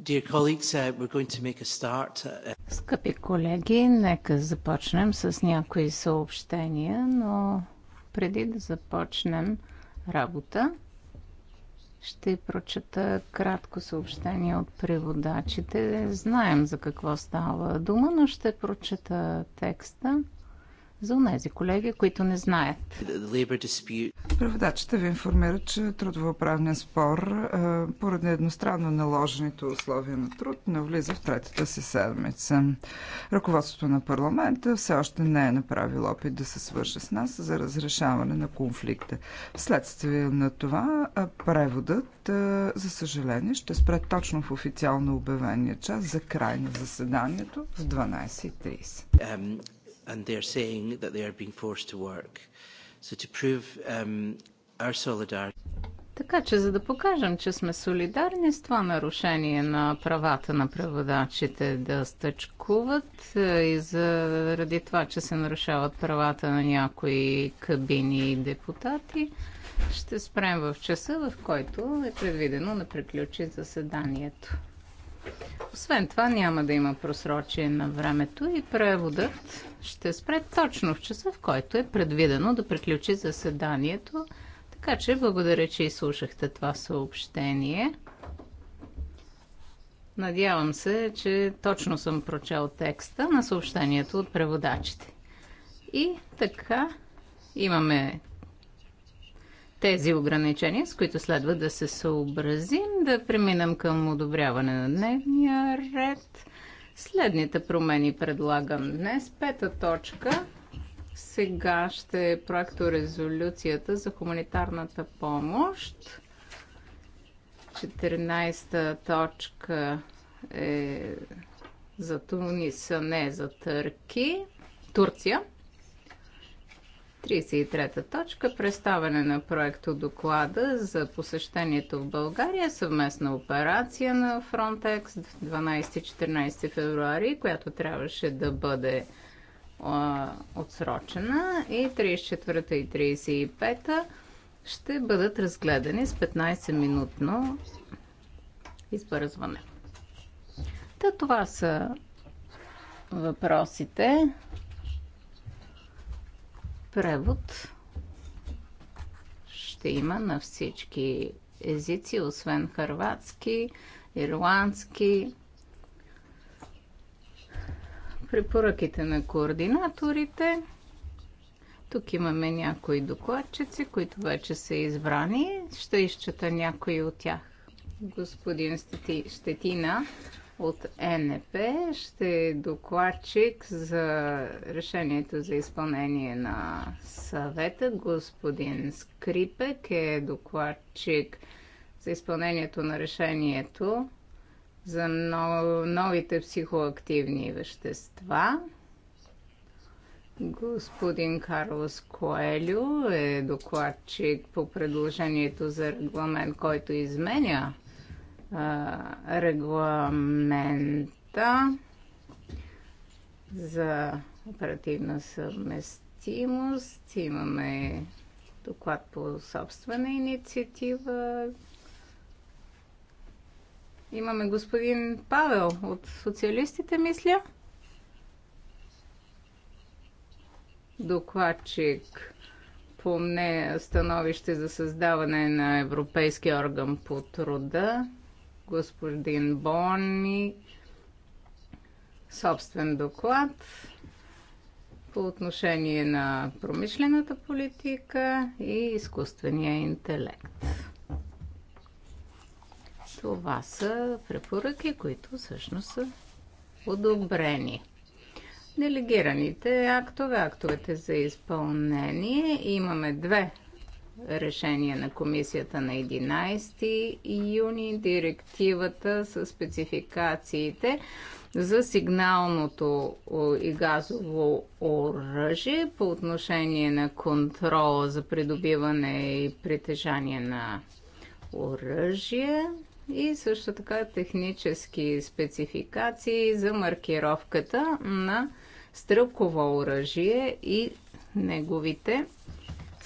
Uh, uh, Скъпи колеги, нека започнем с някои съобщения, но преди да започнем работа, ще прочета кратко съобщение от преводачите. Знаем за какво става дума, но ще прочета текста за тези колеги, които не знаят. Преводачите ви информират, че трудовоправният спор е, поради едностранно наложените условия на труд навлиза в третата си седмица. Ръководството на парламента все още не е направило опит да се свърже с нас за разрешаване на конфликта. Вследствие на това е, преводът, е, за съжаление, ще спре точно в официално обявения час за край на заседанието в 12.30 and they're saying that they are being forced to work. So to prove um, our solidarity. Така че, за да покажем, че сме солидарни с това нарушение на правата на преводачите да стъчкуват е, и заради това, че се нарушават правата на някои кабини и депутати, ще спрем в часа, в който е предвидено да приключи заседанието. Освен това няма да има просрочие на времето и преводът ще спре точно в часа, в който е предвидено да приключи заседанието. Така че благодаря, че изслушахте това съобщение. Надявам се, че точно съм прочел текста на съобщението от преводачите. И така, имаме тези ограничения, с които следва да се съобразим, да преминем към одобряване на дневния ред. Следните промени предлагам днес. Пета точка. Сега ще е проекторезолюцията за хуманитарната помощ. 14-та точка е за Туниса, не за Търки. Турция. 33-та точка – представяне на проекто доклада за посещението в България, съвместна операция на Frontex 12-14 февруари, която трябваше да бъде а, отсрочена и 34-та и 35-та ще бъдат разгледани с 15-минутно избързване. Та това са въпросите. Превод ще има на всички езици, освен хърватски, ирландски. Препоръките на координаторите. Тук имаме някои докладчици, които вече са избрани. Ще изчета някои от тях. Господин Щетина от НП ще е докладчик за решението за изпълнение на съвета. Господин Скрипек е докладчик за изпълнението на решението за новите психоактивни вещества. Господин Карлос Коелю е докладчик по предложението за регламент, който изменя регламента за оперативна съвместимост. Имаме доклад по собствена инициатива. Имаме господин Павел от социалистите, мисля. Докладчик по мне становище за създаване на Европейски орган по труда господин Бони, собствен доклад по отношение на промишлената политика и изкуствения интелект. Това са препоръки, които всъщност са одобрени. Делегираните актове, актовете за изпълнение, имаме две решение на комисията на 11 юни, директивата с спецификациите за сигналното и газово оръжие по отношение на контрола за придобиване и притежание на оръжие и също така технически спецификации за маркировката на стрелково оръжие и неговите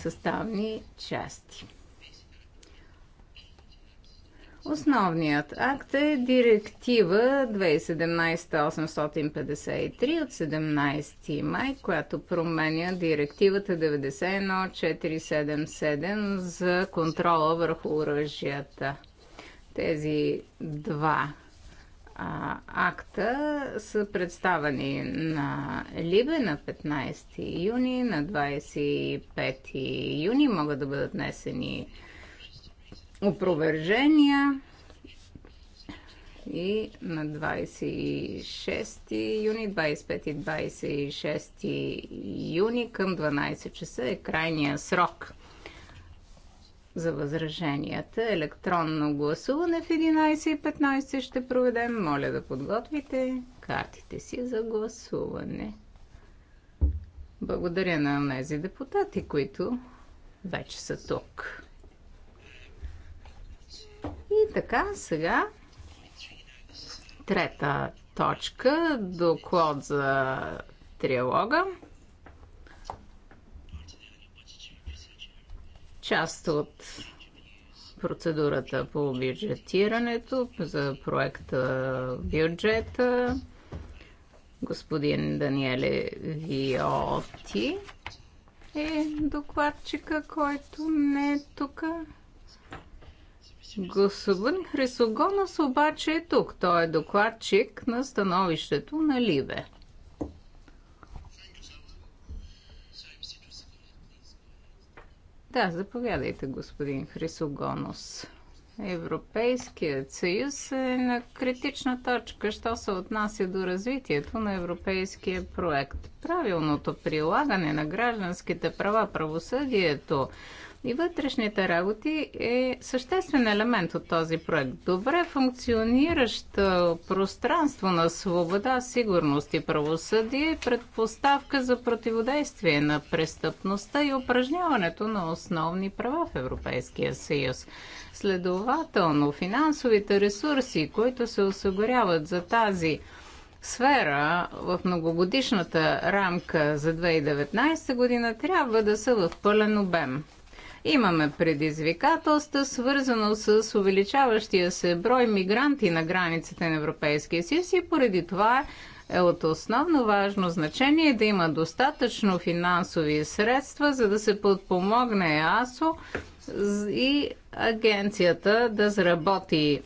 съставни части. Основният акт е директива 2017-853 от 17 май, която променя директивата 91-477 за контрола върху оръжията. Тези два а, акта са представени на Либе на 15 юни, на 25 юни могат да бъдат несени опровержения и на 26 юни, 25 и 26 юни към 12 часа е крайния срок за възраженията. Електронно гласуване в 11.15 ще проведем. Моля да подготвите картите си за гласуване. Благодаря на тези депутати, които вече са тук. И така, сега трета точка, доклад за триалога. част от процедурата по бюджетирането за проекта бюджета господин Даниеле Виоти е докладчика, който не е тук. Господин Хрисогонос обаче е тук. Той е докладчик на становището на Либе. Да, заповядайте, господин Хрисогонос. Европейският съюз е на критична точка, що се отнася до развитието на европейския проект. Правилното прилагане на гражданските права, правосъдието, и вътрешните работи е съществен елемент от този проект. Добре функциониращо пространство на свобода, сигурност и правосъдие е предпоставка за противодействие на престъпността и упражняването на основни права в Европейския съюз. Следователно, финансовите ресурси, които се осигуряват за тази сфера в многогодишната рамка за 2019 година трябва да са в пълен обем. Имаме предизвикателства, свързано с увеличаващия се брой мигранти на границите на Европейския съюз и поради това е от основно важно значение да има достатъчно финансови средства, за да се подпомогне АСО и агенцията да заработи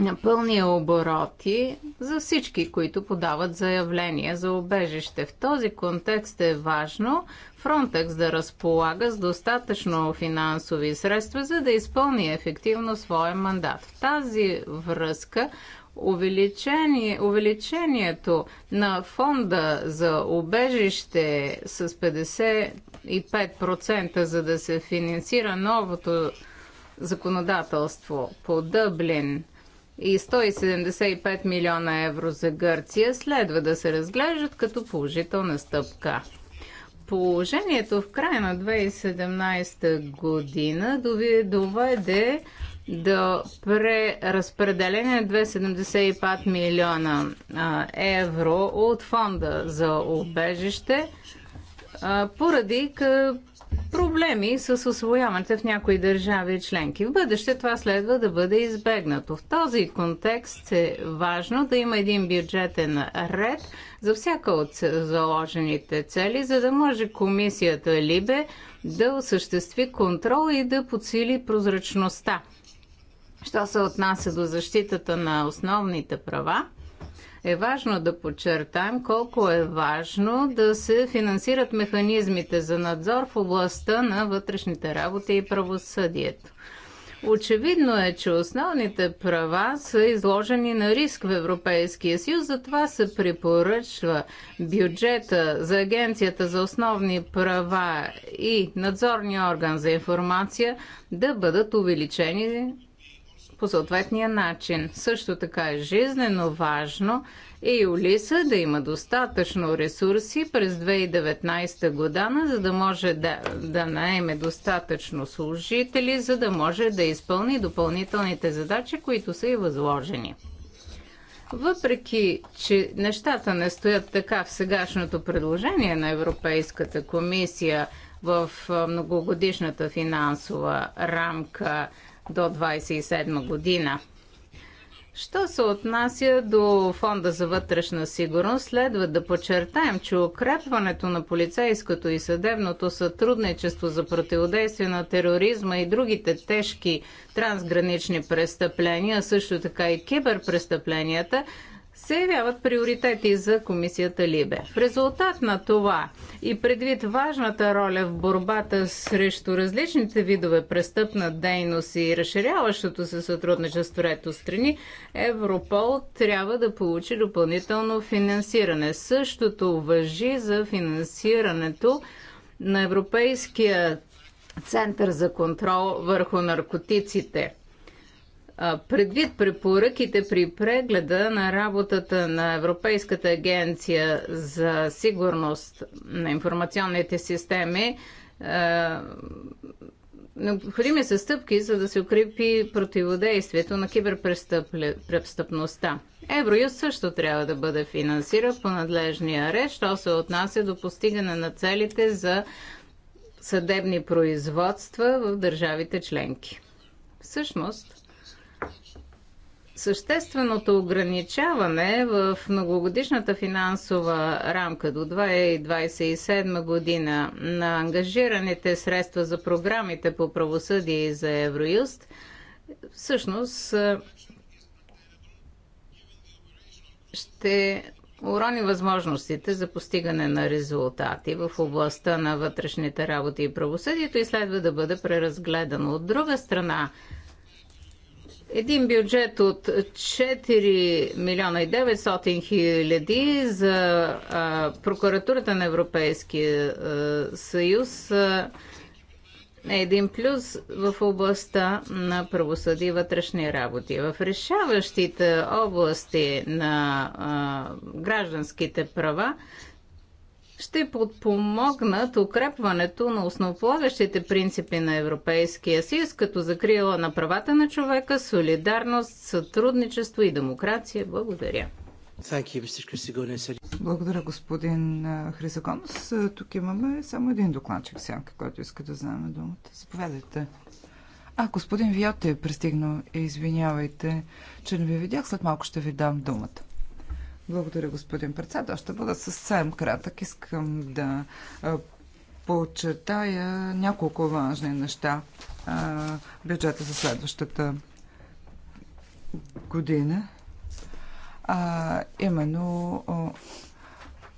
на пълни обороти за всички, които подават заявления за обежище. В този контекст е важно Frontex да разполага с достатъчно финансови средства, за да изпълни ефективно своя мандат. В тази връзка увеличение, увеличението на фонда за обежище с 55% за да се финансира новото законодателство по Дъблин – и 175 милиона евро за Гърция следва да се разглеждат като положителна стъпка. Положението в края на 2017 година доведе до преразпределение на 275 милиона евро от фонда за обежище поради проблеми с освояването в някои държави и членки. В бъдеще това следва да бъде избегнато. В този контекст е важно да има един бюджетен ред за всяка от заложените цели, за да може комисията Либе да осъществи контрол и да подсили прозрачността. Що се отнася до защитата на основните права, е важно да подчертаем колко е важно да се финансират механизмите за надзор в областта на вътрешните работи и правосъдието. Очевидно е, че основните права са изложени на риск в Европейския съюз, затова се препоръчва бюджета за Агенцията за основни права и надзорния орган за информация да бъдат увеличени по съответния начин. Също така е жизнено важно и Улиса да има достатъчно ресурси през 2019 година, за да може да, да наеме достатъчно служители, за да може да изпълни допълнителните задачи, които са и възложени. Въпреки, че нещата не стоят така в сегашното предложение на Европейската комисия в многогодишната финансова рамка до 27 година. Що се отнася до Фонда за вътрешна сигурност, следва да подчертаем, че укрепването на полицейското и съдебното сътрудничество за противодействие на тероризма и другите тежки трансгранични престъпления, също така и киберпрестъпленията, се явяват приоритети за комисията Либе. В резултат на това и предвид важната роля в борбата срещу различните видове престъпна дейност и разширяващото се сътрудничество рето страни, Европол трябва да получи допълнително финансиране. Същото въжи за финансирането на Европейския център за контрол върху наркотиците – Предвид препоръките при прегледа на работата на Европейската агенция за сигурност на информационните системи, необходими са стъпки, за да се укрепи противодействието на киберпрестъпността. Евроюст също трябва да бъде финансира по надлежния ред, що се отнася до постигане на целите за съдебни производства в държавите членки. Всъщност, Същественото ограничаване в многогодишната финансова рамка до 2027 година на ангажираните средства за програмите по правосъдие и за Евроюст всъщност ще урони възможностите за постигане на резултати в областта на вътрешните работи и правосъдието и следва да бъде преразгледано. От друга страна, един бюджет от 4 милиона и 900 хиляди за прокуратурата на Европейския съюз е един плюс в областта на правосъди и вътрешни работи. В решаващите области на гражданските права ще подпомогнат укрепването на основополагащите принципи на Европейския съюз, като закрила на правата на човека, солидарност, сътрудничество и демокрация. Благодаря. Благодаря, господин Хрисагонос. Тук имаме само един докладчик сянка, който иска да вземе думата. Заповядайте. А, господин Виоте е пристигнал. Извинявайте, че не ви видях. След малко ще ви дам думата. Благодаря, господин председател. Ще бъда съвсем кратък. Искам да подчертая няколко важни неща. Бюджета за следващата година. А, именно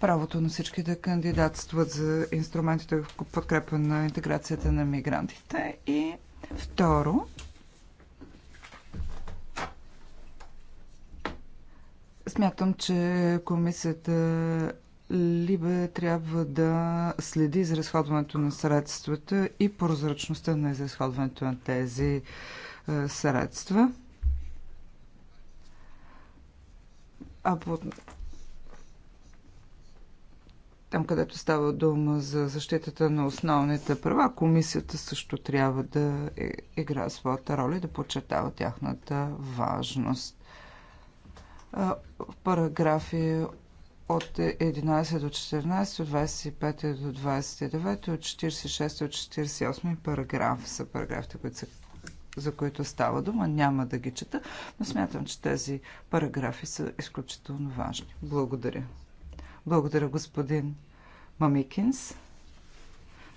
правото на всички да кандидатстват за инструментите в подкрепа на интеграцията на мигрантите. И второ, Смятам, че комисията Либе трябва да следи изразходването на средствата и прозрачността на изразходването на тези е, средства. А по... Там, където става дума за защитата на основните права, комисията също трябва да е, играе своята роля и да подчертава тяхната важност в параграфи от 11 до 14, от 25 до 29, от 46 до 48 параграф са параграфите, които са за които става дума. Няма да ги чета, но смятам, че тези параграфи са изключително важни. Благодаря. Благодаря, господин Мамикинс.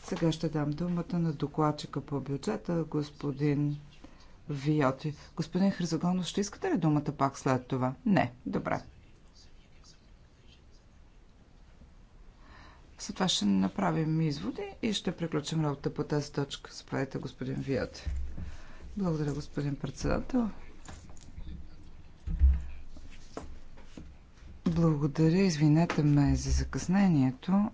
Сега ще дам думата на докладчика по бюджета, господин Виоти. Господин Хризагонов, ще искате ли думата пак след това? Не. Добре. След това ще направим изводи и ще приключим работа по тази точка. Заповядайте, господин Виоти. Благодаря, господин председател. Благодаря, извинете ме за закъснението.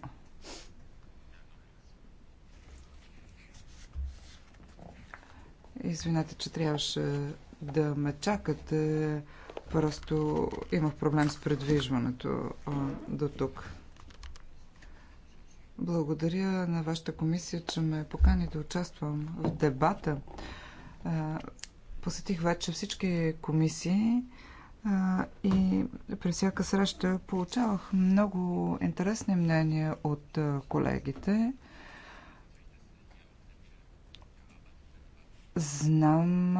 Извинете, че трябваше да ме чакате. Просто имах проблем с предвижването до тук. Благодаря на вашата комисия, че ме покани да участвам в дебата. Посетих вече всички комисии и при всяка среща получавах много интересни мнения от колегите. Знам,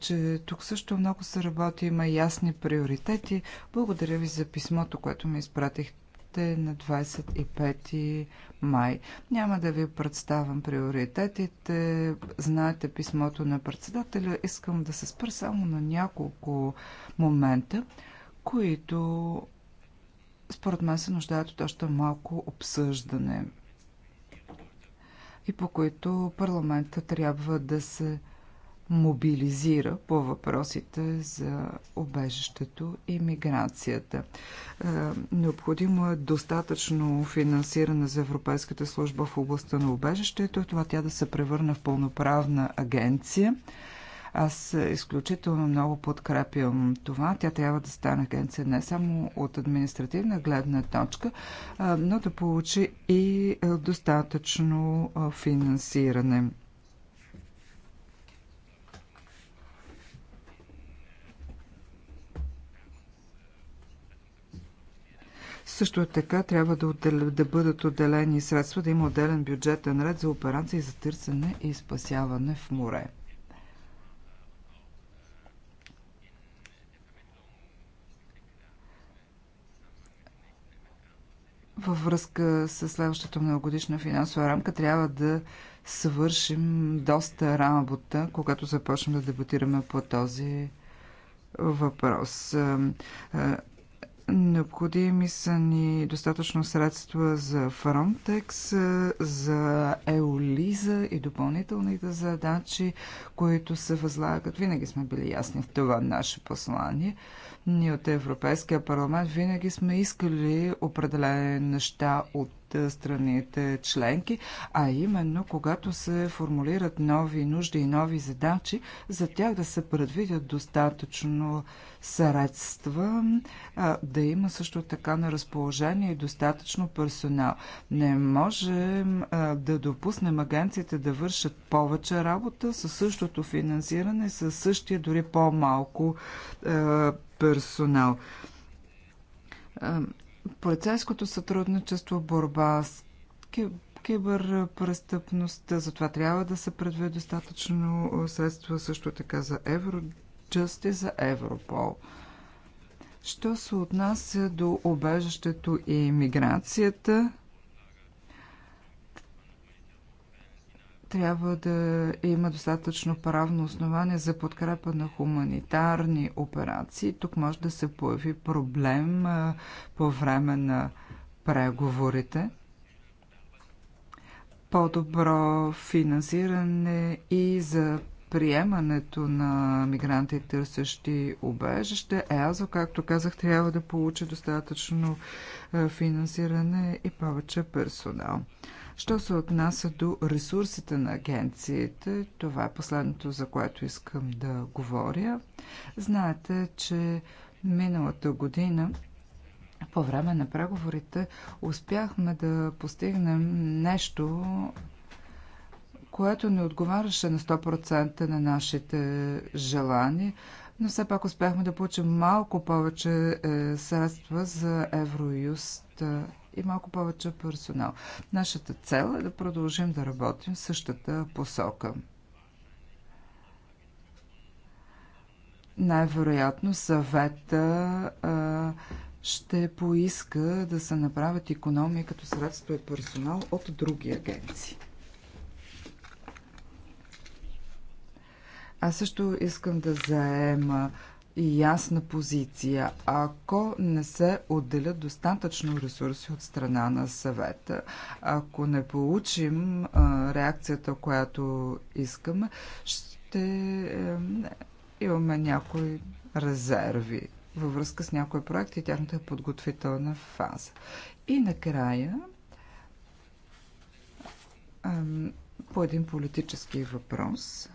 че тук също много се работи, има ясни приоритети. Благодаря ви за писмото, което ми изпратихте на 25 май. Няма да ви представям приоритетите. Знаете писмото на председателя. Искам да се спра само на няколко момента, които според мен се нуждаят от още малко обсъждане и по които парламента трябва да се мобилизира по въпросите за обежището и миграцията. Е, необходимо е достатъчно финансиране за Европейската служба в областта на обежището, това тя да се превърне в пълноправна агенция – аз изключително много подкрепям това. Тя трябва да стане агенция не само от административна гледна точка, но да получи и достатъчно финансиране. Също така трябва да, отдел... да бъдат отделени средства, да има отделен бюджетен ред за операции за търсене и спасяване в море. във връзка с следващата многогодишна финансова рамка трябва да свършим доста работа, когато започнем да дебатираме по този въпрос. Е, е, необходими са ни достатъчно средства за Frontex, за Еолиза и допълнителните задачи, които се възлагат. Винаги сме били ясни в това наше послание. Ние от Европейския парламент винаги сме искали определени неща от е, страните членки, а именно когато се формулират нови нужди и нови задачи, за тях да се предвидят достатъчно средства, е, да има също така на разположение и достатъчно персонал. Не можем е, да допуснем агенциите да вършат повече работа със същото финансиране, със същия дори по-малко персонал. Полицейското сътрудничество, борба с киберпрестъпността, затова трябва да се предвиде достатъчно средства също така за Евроджъст и за Европол. Що се отнася до обежището и миграцията, трябва да има достатъчно правно основание за подкрепа на хуманитарни операции. Тук може да се появи проблем по време на преговорите. По-добро финансиране и за приемането на мигранти, търсещи убежище. ЕАЗО, както казах, трябва да получи достатъчно финансиране и повече персонал. Що се отнася до ресурсите на агенциите, това е последното, за което искам да говоря. Знаете, че миналата година по време на преговорите успяхме да постигнем нещо, което не отговаряше на 100% на нашите желания, но все пак успяхме да получим малко повече е, средства за Евроюст е, и малко повече персонал. Нашата цел е да продължим да работим в същата посока. Най-вероятно съвета а, ще поиска да се направят економии като средство и персонал от други агенции. Аз също искам да заема ясна позиция. Ако не се отделят достатъчно ресурси от страна на съвета, ако не получим реакцията, която искаме, ще е, имаме някои резерви във връзка с някои проекти и тяхната подготвителна фаза. И накрая по един политически въпрос.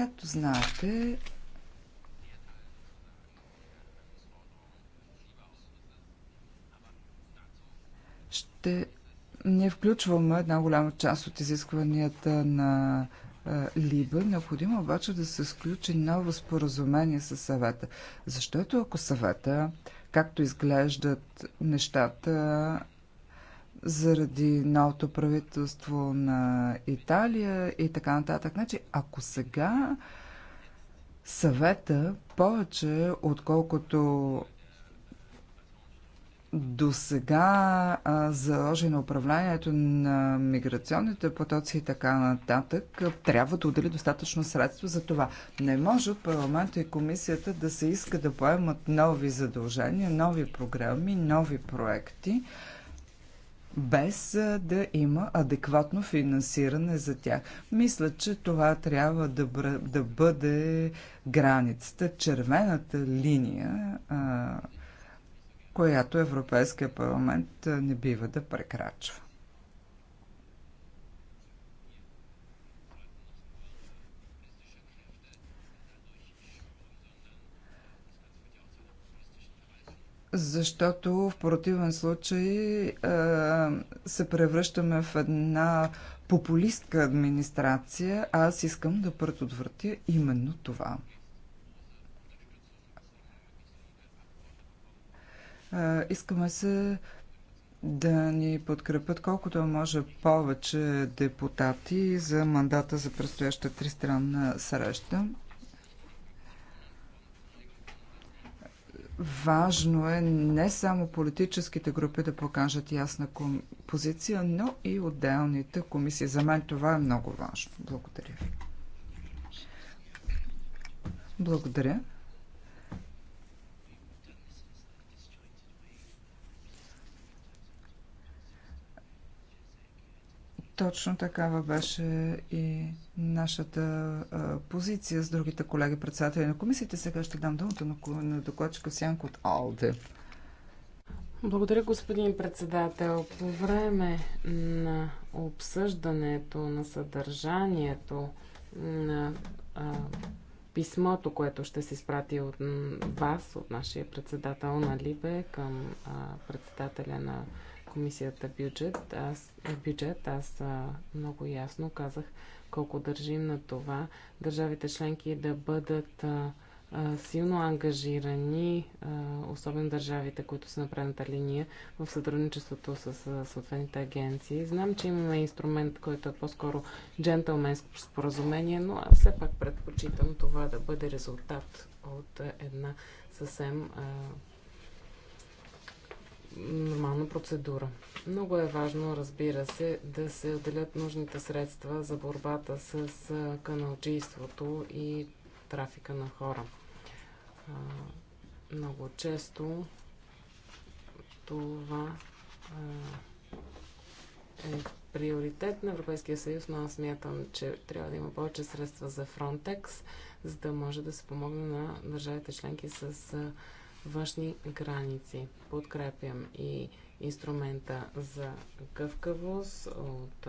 Както знаете, ще не включваме една голяма част от изискванията на Либа, необходимо е обаче да се сключи ново споразумение с съвета. Защото ако съвета, както изглеждат нещата, заради новото правителство на Италия и така нататък. Значи, ако сега съвета повече, отколкото до сега заложи на управлението на миграционните потоци и така нататък, трябва да отдели достатъчно средства за това. Не може от парламента и комисията да се иска да поемат нови задължения, нови програми, нови проекти, без да има адекватно финансиране за тях. Мисля, че това трябва да, да бъде границата, червената линия, която Европейския парламент не бива да прекрачва. защото в противен случай а, се превръщаме в една популистка администрация, а аз искам да предотвратя именно това. А, искаме се да ни подкрепят колкото може повече депутати за мандата за предстояща тристранна среща. Важно е не само политическите групи да покажат ясна позиция, но и отделните комисии. За мен това е много важно. Благодаря ви. Благодаря. Точно такава беше и нашата позиция с другите колеги председатели на комисиите. Сега ще дам думата на докладчика Сянко от АЛДЕ. Благодаря, господин председател. По време на обсъждането на съдържанието на а, писмото, което ще се изпрати от вас, от нашия председател на Либе към а, председателя на комисията бюджет, аз, бюджет, аз а, много ясно казах, колко държим на това държавите членки да бъдат а, а, силно ангажирани, а, особено държавите, които са на предната линия, в сътрудничеството с съответните агенции. Знам, че имаме инструмент, който е по-скоро джентълменско споразумение, но аз все пак предпочитам това да бъде резултат от една съвсем нормална процедура. Много е важно, разбира се, да се отделят нужните средства за борбата с каналчийството и трафика на хора. Много често това е приоритет на Европейския съюз, но аз смятам, че трябва да има повече средства за Frontex, за да може да се помогне на държавите членки с външни граници. Подкрепям и инструмента за гъвкавост от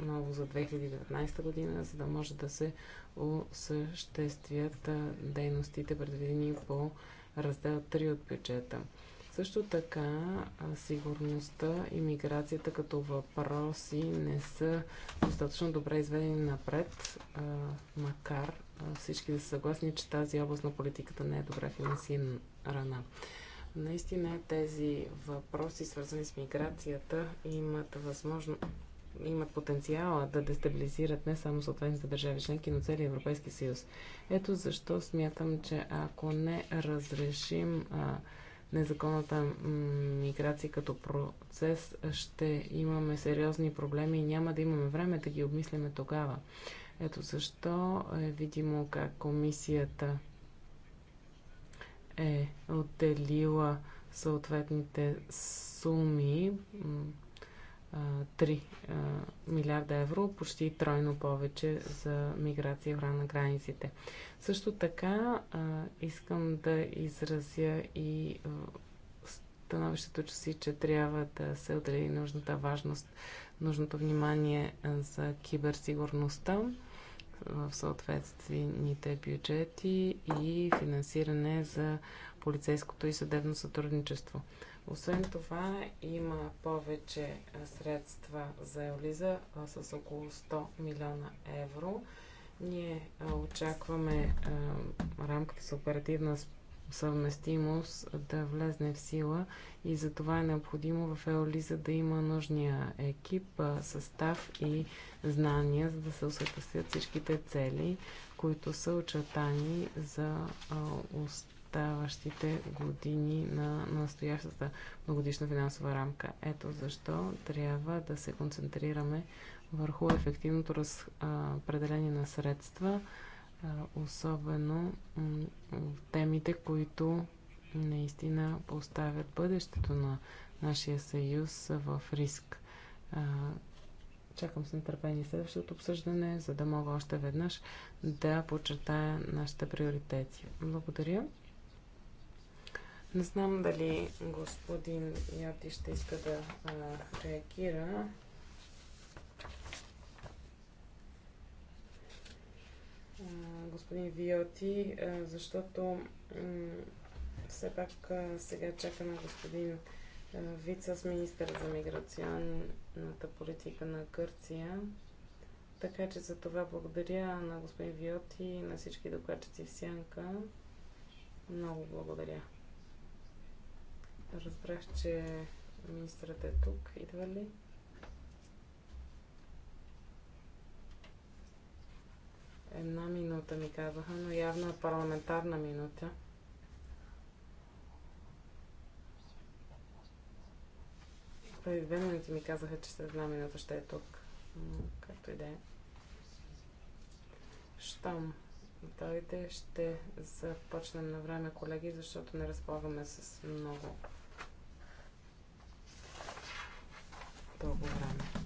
ново за 2019 година, за да може да се осъществят дейностите, предвидени по раздел 3 от бюджета. Също така сигурността и миграцията като въпроси не са достатъчно добре изведени напред, макар всички да са съгласни, че тази област на политиката не е добре финансирана. Наистина тези въпроси, свързани с миграцията, имат възможно имат потенциала да дестабилизират не само съответните държави членки, но целия Европейски съюз. Ето защо смятам, че ако не разрешим а, незаконната миграция като процес, ще имаме сериозни проблеми и няма да имаме време да ги обмисляме тогава. Ето защо е видимо как комисията е отделила съответните суми 3 милиарда евро, почти тройно повече за миграция и на границите. Също така искам да изразя и становището че си, че трябва да се отдели нужната важност, нужното внимание за киберсигурността в съответствените бюджети и финансиране за полицейското и съдебно сътрудничество. Освен това, има повече средства за Еолиза с около 100 милиона евро. Ние очакваме рамката с оперативна съвместимост да влезне в сила и за това е необходимо в Еолиза да има нужния екип, състав и знания, за да се осъществят всичките цели, които са очертани за оставащите години на настоящата многодишна финансова рамка. Ето защо трябва да се концентрираме върху ефективното разпределение на средства, особено темите, които наистина поставят бъдещето на нашия съюз в риск. Чакам с нетърпение следващото обсъждане, за да мога още веднъж да подчертая нашите приоритети. Благодаря. Не знам дали господин Яти ще иска да реагира. господин Виоти, е, защото все пак е, сега чакаме господин с е, министър за миграционната политика на Гърция. Така че за това благодаря на господин Виоти и на всички докладчици в Сянка. Много благодаря. Разбрах, че министърът е тук. Идва ли? Една минута ми казаха, но явно е парламентарна минута. Преди две минути ми казаха, че след една минута ще е тук. Както и да е. Щом дойде, ще започнем на време, колеги, защото не разполагаме с много дълго време.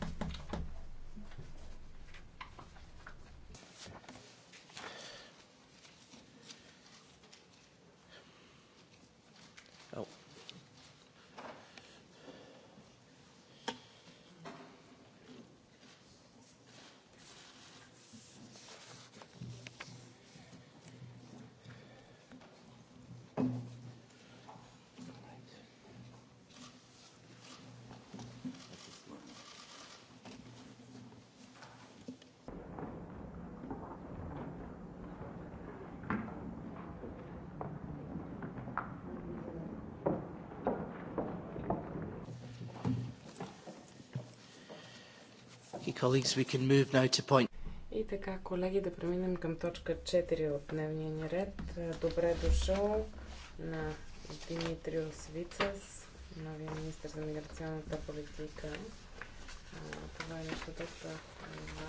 Colleagues, we can move now to point... И така, колеги, да преминем към точка 4 от дневния ни ред. Добре дошъл на Димитрио Свицас, новия министр за миграционната политика. Това е нещо доста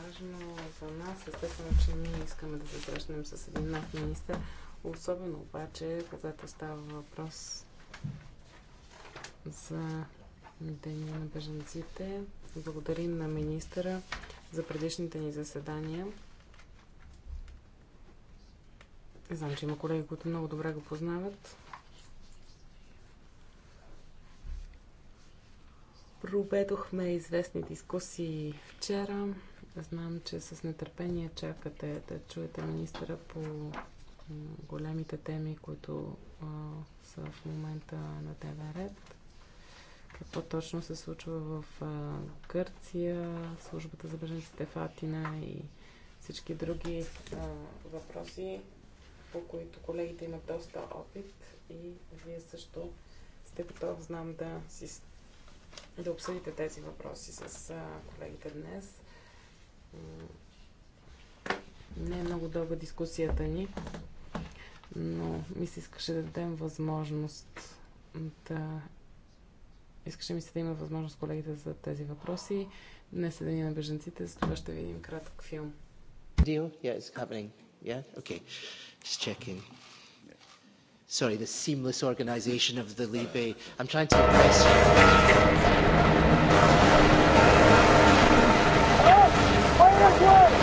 важно за нас. Естествено, че ние искаме да се срещнем с един нов министр, особено обаче, когато става въпрос за деня на беженците благодарим на министъра за предишните ни заседания. Знам, че има колеги, които много добре го познават. Проведохме известни дискусии вчера. Знам, че с нетърпение чакате да чуете министъра по големите теми, които а, са в момента на ТВ ред какво точно се случва в а, Гърция, службата за беженците в Атина и всички други а, въпроси, по които колегите имат доста опит и вие също сте готов, знам, да, си, да обсъдите тези въпроси с а, колегите днес. Не е много дълга дискусията ни, но ми се искаше да дадем възможност да Искаше ми се да има възможност колегите за тези въпроси. Днес е деня на беженците, за това ще видим кратък филм. Deal? Yeah, it's happening. Yeah? Okay. Just checking. Sorry, the seamless organization of the Libe. I'm trying to impress you. Oh, where are you?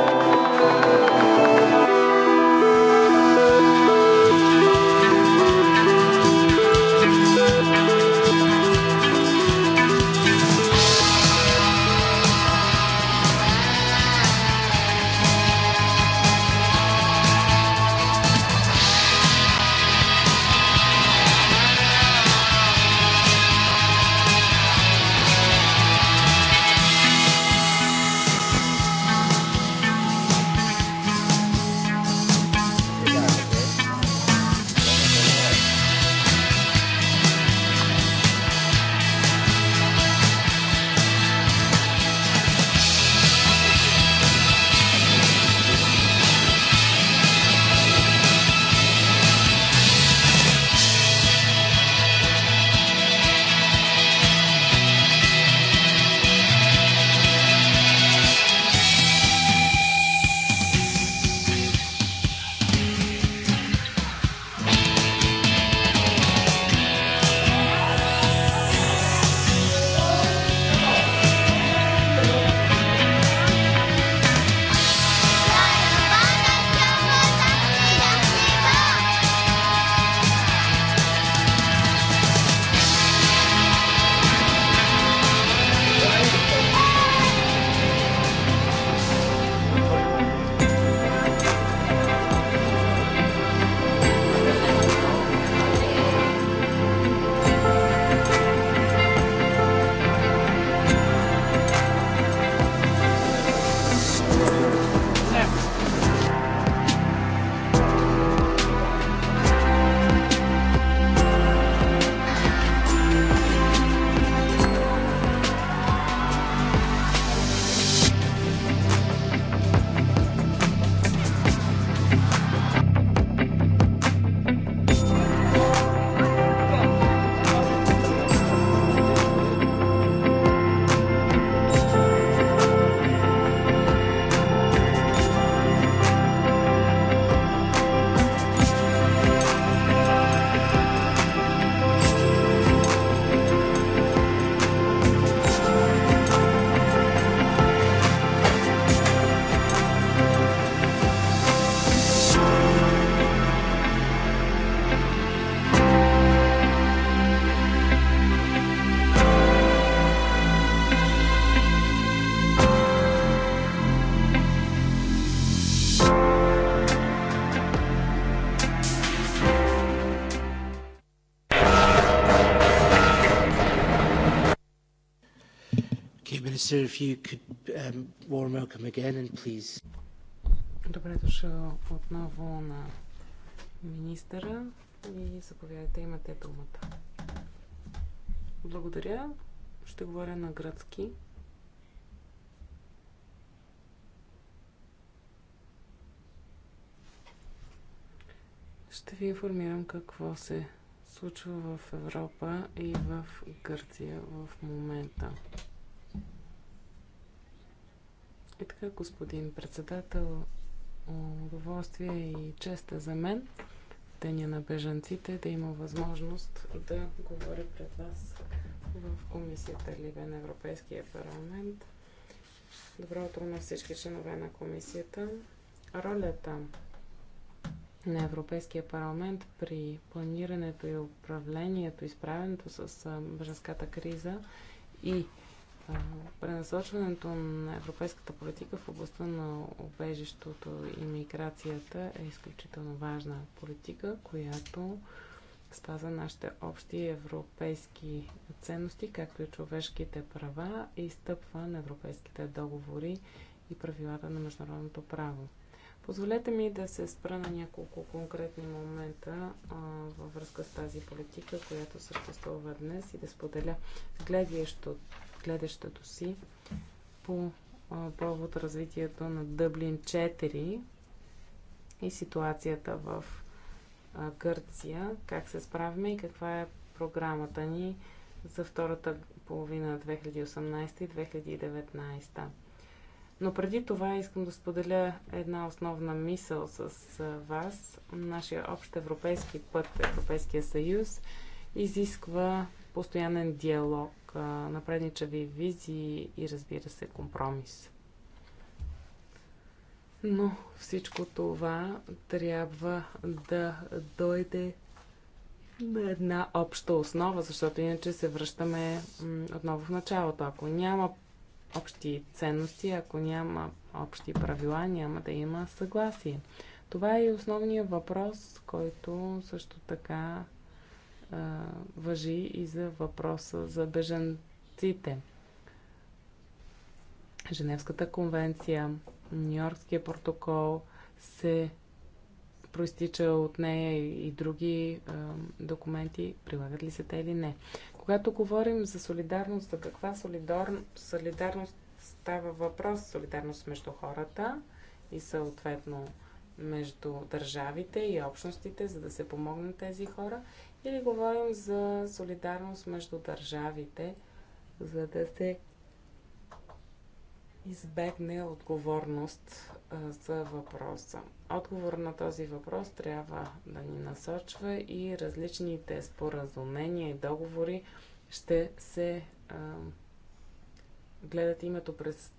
Minister, if you could um, warm welcome again and please. Добре дошъл отново на министъра и заповядайте, имате думата. Благодаря. Ще говоря на гръцки. Ще ви информирам какво се случва в Европа и в Гърция в момента изпитка, господин председател. Удоволствие и чест е за мен деня на бежанците да има възможност да говоря пред вас в комисията Либе на Европейския парламент. Добро утро на всички членове на комисията. Ролята на Европейския парламент при планирането и управлението, изправенето с бежанската криза и пренасочването на европейската политика в областта на обежището и миграцията е изключително важна политика, която спазва нашите общи европейски ценности, както и човешките права и стъпва на европейските договори и правилата на международното право. Позволете ми да се спра на няколко конкретни момента а, във връзка с тази политика, която съществува днес и да споделя гледащото гледащото си по повод развитието на Дъблин 4 и ситуацията в Гърция, как се справяме и каква е програмата ни за втората половина 2018 и 2019. Но преди това искам да споделя една основна мисъл с вас. Нашия общ европейски път, Европейския съюз, изисква постоянен диалог напредничави визии и разбира се компромис. Но всичко това трябва да дойде на една обща основа, защото иначе се връщаме отново в началото. Ако няма общи ценности, ако няма общи правила, няма да има съгласие. Това е и основният въпрос, който също така а, въжи и за въпроса за бежанците. Женевската конвенция, Нью-Йоркския протокол се проистича от нея и, други а, документи, прилагат ли се те или не. Когато говорим за солидарност, за каква солидар... солидарност става въпрос? Солидарност между хората и съответно между държавите и общностите, за да се помогнат тези хора или говорим за солидарност между държавите, за да се избегне отговорност за въпроса. Отговор на този въпрос трябва да ни насочва и различните споразумения и договори ще се а, гледат името през,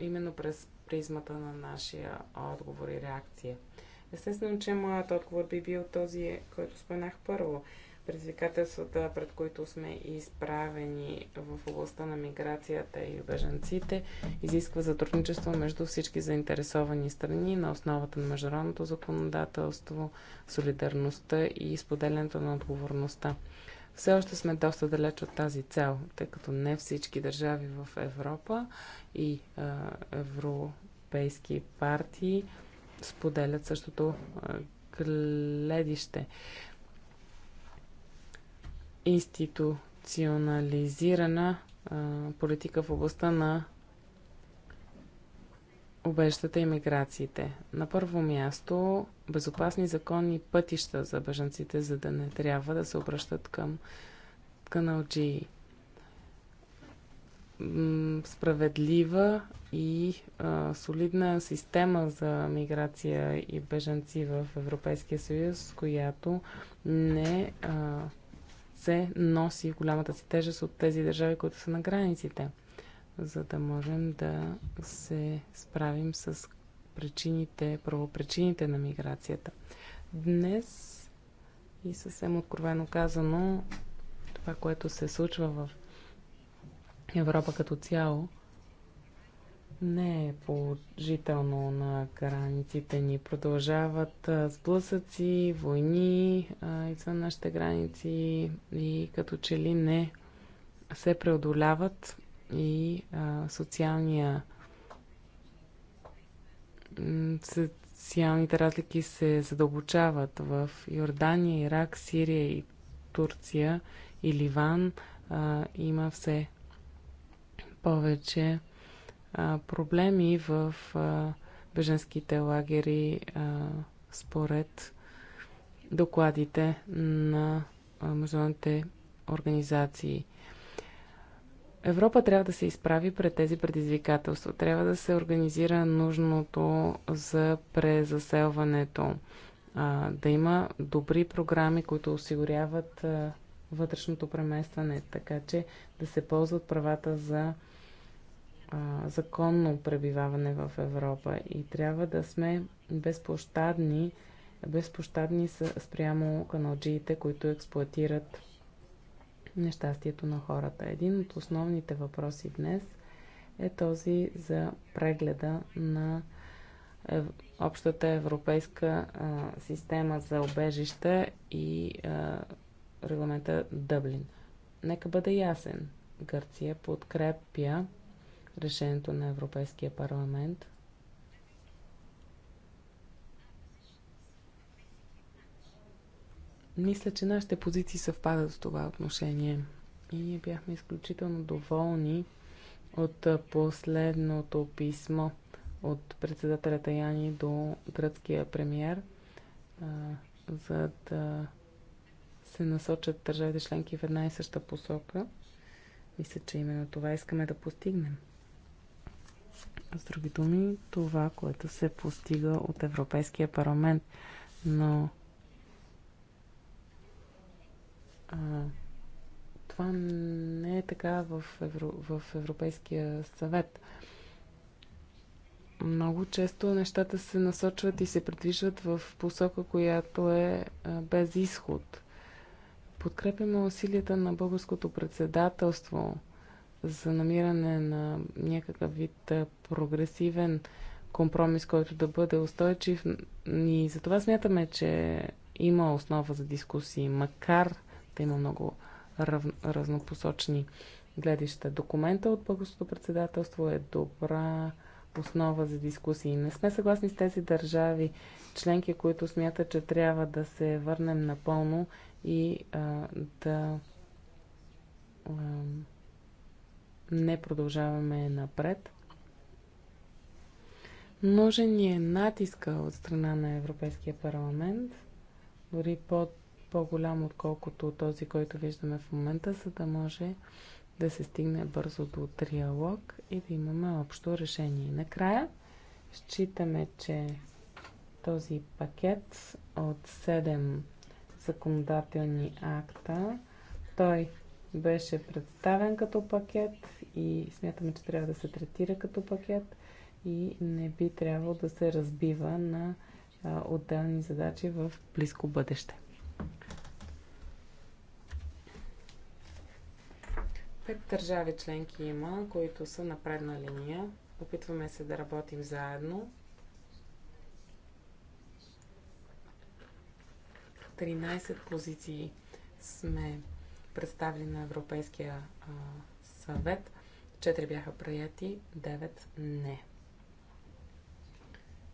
именно през призмата на нашия отговор и реакция. Естествено, че моят отговор би бил този, който споменах първо. Предизвикателствата, пред които сме изправени в областта на миграцията и беженците, изисква затрудничество между всички заинтересовани страни на основата на международното законодателство, солидарността и споделянето на отговорността. Все още сме доста далеч от тази цел, тъй като не всички държави в Европа и европейски партии споделят същото гледище. Институционализирана политика в областта на убежищата и миграциите. На първо място, безопасни законни пътища за бежанците, за да не трябва да се обръщат към каналджии справедлива и а, солидна система за миграция и бежанци в Европейския съюз, която не а, се носи голямата си тежест от тези държави, които са на границите, за да можем да се справим с причините, правопричините на миграцията. Днес и съвсем откровено казано, това, което се случва в Европа като цяло не е положително на границите ни. Продължават сблъсъци, войни извън нашите граници и като че ли не се преодоляват и социалния социалните разлики се задълбочават в Йордания, Ирак, Сирия и Турция и Ливан а, има все повече а, проблеми в а, беженските лагери а, според докладите на а, международните организации. Европа трябва да се изправи пред тези предизвикателства. Трябва да се организира нужното за презаселването. А, да има добри програми, които осигуряват а, вътрешното преместване, така че да се ползват правата за законно пребиваване в Европа и трябва да сме безпощадни, безпощадни спрямо каналджиите, които експлуатират нещастието на хората. Един от основните въпроси днес е този за прегледа на ев... общата европейска а, система за обежища и а, регламента Дъблин. Нека бъде ясен. Гърция подкрепя решението на Европейския парламент. Мисля, че нашите позиции съвпадат в това отношение. И ние бяхме изключително доволни от последното писмо от председателя Таяни до гръцкия премьер, за да се насочат държавите членки в една и съща посока. Мисля, че именно това искаме да постигнем. С други думи, това, което се постига от Европейския парламент, но а, това не е така в, Евро, в Европейския съвет. Много често нещата се насочват и се предвижват в посока, която е без изход. Подкрепяме усилията на българското председателство – за намиране на някакъв вид прогресивен компромис, който да бъде устойчив. И това смятаме, че има основа за дискусии, макар да има много рав... разнопосочни гледища. Документа от българското председателство е добра основа за дискусии. Не сме съгласни с тези държави, членки, които смятат, че трябва да се върнем напълно и а, да а, не продължаваме напред. Нужен ни е натиска от страна на Европейския парламент, дори под по-голям, отколкото този, който виждаме в момента, за да може да се стигне бързо до триалог и да имаме общо решение. Накрая считаме, че този пакет от 7 законодателни акта, той беше представен като пакет и смятаме, че трябва да се третира като пакет и не би трябвало да се разбива на отделни задачи в близко бъдеще. Пет държави членки има, които са на предна линия. Опитваме се да работим заедно. 13 позиции сме представили на Европейския а, съвет. Четири бяха прияти, девет не.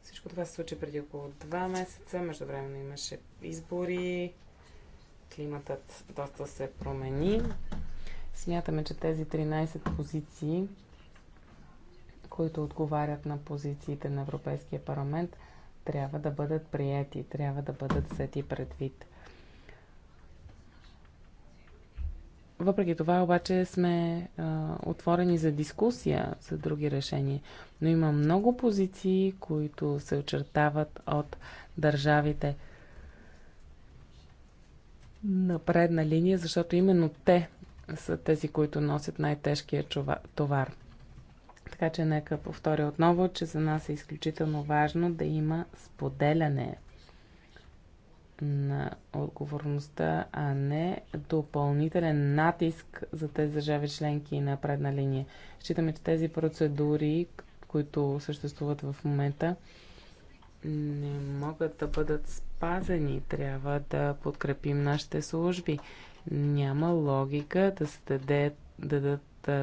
Всичко това се случи преди около 2 месеца. Междувременно имаше избори. Климатът доста се промени. Смятаме, че тези 13 позиции, които отговарят на позициите на Европейския парламент, трябва да бъдат прияти, трябва да бъдат взети предвид. Въпреки това обаче сме а, отворени за дискусия за други решения. Но има много позиции, които се очертават от държавите на предна линия, защото именно те са тези, които носят най-тежкия товар. Така че нека повторя отново, че за нас е изключително важно да има споделяне на отговорността, а не допълнителен натиск за тези държави членки на предна линия. Считаме, че тези процедури, които съществуват в момента, не могат да бъдат спазени. Трябва да подкрепим нашите служби. Няма логика да се даде, дадат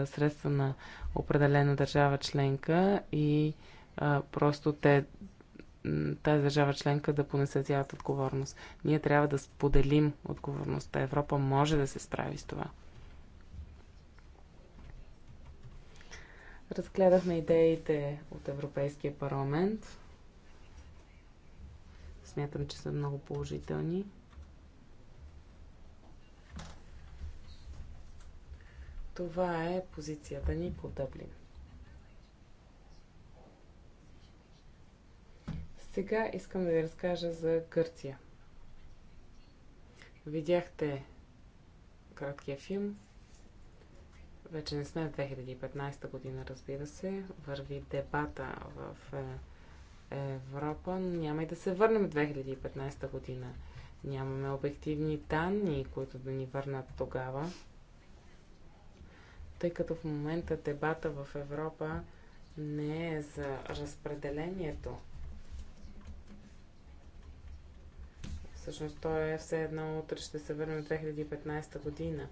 средства на определена държава членка и а, просто те тази държава членка да понесе цялата отговорност. Ние трябва да споделим отговорността. Европа може да се справи с това. Разгледахме идеите от Европейския парламент. Смятам, че са много положителни. Това е позицията ни по Дъблин. Сега искам да ви разкажа за Гърция. Видяхте краткия филм. Вече не сме в 2015 година, разбира се. Върви дебата в е, Европа, но няма и да се върнем в 2015 година. Нямаме обективни данни, които да ни върнат тогава. Тъй като в момента дебата в Европа не е за разпределението Всъщност то е все едно утре ще се върнем в 2015 година.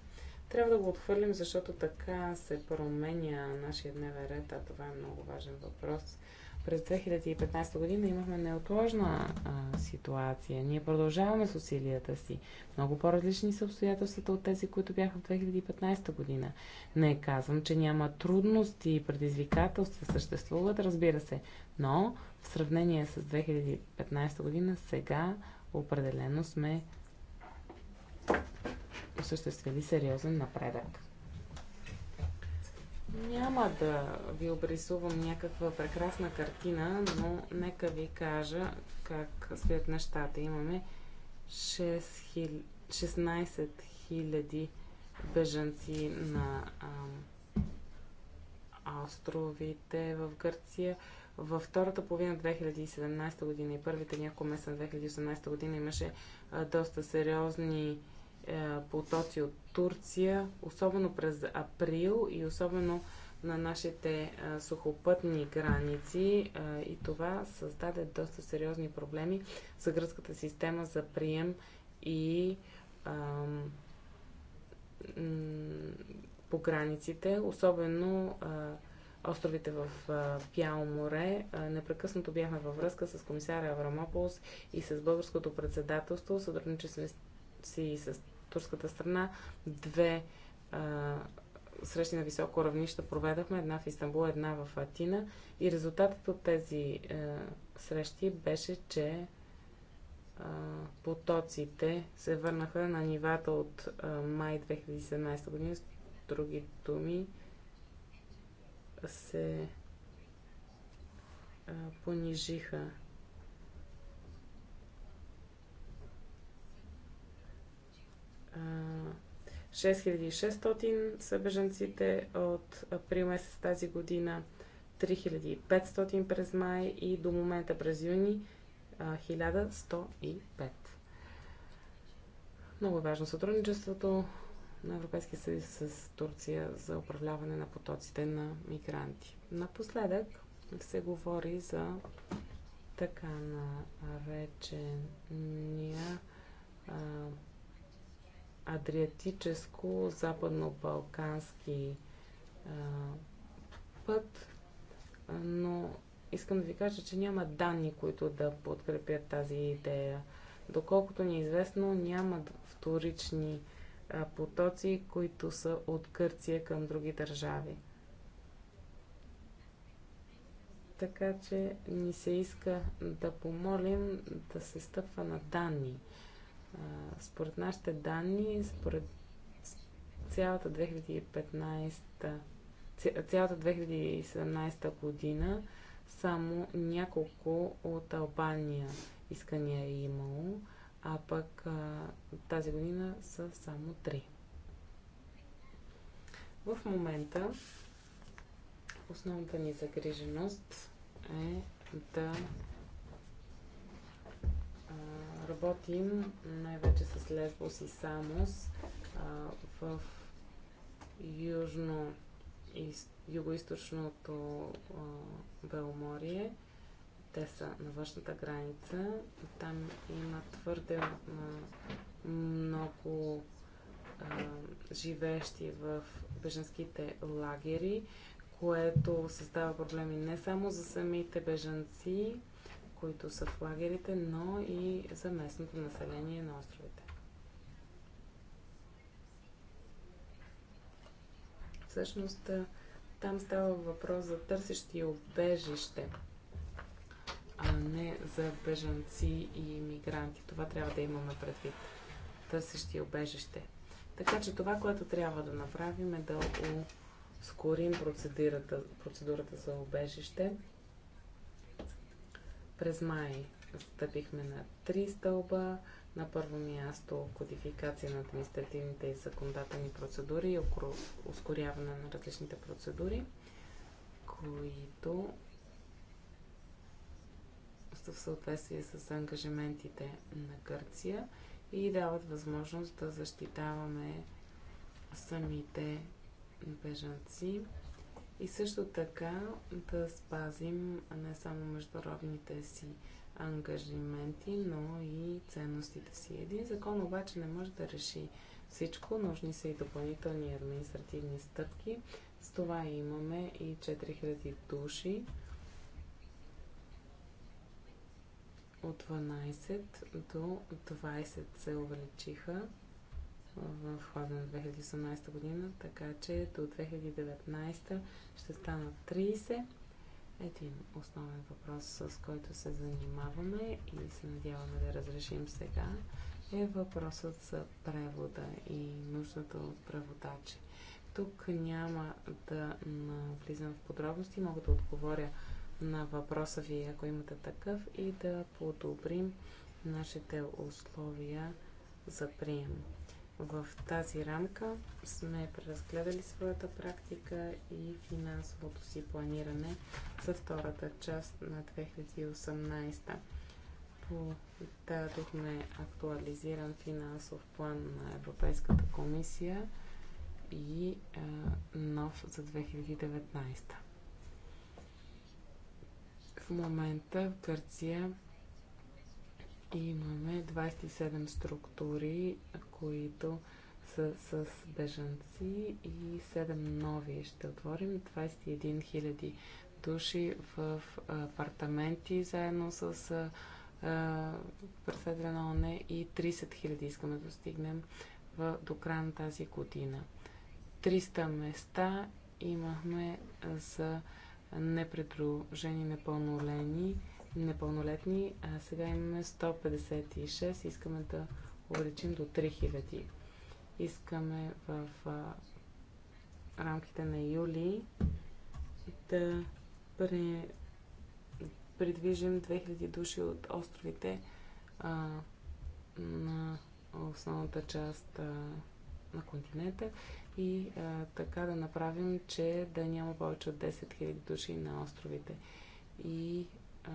Трябва да го отхвърлим, защото така се променя нашия дневен ред, а това е много важен въпрос. През 2015 година имахме неотложна а, ситуация. Ние продължаваме с усилията си. Много по-различни са обстоятелствата от тези, които бяха в 2015 година. Не казвам, че няма трудности и предизвикателства съществуват, разбира се, но в сравнение с 2015 година сега определено сме осъществили сериозен напредък. Няма да ви обрисувам някаква прекрасна картина, но нека ви кажа как стоят нещата. Имаме 16 000 бежанци на островите в Гърция. Във втората половина 2017 година и първите няколко месеца на 2018 година имаше доста сериозни е, потоци от Турция, особено през април и особено на нашите сухопътни граници и това създаде доста сериозни проблеми за гръцката система за прием и а, по границите, особено а, островите в Бяло море. Непрекъснато бяхме във връзка с комисаря Аврамополс и с българското председателство. Сътрудничестваме си и с турската страна. Две а, срещи на високо равнище проведахме, една в Истанбул, една в Атина. И резултатът от тези а, срещи беше, че а, потоците се върнаха на нивата от а, май 2017 година. С други думи, се понижиха. А, 6600 са бежанците от април месец тази година, 3500 през май и до момента през юни 1105. Много е важно сътрудничеството на Европейския съюз с Турция за управляване на потоците на мигранти. Напоследък се говори за така наречения Адриатическо-западно-балкански път, но искам да ви кажа, че няма данни, които да подкрепят тази идея. Доколкото ни е известно, няма вторични потоци, които са от Кърция към други държави. Така че ни се иска да помолим да се стъпва на данни. Според нашите данни, според цялата 2015 цялата 2017 година само няколко от Албания искания е имало а пък а, тази година са само 3. В момента основната ни загриженост е да работим най-вече с Лесбос и Самос а, в южно и югоисточното Беломорие. Те са на външната граница. Там има твърде много а, живеещи в беженските лагери, което създава проблеми не само за самите беженци, които са в лагерите, но и за местното население на островите. Всъщност там става въпрос за търсещи обежище а не за бежанци и мигранти. Това трябва да имаме предвид. Търсещи обежище. Така че това, което трябва да направим е да ускорим процедурата, процедурата за обежище. През май стъпихме на три стълба. На първо място кодификация на административните и законодателни процедури и ускоряване на различните процедури, които място в съответствие с ангажиментите на Гърция и дават възможност да защитаваме самите бежанци и също така да спазим не само международните си ангажименти, но и ценностите си. Един закон обаче не може да реши всичко. Нужни са и допълнителни административни стъпки. С това имаме и 4000 души, от 12 до 20 се увеличиха в хода на 2018 година, така че до 2019 ще станат 30. Един основен въпрос, с който се занимаваме и се надяваме да разрешим сега, е въпросът за превода и нуждата от преводачи. Тук няма да влизам в подробности, мога да отговоря на въпроса ви, ако имате такъв, и да подобрим нашите условия за прием. В тази рамка сме преразгледали своята практика и финансовото си планиране за втората част на 2018. Подадохме актуализиран финансов план на Европейската комисия и нов за 2019. В момента в Гърция имаме 27 структури, които са с бежанци и 7 нови. Ще отворим 21 000 души в апартаменти заедно с председателя ОНЕ и 30 000 искаме да достигнем в, до края на тази година. 300 места имахме за непредружени непълнолени, непълнолетни. А сега имаме 156 и искаме да увеличим до 3000. Искаме в а, рамките на юли да при, придвижим 2000 души от островите а, на основната част а, на континента и а, така да направим, че да няма повече от 10 000 души на островите. И а,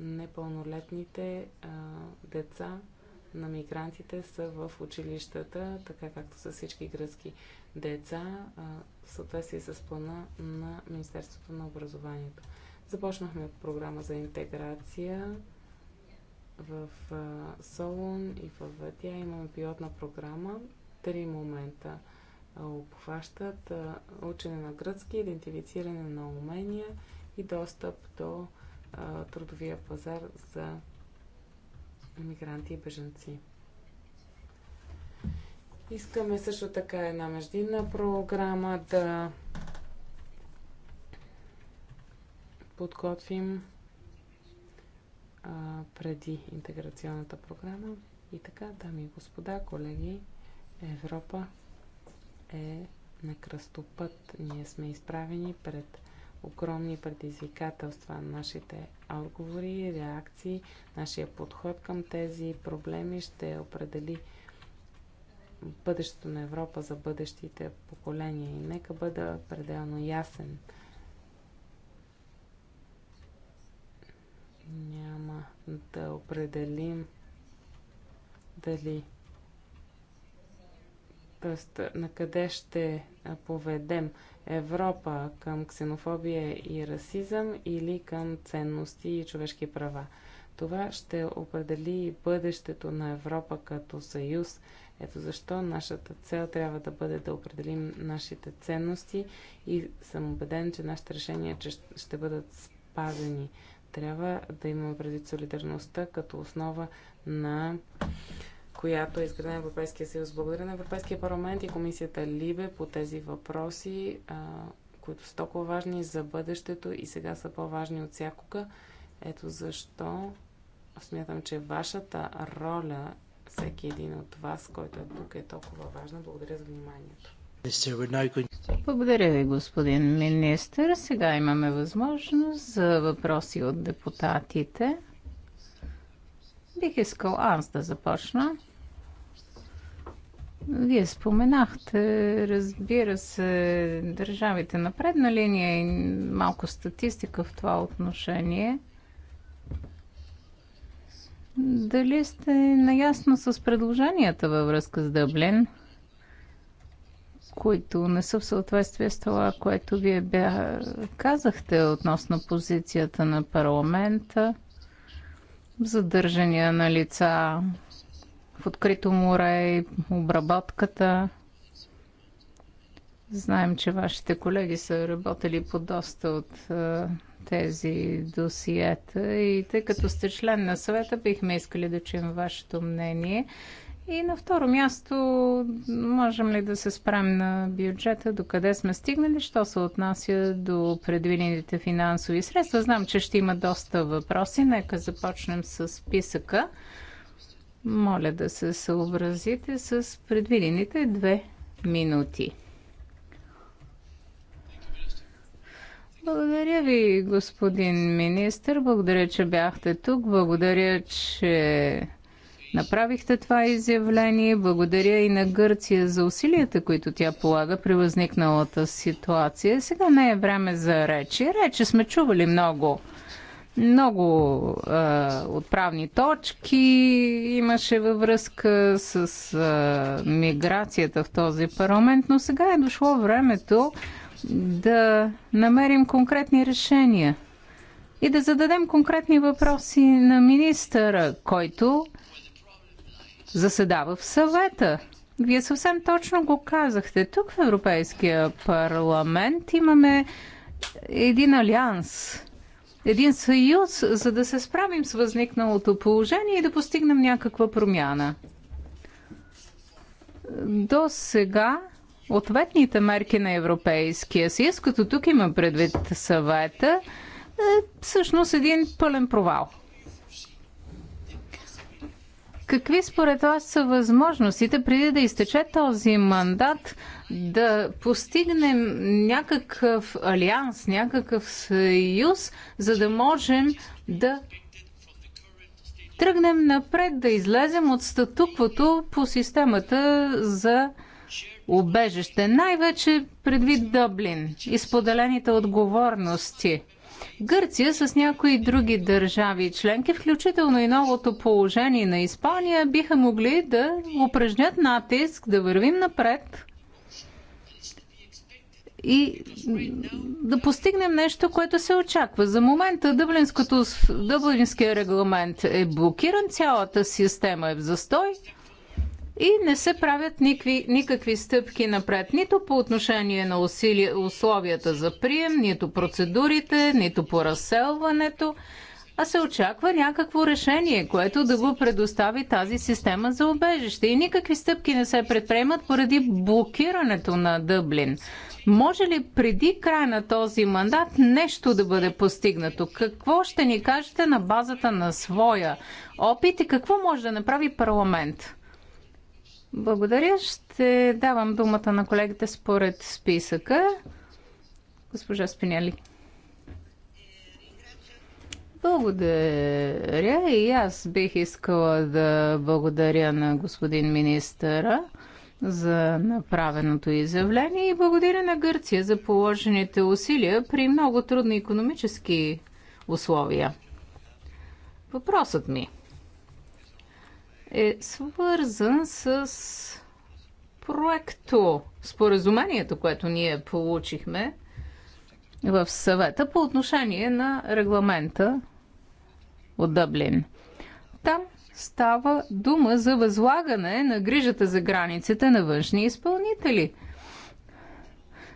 непълнолетните а, деца на мигрантите са в училищата, така както са всички гръцки деца, а, в съответствие с плана на Министерството на образованието. Започнахме програма за интеграция в а, Солун и в Ватия. Имаме пилотна програма. Три момента – обхващат учене на гръцки, идентифициране на умения и достъп до трудовия пазар за мигранти и бежанци. Искаме също така една междинна програма да подготвим а, преди интеграционната програма. И така, дами и господа, колеги, Европа е на кръстопът. Ние сме изправени пред огромни предизвикателства. Нашите отговори, реакции, нашия подход към тези проблеми ще определи бъдещето на Европа за бъдещите поколения. И нека бъда пределно ясен. Няма да определим дали Тоест, на къде ще поведем Европа към ксенофобия и расизъм или към ценности и човешки права? Това ще определи бъдещето на Европа като съюз. Ето защо нашата цел трябва да бъде да определим нашите ценности и съм убеден, че нашите решения ще бъдат спазени. Трябва да имаме преди солидарността като основа на която е изградена Европейския съюз. Благодаря на Европейския парламент и комисията Либе по тези въпроси, а, които са толкова важни за бъдещето и сега са по-важни от всякога. Ето защо смятам, че вашата роля, всеки един от вас, който е тук, е толкова важна. Благодаря за вниманието. Благодаря ви, господин министр. Сега имаме възможност за въпроси от депутатите. Бих искал аз да започна. Вие споменахте, разбира се, държавите на предна линия и малко статистика в това отношение. Дали сте наясно с предложенията във връзка с Дъблин, които не са в съответствие с това, което вие бя... казахте относно позицията на парламента? задържания на лица в открито море, и обработката. Знаем, че вашите колеги са работили по доста от тези досиета и тъй като сте член на съвета, бихме искали да чуем вашето мнение и на второ място, можем ли да се спрем на бюджета, до къде сме стигнали, що се отнася до предвидените финансови средства? Знам, че ще има доста въпроси. Нека започнем с списъка. Моля да се съобразите с предвидените две минути. Благодаря ви, господин министр. Благодаря, че бяхте тук. Благодаря, че направихте това изявление. Благодаря и на Гърция за усилията, които тя полага при възникналата ситуация. Сега не е време за речи. Речи сме чували много много е, отправни точки имаше във връзка с е, миграцията в този парламент, но сега е дошло времето да намерим конкретни решения и да зададем конкретни въпроси на министъра, който заседава в съвета. Вие съвсем точно го казахте. Тук в Европейския парламент имаме един алианс, един съюз, за да се справим с възникналото положение и да постигнем някаква промяна. До сега ответните мерки на Европейския съюз, като тук има предвид съвета, е всъщност един пълен провал – Какви според вас са възможностите преди да изтече този мандат да постигнем някакъв алианс, някакъв съюз, за да можем да тръгнем напред, да излезем от статуквото по системата за убежище. Най-вече предвид Дъблин, изподелените отговорности – Гърция с някои други държави членки, включително и новото положение на Испания, биха могли да упражнят натиск, да вървим напред и да постигнем нещо, което се очаква. За момента Дъблинския регламент е блокиран, цялата система е в застой и не се правят никакви, никакви стъпки напред, нито по отношение на усилия, условията за прием, нито процедурите, нито по разселването, а се очаква някакво решение, което да го предостави тази система за убежище. И никакви стъпки не се предприемат поради блокирането на Дъблин. Може ли преди края на този мандат нещо да бъде постигнато? Какво ще ни кажете на базата на своя опит и какво може да направи парламент? Благодаря. Ще давам думата на колегите според списъка. Госпожа Спинели. Благодаря и аз бих искала да благодаря на господин министъра за направеното изявление и благодаря на Гърция за положените усилия при много трудни економически условия. Въпросът ми е е свързан с проекто споразумението, което ние получихме в съвета по отношение на регламента от Дъблин. Там става дума за възлагане на грижата за границите на външни изпълнители.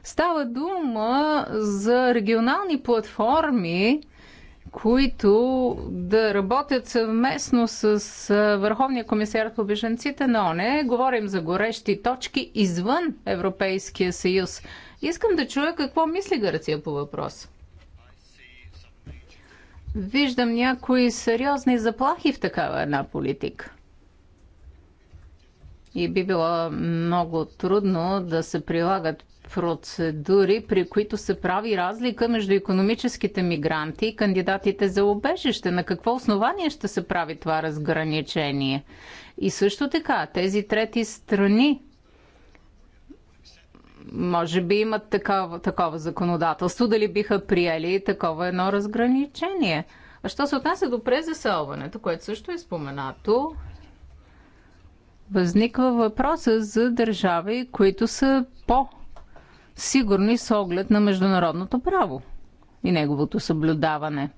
Става дума за регионални платформи, които да работят съвместно с Върховния комисар по беженците на ОНЕ. Говорим за горещи точки извън Европейския съюз. Искам да чуя какво мисли Гърция по въпрос. Виждам някои сериозни заплахи в такава една политика. И би било много трудно да се прилагат процедури, при които се прави разлика между економическите мигранти и кандидатите за убежище. На какво основание ще се прави това разграничение? И също така, тези трети страни може би имат такова, такова законодателство, дали биха приели такова едно разграничение. А що се отнася до презаселването, което също е споменато, възниква въпроса за държави, които са по сигурни с оглед на международното право и неговото съблюдаване.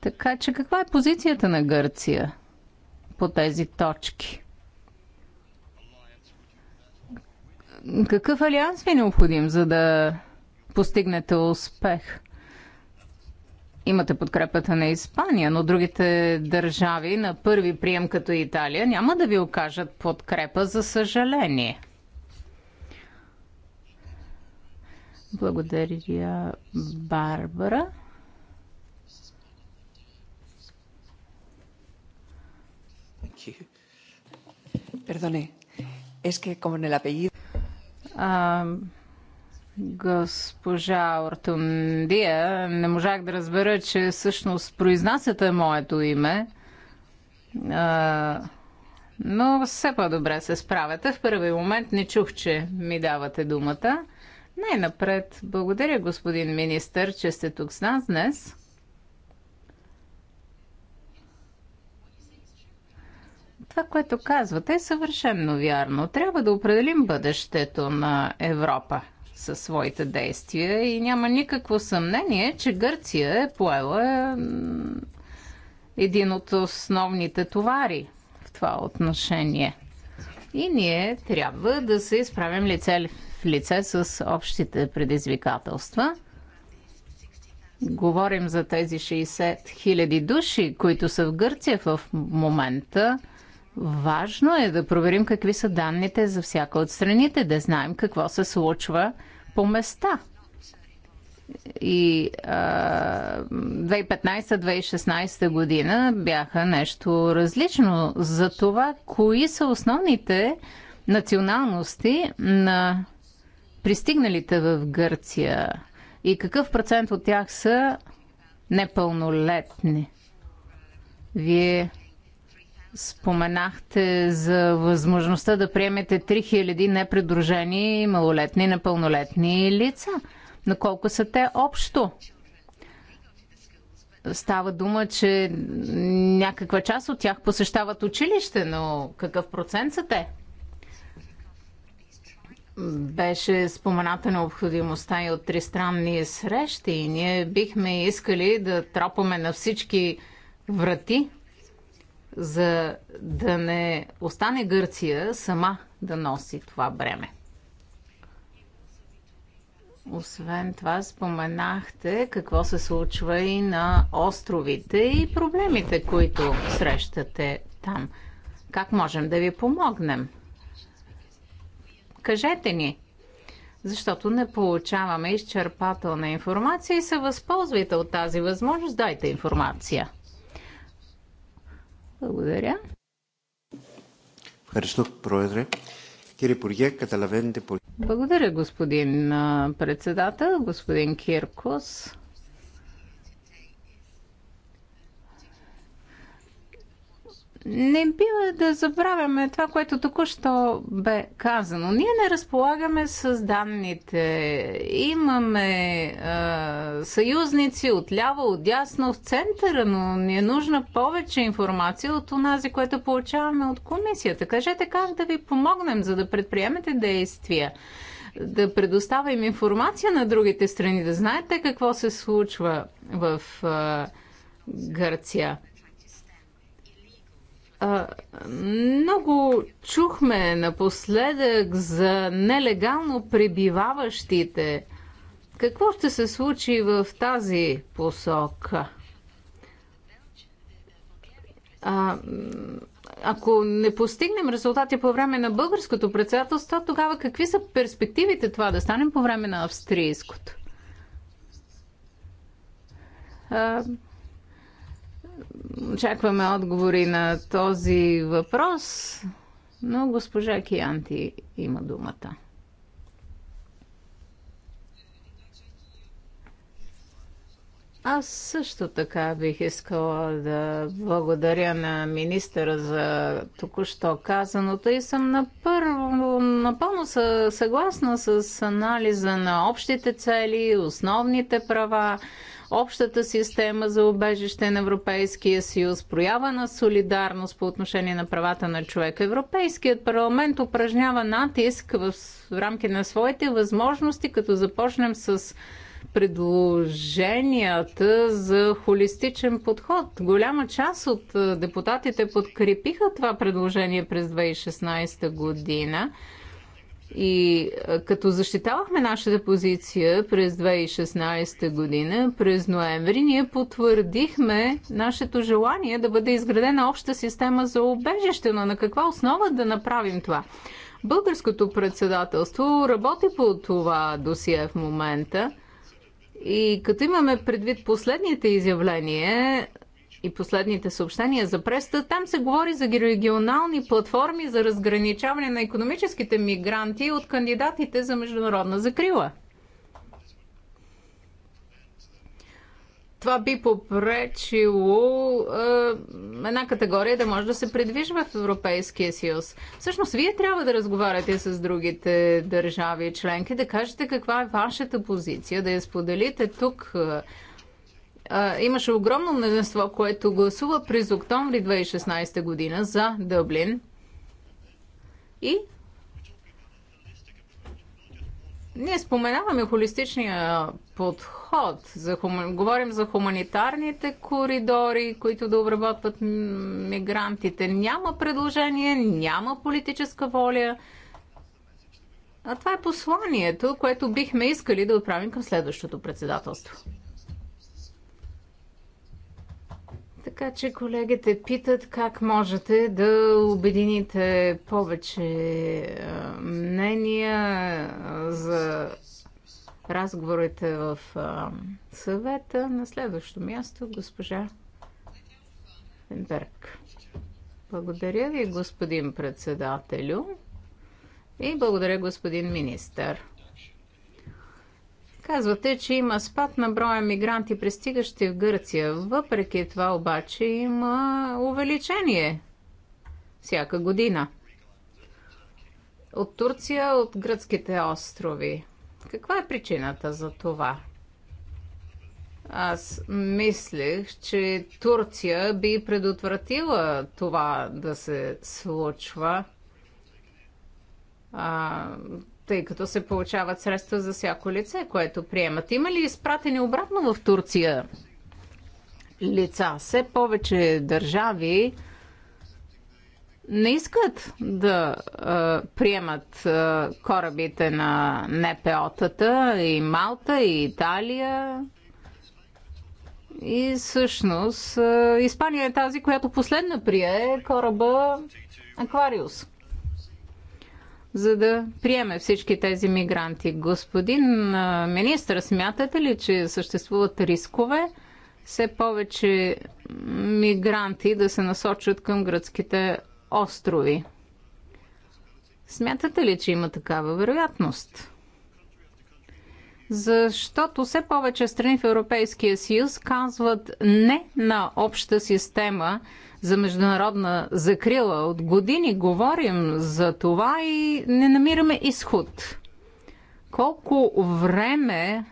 Така че каква е позицията на Гърция по тези точки? Какъв алианс ви е необходим, за да постигнете успех? Имате подкрепата на Испания, но другите държави на първи прием като Италия няма да ви окажат подкрепа, за съжаление. Благодаря, Барбара. Perdone, es que como en el apellido. госпожа Ортундия, не можах да разбера, че всъщност произнасяте моето име. А, но все по-добре се справяте. В първи момент не чух, че ми давате думата. Най-напред, благодаря господин министър, че сте тук с нас днес. Това, което казвате, е съвършенно вярно. Трябва да определим бъдещето на Европа със своите действия и няма никакво съмнение, че Гърция е поела един от основните товари в това отношение. И ние трябва да се изправим лице лице с общите предизвикателства. Говорим за тези 60 хиляди души, които са в Гърция в момента. Важно е да проверим какви са данните за всяка от страните, да знаем какво се случва по места. И 2015-2016 година бяха нещо различно за това, кои са основните националности на пристигналите в Гърция и какъв процент от тях са непълнолетни? Вие споменахте за възможността да приемете 3000 непридружени малолетни и непълнолетни лица. На колко са те общо? Става дума, че някаква част от тях посещават училище, но какъв процент са те? Беше спомената необходимостта и от тристранни срещи и ние бихме искали да тропаме на всички врати, за да не остане Гърция сама да носи това бреме. Освен това, споменахте какво се случва и на островите и проблемите, които срещате там. Как можем да ви помогнем? Кажете ни, защото не получаваме изчерпателна информация и се възползвайте от тази възможност. Дайте информация. Благодаря. Благодаря, господин председател, господин Киркос. не бива да забравяме това, което току-що бе казано. Ние не разполагаме с данните. Имаме е, съюзници от ляво, от дясно, в центъра, но ни е нужна повече информация от онази, което получаваме от комисията. Кажете как да ви помогнем, за да предприемете действия да предоставим информация на другите страни, да знаете какво се случва в а, Гърция много чухме напоследък за нелегално пребиваващите. Какво ще се случи в тази посока? А, ако не постигнем резултати по време на българското председателство, тогава какви са перспективите това да станем по време на австрийското? А, очакваме отговори на този въпрос, но госпожа Кианти има думата. Аз също така бих искала да благодаря на министъра за току-що казаното и съм напърво, напълно съгласна с анализа на общите цели, основните права общата система за убежище на Европейския съюз, проява на солидарност по отношение на правата на човека. Европейският парламент упражнява натиск в рамки на своите възможности, като започнем с предложенията за холистичен подход. Голяма част от депутатите подкрепиха това предложение през 2016 година. И като защитавахме нашата позиция през 2016 година, през ноември, ние потвърдихме нашето желание да бъде изградена обща система за убежище, но на каква основа да направим това? Българското председателство работи по това досие в момента. И като имаме предвид последните изявления и последните съобщения за преста, там се говори за регионални платформи за разграничаване на економическите мигранти от кандидатите за международна закрила. това би попречило е, една категория да може да се придвижва в Европейския съюз. Всъщност, вие трябва да разговаряте с другите държави и членки, да кажете каква е вашата позиция, да я споделите тук е, а, имаше огромно мнозинство, което гласува през октомври 2016 година за Дъблин. И ние споменаваме холистичния подход. За хум... Говорим за хуманитарните коридори, които да обработват мигрантите. Няма предложение, няма политическа воля. А това е посланието, което бихме искали да отправим към следващото председателство. Така че колегите питат как можете да обедините повече мнения за разговорите в съвета. На следващо място госпожа Фенберг. Благодаря ви, господин председателю. И благодаря, господин министър. Казвате, че има спад на броя мигранти, пристигащи в Гърция. Въпреки това обаче има увеличение всяка година. От Турция, от гръцките острови. Каква е причината за това? Аз мислех, че Турция би предотвратила това да се случва. А, тъй като се получават средства за всяко лице, което приемат. Има ли изпратени обратно в Турция лица? Все повече държави не искат да а, приемат а, корабите на НПО-тата и Малта, и Италия. И всъщност Испания е тази, която последна прие кораба Аквариус за да приеме всички тези мигранти. Господин министр, смятате ли, че съществуват рискове все повече мигранти да се насочат към гръцките острови? Смятате ли, че има такава вероятност? Защото все повече страни в Европейския съюз казват не на обща система за международна закрила. От години говорим за това и не намираме изход. Колко време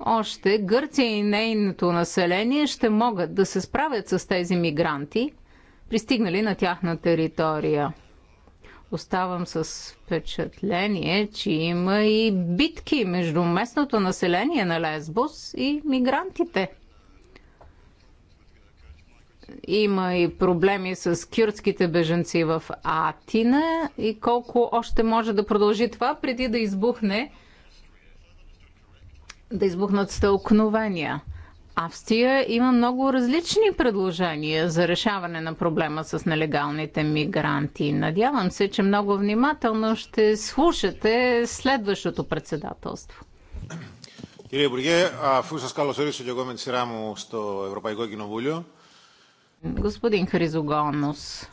още Гърция и нейното население ще могат да се справят с тези мигранти, пристигнали на тяхна територия? оставам с впечатление, че има и битки между местното население на Лесбос и мигрантите има и проблеми с кюртските беженци в Атина и колко още може да продължи това преди да избухне да избухнат стълкновения. Австрия има много различни предложения за решаване на проблема с нелегалните мигранти. Надявам се, че много внимателно ще слушате следващото председателство. Κύριε Υπουργέ, αφού σας καλωσορίσω και εγώ με τη σειρά μου στο Ευρωπαϊκό Κοινοβούλιο, Господин Хризогонос,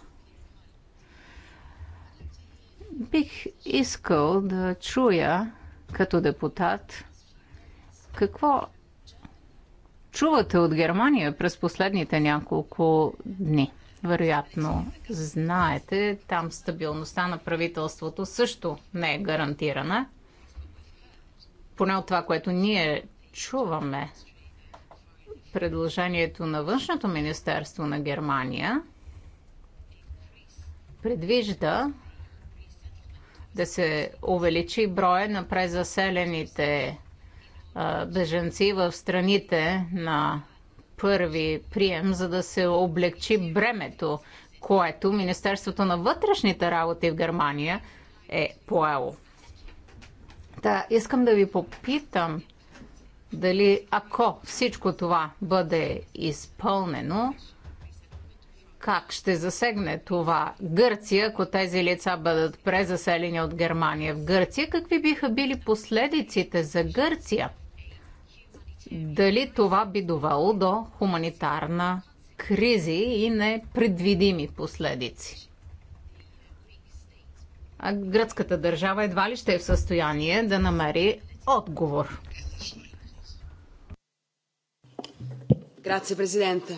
бих искал да чуя като депутат какво чувате от Германия през последните няколко дни. Вероятно знаете, там стабилността на правителството също не е гарантирана. Поне от това, което ние чуваме предложението на Външното министерство на Германия предвижда да се увеличи броя на презаселените беженци в страните на първи прием, за да се облегчи бремето, което Министерството на вътрешните работи в Германия е поело. Та, искам да ви попитам, дали ако всичко това бъде изпълнено, как ще засегне това Гърция, ако тези лица бъдат презаселени от Германия в Гърция? Какви биха били последиците за Гърция? Дали това би довело до хуманитарна кризи и непредвидими последици? А гръцката държава едва ли ще е в състояние да намери отговор. президенте.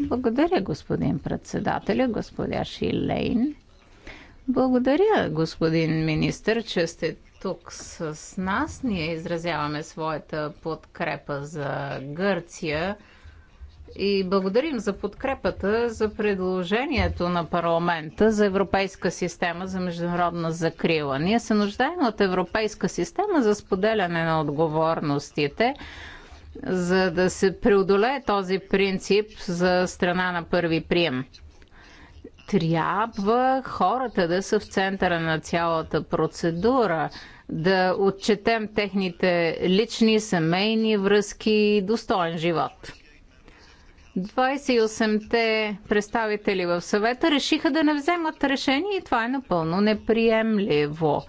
Благодаря, господин председателя, госпожа Шилейн. Благодаря, господин министр, че сте тук с нас. Ние изразяваме своята подкрепа за Гърция и благодарим за подкрепата за предложението на парламента за Европейска система за международна закрила. Ние се нуждаем от Европейска система за споделяне на отговорностите за да се преодолее този принцип за страна на първи прием. Трябва хората да са в центъра на цялата процедура, да отчетем техните лични, семейни връзки и достоен живот. 28-те представители в съвета решиха да не вземат решение и това е напълно неприемливо.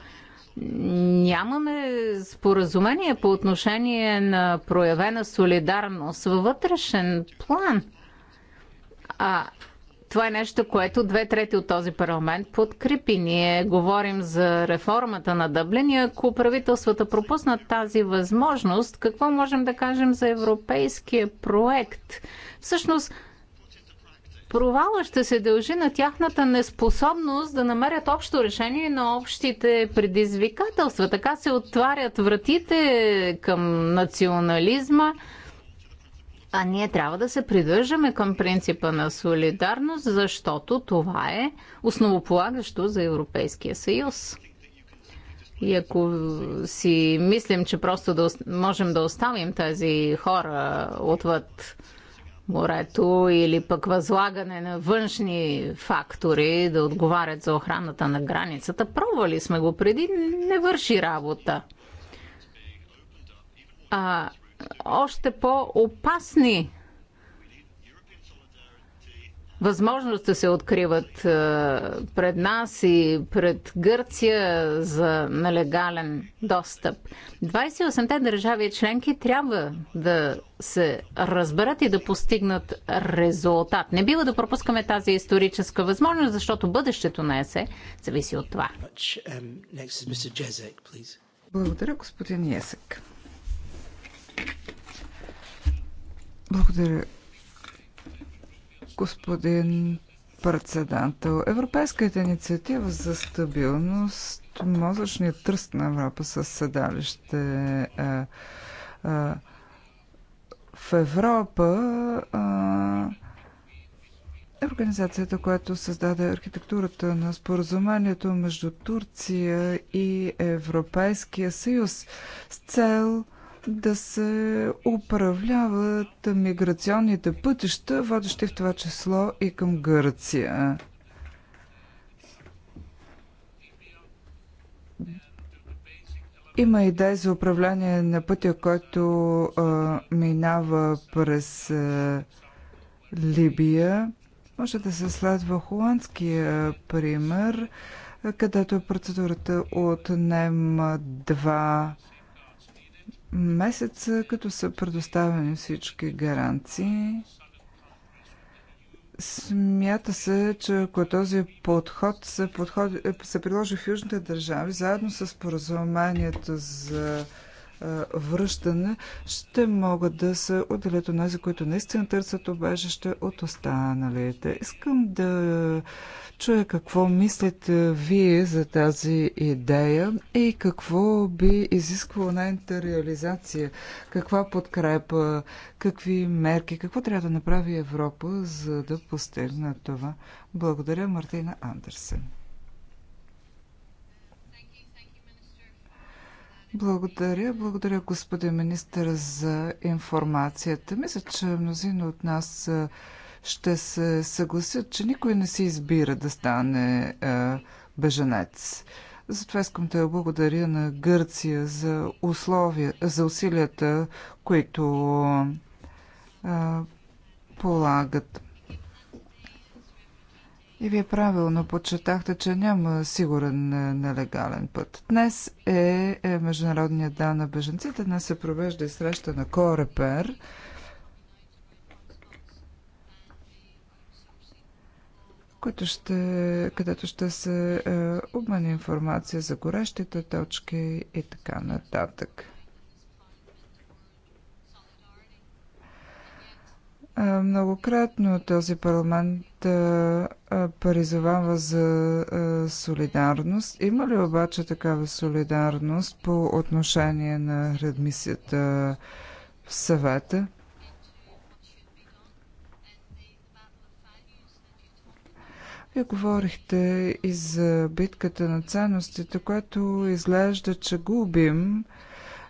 Нямаме споразумение по отношение на проявена солидарност във вътрешен план. А това е нещо, което две трети от този парламент подкрепи. Ние говорим за реформата на Дъблин и ако правителствата пропуснат тази възможност, какво можем да кажем за европейския проект? Всъщност, Провала ще се дължи на тяхната неспособност да намерят общо решение на общите предизвикателства. Така се отварят вратите към национализма. А ние трябва да се придържаме към принципа на солидарност, защото това е основополагащо за Европейския съюз. И ако си мислим, че просто да, можем да оставим тези хора отвъд морето или пък възлагане на външни фактори да отговарят за охраната на границата. Пробвали сме го преди, не върши работа. А, още по-опасни Възможности се откриват е, пред нас и пред Гърция за нелегален достъп. 28-те държави членки трябва да се разберат и да постигнат резултат. Не бива да пропускаме тази историческа възможност, защото бъдещето на ЕСЕ зависи от това. Благодаря, господин Есек. Благодаря, господин председател. Европейската инициатива за стабилност, мозъчният тръст на Европа със седалище а, е, а, е, в Европа а, е, е организацията, която създаде архитектурата на споразумението между Турция и Европейския съюз с цел да се управляват миграционните пътища, водещи в това число и към Гърция. Има идея за управление на пътя, който а, минава през а, Либия. Може да се следва холандския пример, където процедурата отнема два месеца, като са предоставени всички гаранции. Смята се, че ако този подход се, подходи, е, се приложи в южните държави, заедно с поразумението за връщане, ще могат да се отделят от тези, които наистина търсят обежище от останалите. Искам да чуя какво мислите вие за тази идея и какво би изисквала нейната реализация. Каква подкрепа, какви мерки, какво трябва да направи Европа, за да постигне това. Благодаря, Мартина Андерсен. Благодаря, благодаря господин министър за информацията. Мисля, че мнозина от нас ще се съгласят, че никой не си избира да стане е, беженец. Затова искам да благодаря на Гърция за, условия, за усилията, които а, е, полагат. И вие правилно подчертахте, че няма сигурен е, нелегален път. Днес е, е Международния дан на беженците. Днес се провежда и среща на Корепер. които ще, където ще се е, обмени информация за горещите точки и така нататък. Е, многократно този парламент е, е, паризовава за солидарност. Има ли обаче такава солидарност по отношение на редмисията в съвета? Вие говорихте и за битката на ценностите, което изглежда, че губим,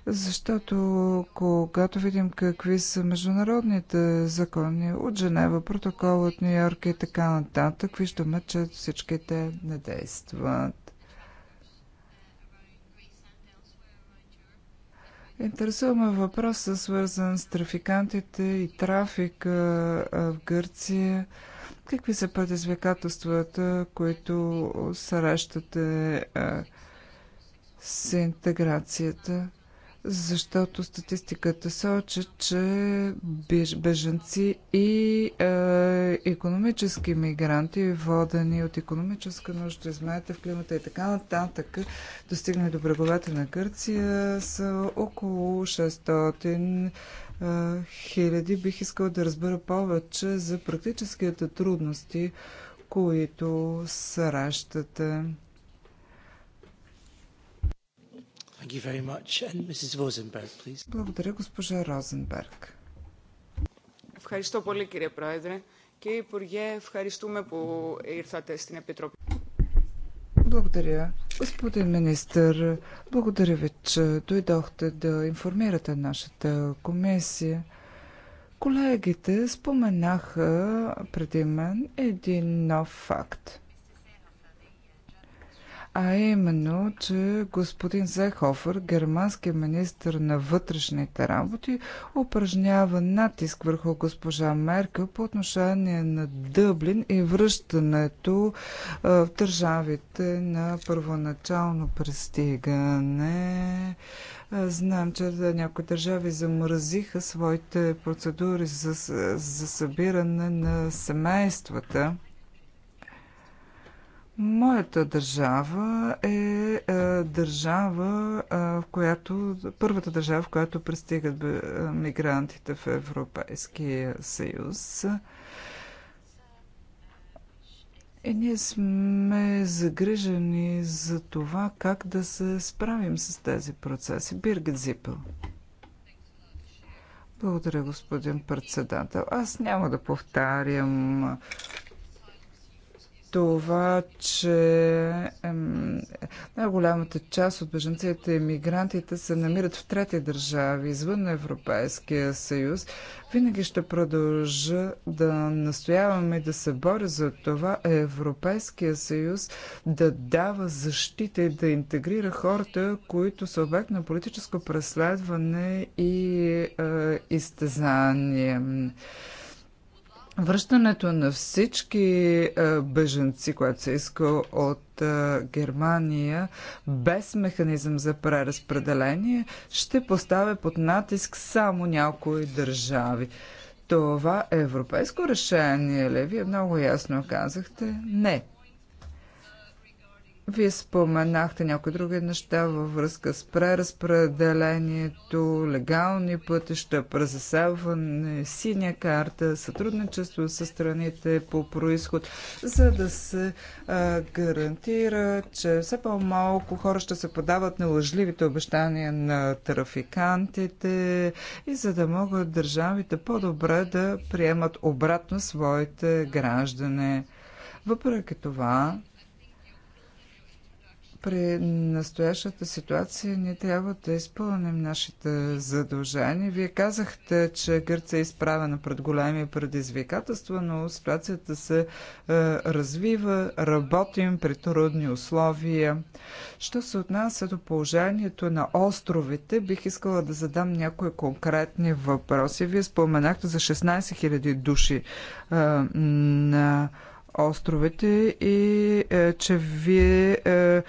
защото когато видим какви са международните закони от Женева, протокол от Нью Йорк и така нататък, виждаме, че всичките не действат. Интересуваме въпроса, свързан с трафикантите и трафика в Гърция. Какви са предизвикателствата, които срещате с интеграцията? Защото статистиката сочи, че беженци и е, економически мигранти, водени от економическа нужда, знаете, в климата и така нататък, достигнали до бреговете на Гърция, са около 600 хиляди. Бих искал да разбера повече за практическите трудности, които срещате. Благодаря, госпожа Розенберг. Ευχαριστώ πολύ, κύριε Πρόεδρε. Κύριε Υπουργέ, ευχαριστούμε που ήρθατε στην Επιτροπή. Благодаря, Господин министър, благодаря ви, че дойдохте да информирате нашата комисия. Колегите споменаха преди мен един нов факт а именно, че господин Зехофер, германския министр на вътрешните работи, упражнява натиск върху госпожа Меркел по отношение на Дъблин и връщането в държавите на първоначално пристигане. Знам, че някои държави замразиха своите процедури за, за събиране на семействата. Моята държава е, е държава, е, в която, първата държава, в която пристигат е, мигрантите в Европейския съюз. И ние сме загрижени за това как да се справим с тези процеси. Биргет Зипел. Благодаря, господин председател. Аз няма да повтарям това, че най-голямата е, част от беженците и мигрантите се намират в трети държави, извън Европейския съюз, винаги ще продължа да настояваме да се боря за това Европейския съюз да дава защита и да интегрира хората, които са обект на политическо преследване и е, изтезание. Връщането на всички е, беженци, което се иска от е, Германия, без механизъм за преразпределение, ще поставя под натиск само някои държави. Това е европейско решение ли? Вие много ясно казахте не. Вие споменахте някои други неща във връзка с преразпределението, легални пътища, презасяване, синя карта, сътрудничество с страните по происход, за да се а, гарантира, че все по-малко хора ще се подават на лъжливите обещания на трафикантите и за да могат държавите по-добре да приемат обратно своите граждане. Въпреки това, при настоящата ситуация ние трябва да изпълним нашите задължения. Вие казахте, че Гърция е изправена пред големи предизвикателства, но ситуацията се е, развива, работим при трудни условия. Що се отнася до положението на островите, бих искала да задам някои конкретни въпроси. Вие споменахте за 16 000 души е, на островите и е, че вие е, е,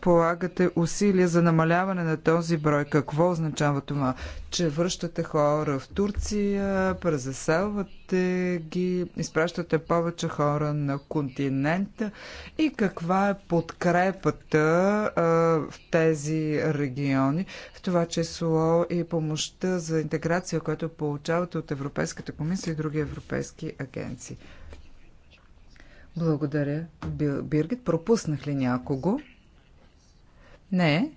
полагате усилия за намаляване на този брой. Какво означава това? Че връщате хора в Турция, презаселвате ги, изпращате повече хора на континента и каква е подкрепата е, в тези региони, в това число и помощта за интеграция, която получавате от Европейската комисия и други европейски агенции? Благодаря, Биргит. Пропуснах ли някого? Не.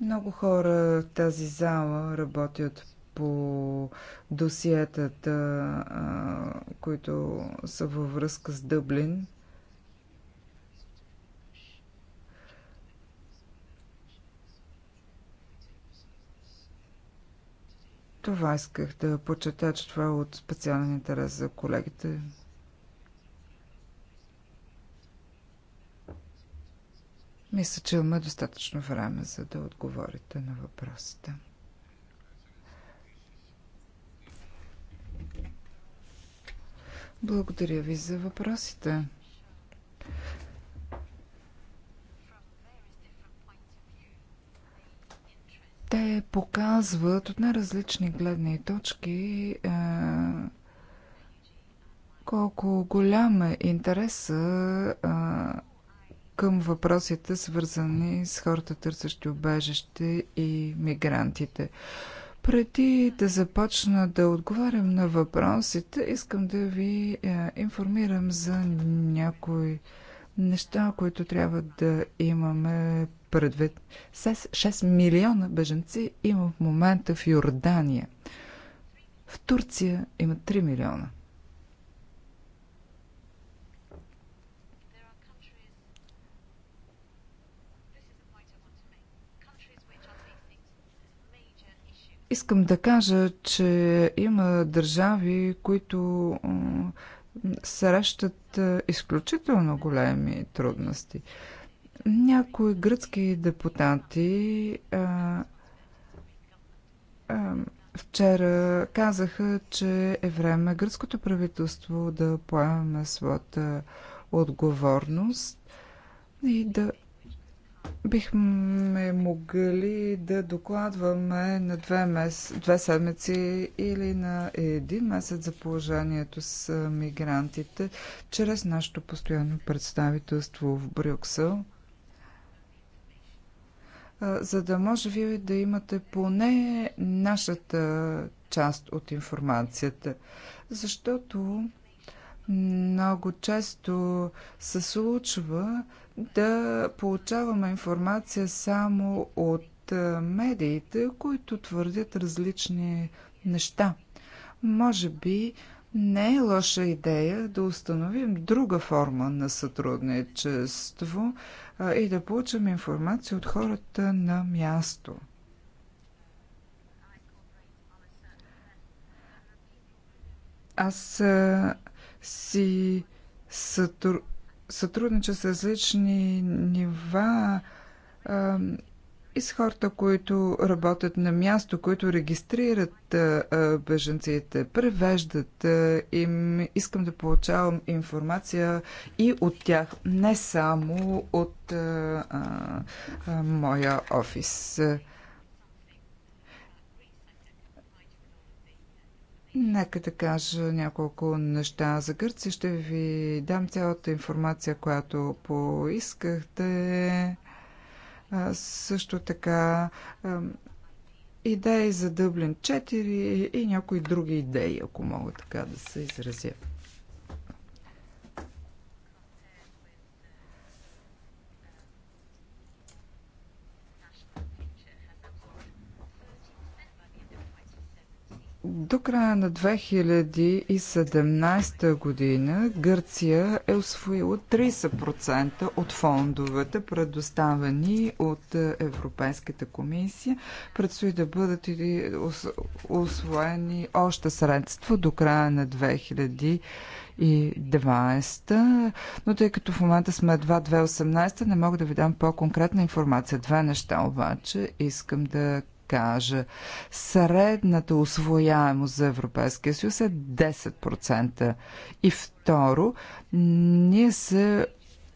Много хора в тази зала работят по досиетата, които са във връзка с Дъблин. Това исках да почета, че това е от специален интерес за колегите. Мисля, че имаме достатъчно време, за да отговорите на въпросите. Благодаря ви за въпросите. Те показват от най-различни гледни точки е, колко голям е интереса е, към въпросите, свързани с хората, търсещи убежище и мигрантите. Преди да започна да отговарям на въпросите, искам да ви е, информирам за някои неща, които трябва да имаме предвид. 6 милиона беженци има в момента в Йордания. В Турция има 3 милиона. Искам да кажа, че има държави, които срещат изключително големи трудности. Някои гръцки депутати а, а, вчера казаха, че е време гръцкото правителство да поеме своята отговорност и да бихме могли да докладваме на две, мес... две седмици или на един месец за положението с мигрантите чрез нашето постоянно представителство в Брюксел за да може вие да имате поне нашата част от информацията. Защото много често се случва да получаваме информация само от медиите, които твърдят различни неща. Може би не е лоша идея да установим друга форма на сътрудничество и да получим информация от хората на място. Аз си сътру... сътруднича с различни нива и с хората, които работят на място, които регистрират беженците, превеждат им. Искам да получавам информация и от тях, не само от а, а, моя офис. Нека да кажа няколко неща за Гърция. Ще ви дам цялата информация, която поискахте също така идеи за Дъблин 4 и някои други идеи, ако мога така да се изразя. До края на 2017 година Гърция е освоила 30% от фондовете, предоставени от Европейската комисия. Предстои да бъдат освоени още средства до края на 2017 и 20, но тъй като в момента сме едва 2018, не мога да ви дам по-конкретна информация. Два неща обаче искам да каже, Средната освояемост за Европейския съюз е 10%. И второ, ние се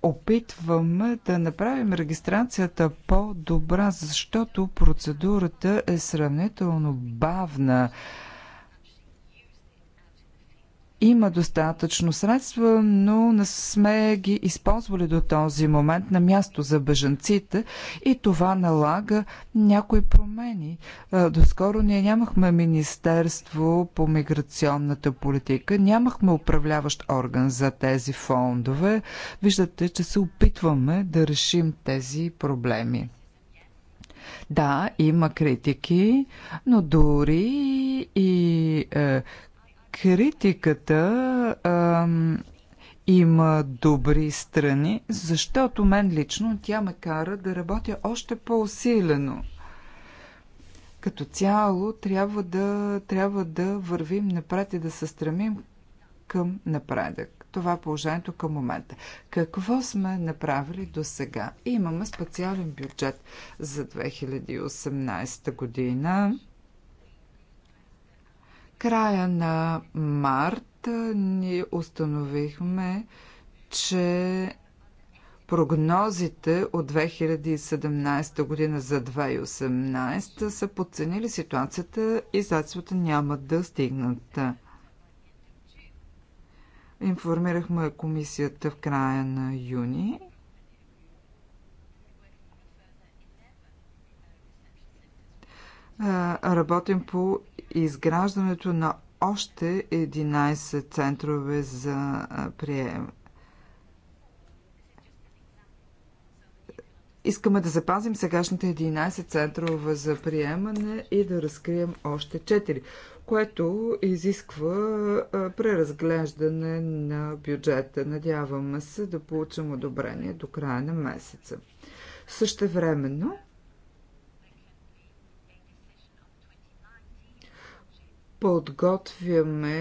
опитваме да направим регистрацията по-добра, защото процедурата е сравнително бавна. Има достатъчно средства, но не сме ги използвали до този момент на място за бежанците и това налага някои промени. Доскоро ние нямахме Министерство по миграционната политика, нямахме управляващ орган за тези фондове. Виждате, че се опитваме да решим тези проблеми. Да, има критики, но дори и е, критиката а, има добри страни, защото мен лично тя ме кара да работя още по-усилено. Като цяло трябва да, трябва да вървим напред и да се стремим към напредък. Това е положението към момента. Какво сме направили до сега? Имаме специален бюджет за 2018 година края на март ние установихме, че прогнозите от 2017 година за 2018 са подценили ситуацията и задствата няма да стигнат. Информирахме комисията в края на юни работим по изграждането на още 11 центрове за прием. Искаме да запазим сегашните 11 центрове за приемане и да разкрием още 4, което изисква преразглеждане на бюджета. Надяваме се да получим одобрение до края на месеца. Също времено, подготвяме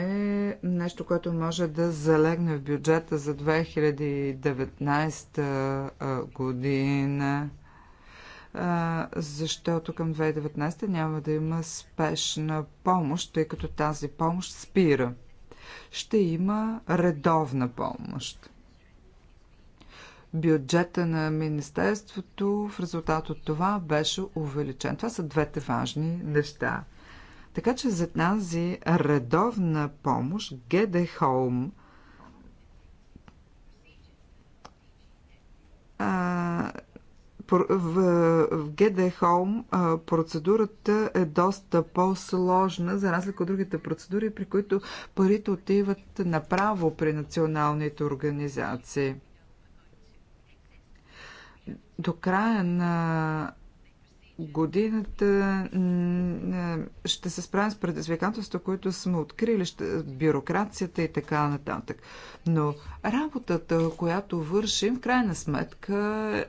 нещо, което може да залегне в бюджета за 2019 година, защото към 2019 няма да има спешна помощ, тъй като тази помощ спира. Ще има редовна помощ. Бюджета на Министерството в резултат от това беше увеличен. Това са двете важни неща. Така че за тази редовна помощ Геде Холм в, в ГД Холм процедурата е доста по-сложна, за разлика от другите процедури, при които парите отиват направо при националните организации. До края на годината ще се справим с предизвикателства, които сме открили, ще, бюрокрацията и така нататък. Но работата, която вършим, в крайна сметка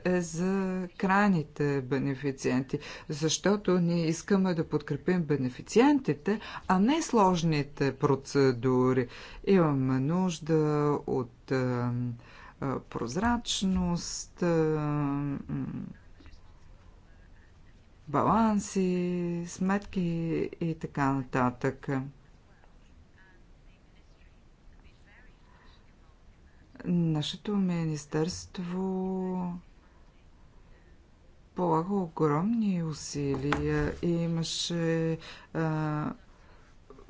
е за крайните бенефициенти, защото ние искаме да подкрепим бенефициентите, а не сложните процедури. Имаме нужда от прозрачност, баланси, сметки и така нататък. Нашето министерство полага огромни усилия и имаше а,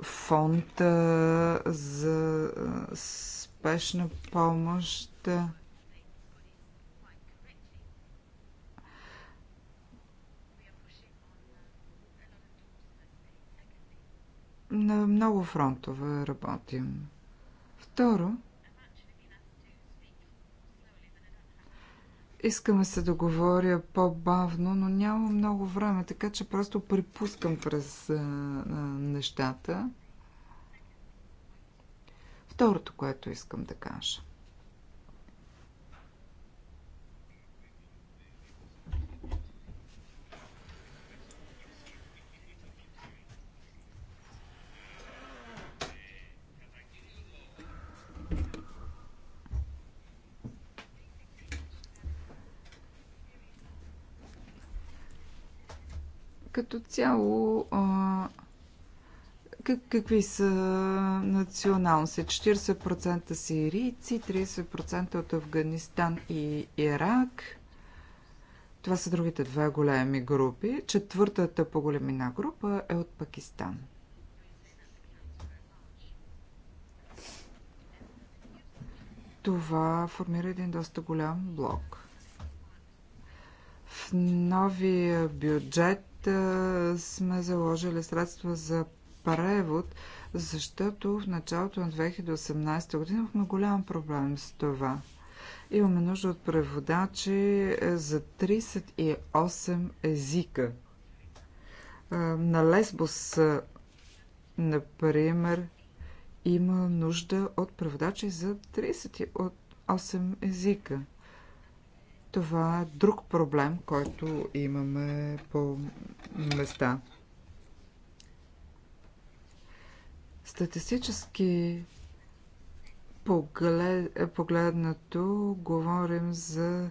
фонда за спешна помощ. На много фронтове работим. Второ, искаме се да говоря по-бавно, но няма много време, така че просто припускам през а, а, нещата. Второто, което искам да кажа – Като цяло, как, какви са националности? 40% сирийци, 30% от Афганистан и Ирак. Това са другите две големи групи. Четвъртата по големина група е от Пакистан. Това формира един доста голям блок. В новия бюджет е, сме заложили средства за превод, защото в началото на 2018 година имахме голям проблем с това. Имаме нужда от преводачи е, за 38 езика. Е, на Лесбос, например, има нужда от преводачи за 38 езика. Това е друг проблем, който имаме по места. Статистически погледнато говорим за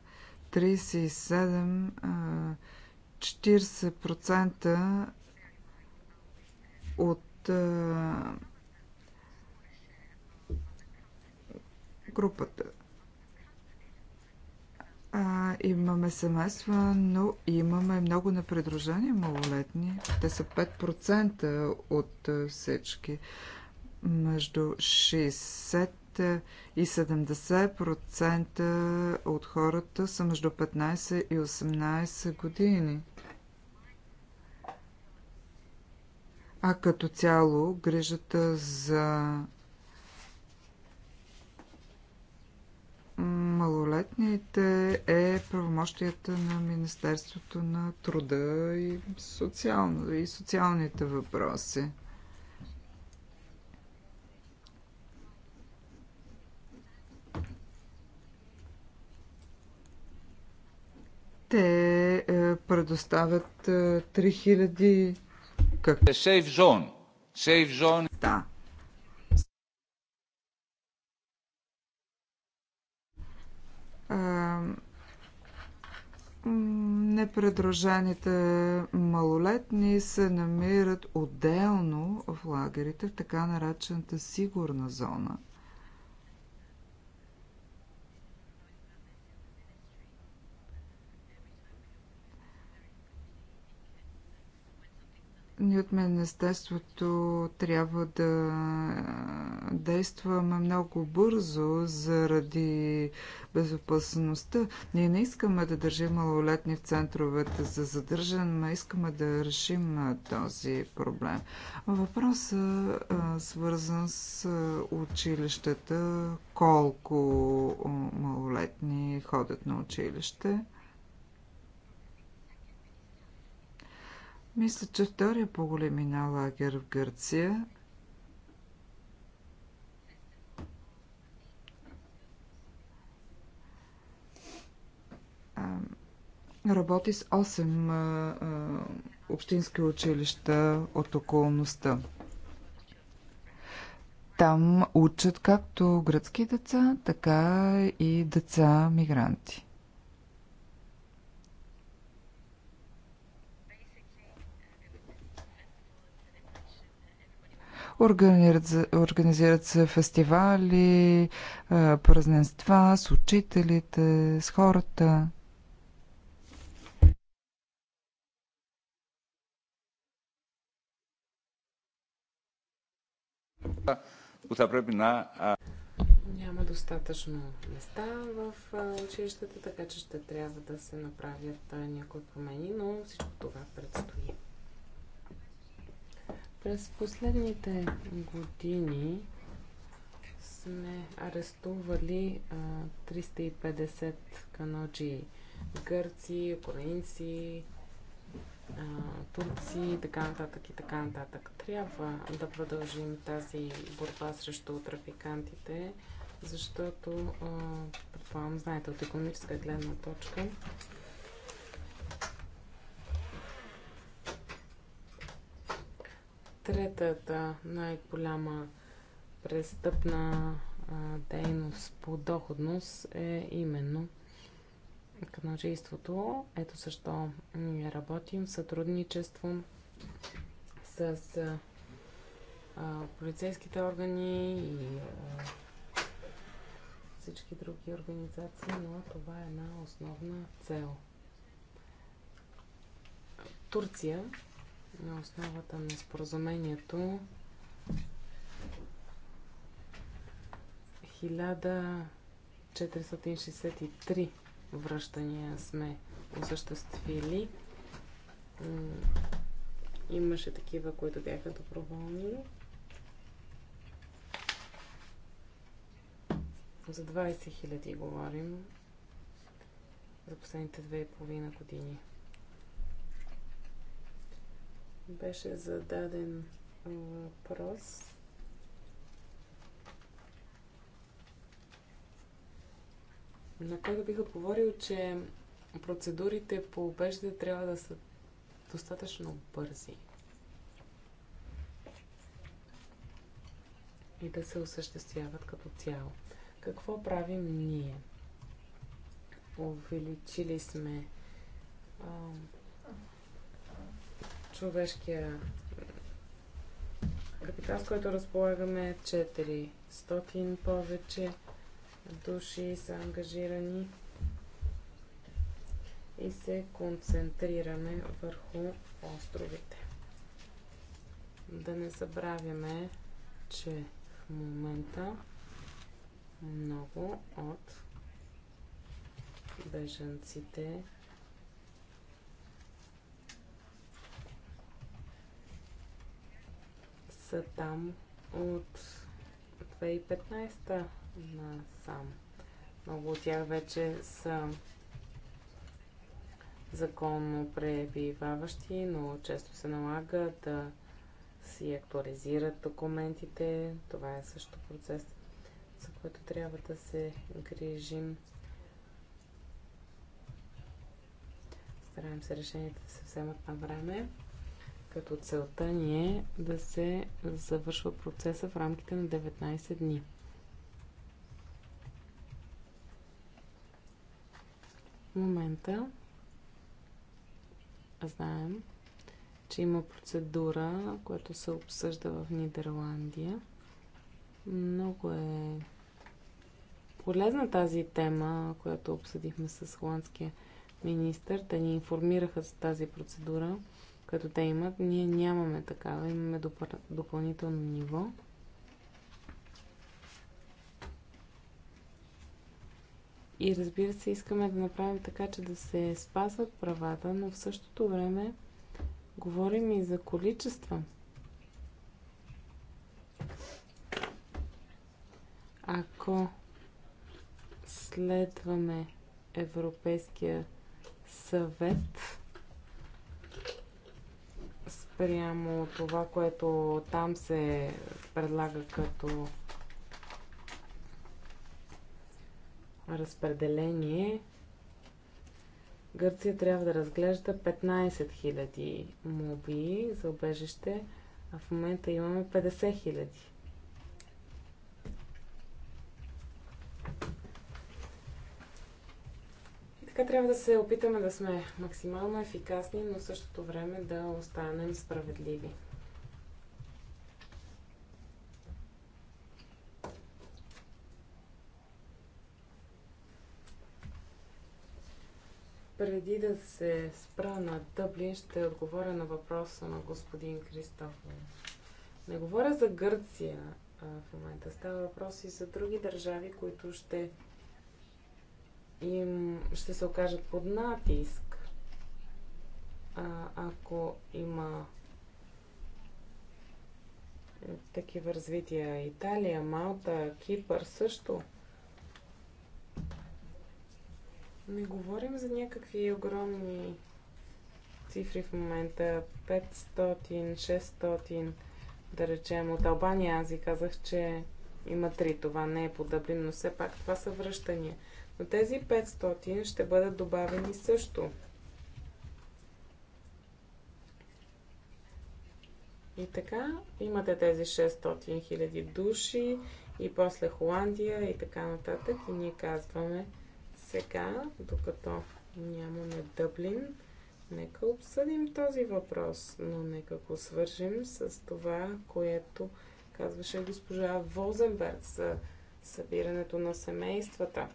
37-40% от групата. А, имаме семейства, но имаме много непредружени малолетни. Те са 5% от всички. Между 60 и 70% от хората са между 15 и 18 години. А като цяло грижата за малолетните е правомощията на Министерството на труда и, социално, и социалните въпроси. Те е, предоставят 3000 е, как... Safe zone. Safe zone. Да. непредружените малолетни се намират отделно в лагерите, в така наречената сигурна зона. Ние от мен естеството трябва да действаме много бързо заради безопасността. Ние не искаме да държим малолетни в центровете за задържан, но искаме да решим този проблем. Въпросът е свързан с училищата. Колко малолетни ходят на училище? Мисля, че втория по големина лагер в Гърция работи с 8 общински училища от околността. Там учат както гръцки деца, така и деца мигранти. Организират, организират се фестивали, празненства с учителите, с хората. Няма достатъчно места в училищата, така че ще трябва да се направят някои промени, но всичко това предстои. През последните години сме арестували а, 350 каноджи гърци, украинци, а, турци и така нататък и така нататък. Трябва да продължим тази борба срещу трафикантите, защото, предполагам, знаете, от економическа гледна точка Третата най-голяма престъпна дейност по доходност е именно каналджийството. Ето защо ние работим в сътрудничество с а, полицейските органи и а, всички други организации, но това е една основна цел. Турция на основата на споразумението 1463 връщания сме осъществили. Имаше такива, които бяха доброволни. За 20 000 говорим за последните две и половина години. Беше зададен въпрос. На който бих отговорил, че процедурите по обеждане трябва да са достатъчно бързи. И да се осъществяват като цяло. Какво правим ние? Увеличили сме а, човешкия капитал, с който разполагаме 400 повече души са ангажирани и се концентрираме върху островите. Да не забравяме, че в момента много от бежанците са там от 2015 на сам. Много от тях вече са законно пребиваващи, но често се налага да си актуализират документите. Това е също процес, за който трябва да се грижим. Стараем се решенията да се вземат на време като целта ни е да се завършва процеса в рамките на 19 дни. В момента знаем, че има процедура, която се обсъжда в Нидерландия. Много е полезна тази тема, която обсъдихме с холандския министр. Те ни информираха за тази процедура като те имат. Ние нямаме такава, имаме допър... допълнително ниво. И разбира се, искаме да направим така, че да се спазват правата, но в същото време говорим и за количества. Ако следваме Европейския съвет, спрямо това, което там се предлага като разпределение, Гърция трябва да разглежда 15 000 моби за обежище, а в момента имаме 50 000. Така трябва да се опитаме да сме максимално ефикасни, но в същото време да останем справедливи. Преди да се спра на Дъблин, ще отговоря на въпроса на господин Кристофов. Не говоря за Гърция в момента. Става въпрос и за други държави, които ще им ще се окажат под натиск, а, ако има е, такива развития. Италия, Малта, Кипър също. Не говорим за някакви огромни цифри в момента. 500, 600, да речем, от Албания. Аз ви казах, че има три. Това не е по Дъблин, но все пак това са връщания. Но тези 500 ще бъдат добавени също. И така, имате тези 600 000 души и после Холандия и така нататък. И ние казваме сега, докато нямаме Дъблин, нека обсъдим този въпрос, но нека го свържим с това, което казваше госпожа Возенберг за събирането на семействата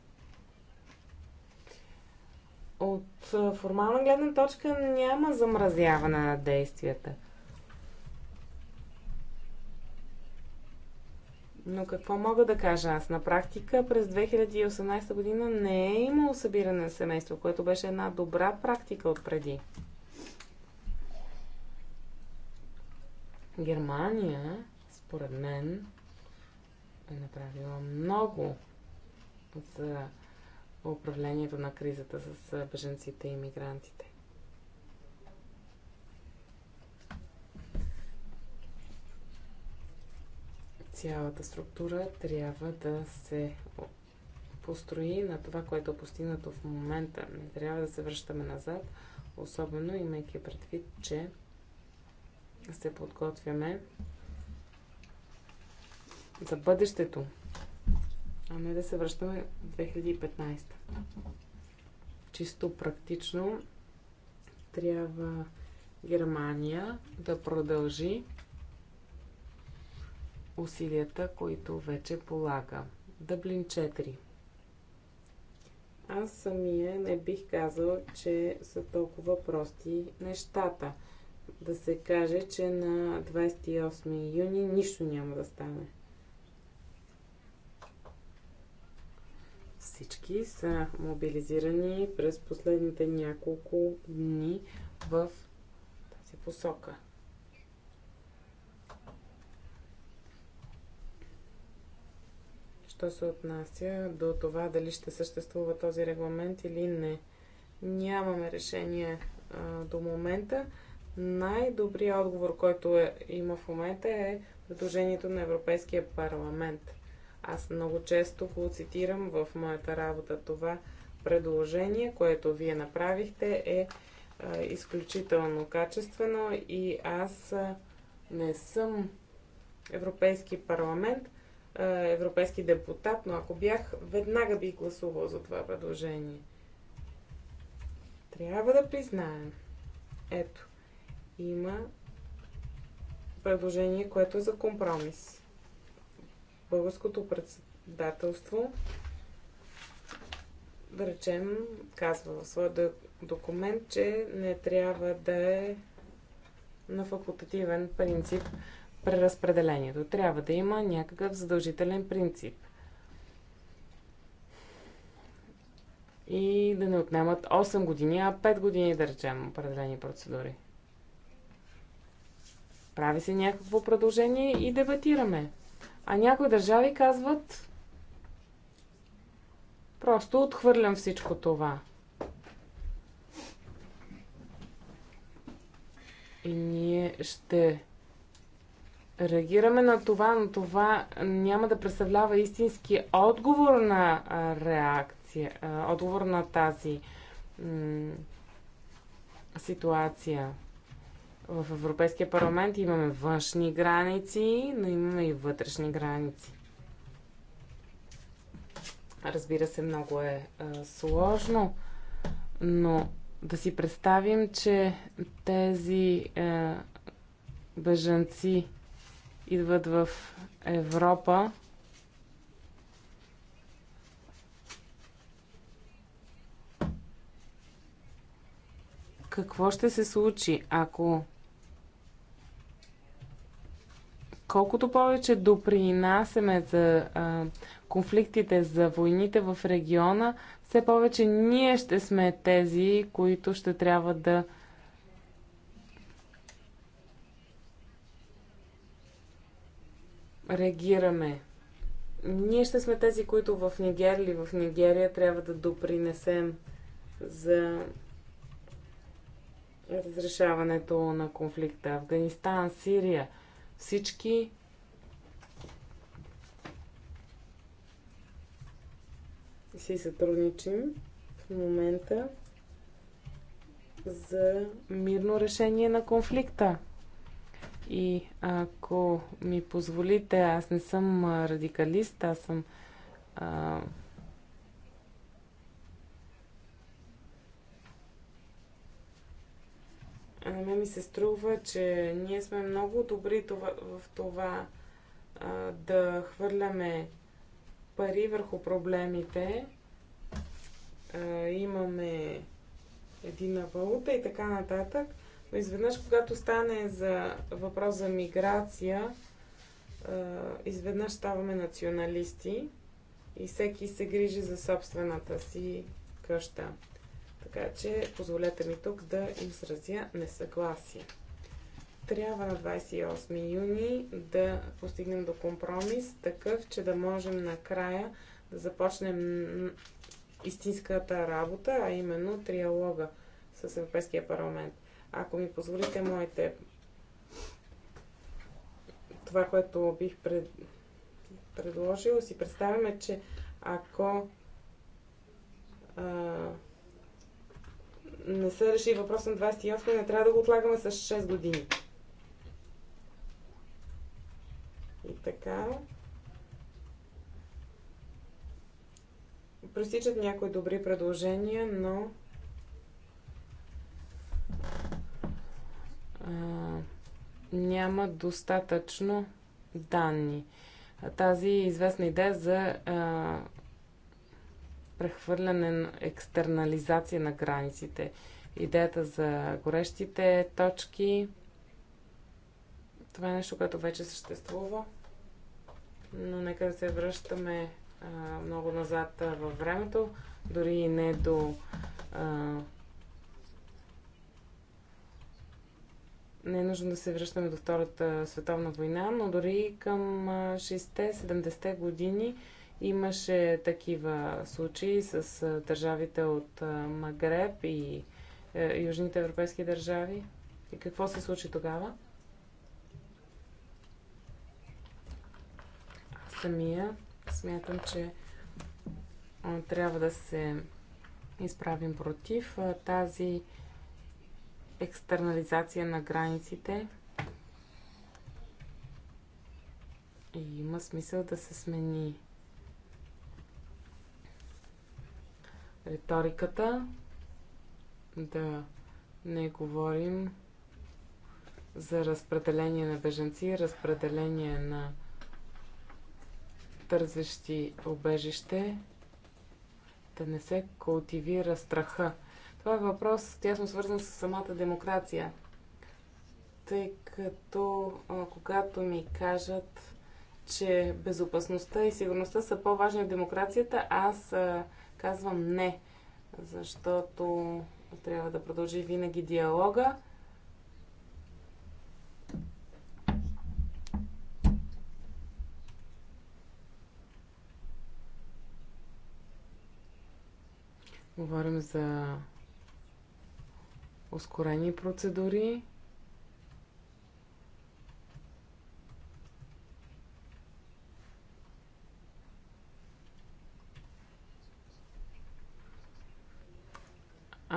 от формална гледна точка няма замразяване на действията. Но какво мога да кажа аз? На практика през 2018 година не е имало събиране на семейство, което беше една добра практика от преди. Германия, според мен, е направила много за управлението на кризата с беженците и мигрантите. Цялата структура трябва да се построи на това, което е постигнато в момента. Не трябва да се връщаме назад, особено имайки предвид, че се подготвяме за бъдещето а не да се връщаме в 2015. Чисто практично трябва Германия да продължи усилията, които вече полага. Дъблин 4. Аз самия не бих казал, че са толкова прости нещата. Да се каже, че на 28 юни нищо няма да стане. Всички са мобилизирани през последните няколко дни в тази посока. Що се отнася до това дали ще съществува този регламент или не, нямаме решение а, до момента. Най-добрият отговор, който е, има в момента е предложението на Европейския парламент. Аз много често го цитирам в моята работа. Това предложение, което вие направихте, е а, изключително качествено и аз а, не съм Европейски парламент, а, европейски депутат, но ако бях, веднага бих гласувал за това предложение. Трябва да признаем. Ето, има предложение, което е за компромис българското председателство, да речем, казва в своя документ, че не трябва да е на факултативен принцип преразпределението. Трябва да има някакъв задължителен принцип. И да не отнемат 8 години, а 5 години, да речем, определени процедури. Прави се някакво предложение и дебатираме. А някои държави казват, просто отхвърлям всичко това. И ние ще реагираме на това, но това няма да представлява истински отговор на реакция, отговор на тази ситуация. В Европейския парламент имаме външни граници, но имаме и вътрешни граници. Разбира се, много е е сложно, но да си представим, че тези е, бежанци идват в Европа. Какво ще се случи, ако Колкото повече допринасяме за а, конфликтите, за войните в региона, все повече ние ще сме тези, които ще трябва да реагираме. Ние ще сме тези, които в Нигерия или в Нигерия трябва да допринесем за разрешаването на конфликта. Афганистан, Сирия – всички си сътрудничим в момента за мирно решение на конфликта. И ако ми позволите, аз не съм радикалист, аз съм а, А на мен ми се струва, че ние сме много добри това, в това а, да хвърляме пари върху проблемите. А, имаме едина валута и така нататък. Но изведнъж, когато стане за въпрос за миграция, а, изведнъж ставаме националисти и всеки се грижи за собствената си къща така че позволете ми тук да изразя несъгласие. Трябва на 28 юни да постигнем до компромис, такъв, че да можем накрая да започнем истинската работа, а именно триалога с Европейския парламент. Ако ми позволите моите това, което бих пред... предложила, си представяме, че ако а не се реши въпрос на 28 не трябва да го отлагаме с 6 години. И така. Пресичат някои добри предложения, но а, няма достатъчно данни. Тази известна идея за а, прехвърляне, на екстернализация на границите. Идеята за горещите точки. Това е нещо, което вече съществува. Но нека да се връщаме а, много назад а, във времето, дори и не до. А, не е нужно да се връщаме до Втората световна война, но дори към 60-70-те години Имаше такива случаи с държавите от Магреб и е, южните европейски държави. И какво се случи тогава? Самия смятам, че трябва да се изправим против тази екстернализация на границите. И има смисъл да се смени риториката, да не говорим за разпределение на беженци, разпределение на търсещи обежище, да не се култивира страха. Това е въпрос тясно свързан с самата демокрация. Тъй като когато ми кажат, че безопасността и сигурността са по-важни от демокрацията, аз Казвам не, защото трябва да продължи винаги диалога. Говорим за ускорени процедури,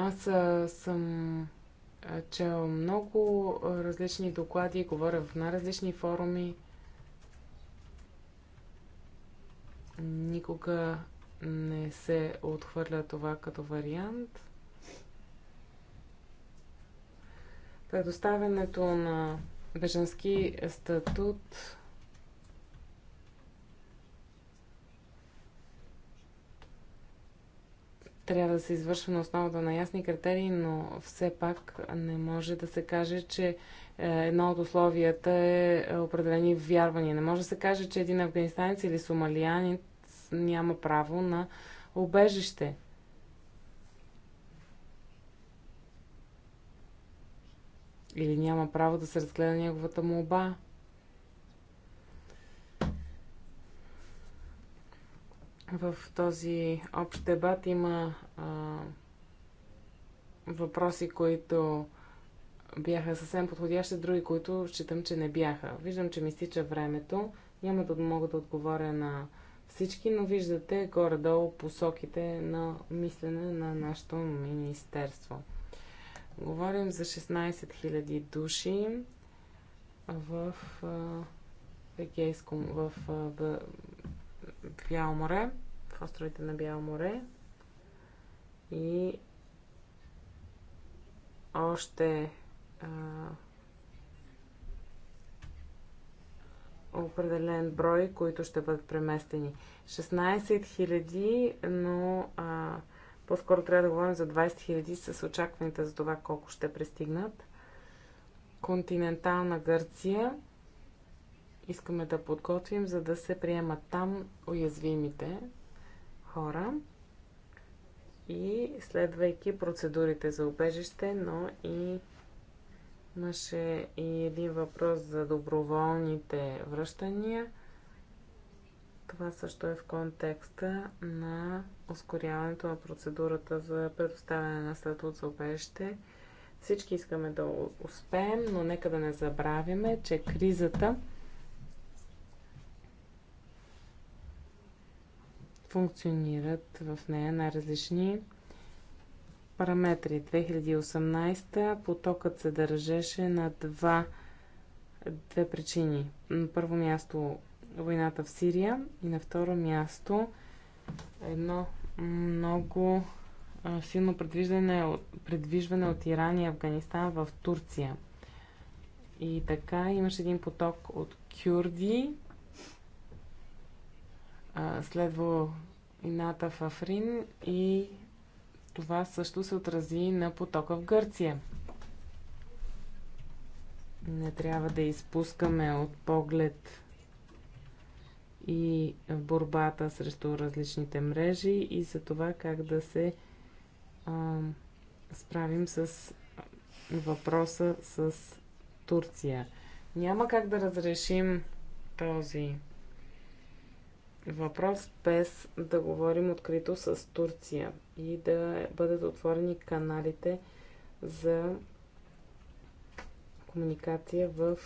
Аз а, съм чел много различни доклади, говоря в най-различни форуми. Никога не се отхвърля това като вариант. Предоставянето на беженски статут трябва да се извършва на основата на ясни критерии, но все пак не може да се каже, че е, едно от условията е, е определени вярвания. Не може да се каже, че един афганистанец или сомалиянец няма право на убежище. Или няма право да се разгледа неговата молба. в този общ дебат има а, въпроси, които бяха съвсем подходящи, други, които считам, че не бяха. Виждам, че ми стича времето. Няма да мога да отговоря на всички, но виждате горе-долу посоките на мислене на нашето министерство. Говорим за 16 000 души в, а, в, в Бяло море, в островите на Бяло море. И още а, определен брой, които ще бъдат преместени. 16 000, но а, по-скоро трябва да говорим за 20 000 с очакваните за това колко ще пристигнат. Континентална Гърция искаме да подготвим, за да се приемат там уязвимите хора и следвайки процедурите за убежище, но и имаше и един въпрос за доброволните връщания. Това също е в контекста на ускоряването на процедурата за предоставяне на статут за убежище. Всички искаме да успеем, но нека да не забравяме, че кризата функционират в нея най различни параметри. 2018 потокът се държеше на два, две причини. На първо място войната в Сирия и на второ място едно много силно предвиждане, предвиждане от Иран и Афганистан в Турция. И така имаше един поток от кюрди, следва ината в Африн и това също се отрази на потока в Гърция. Не трябва да изпускаме от поглед и борбата срещу различните мрежи и за това как да се а, справим с въпроса с Турция. Няма как да разрешим този въпрос, без да говорим открито с Турция и да бъдат отворени каналите за комуникация в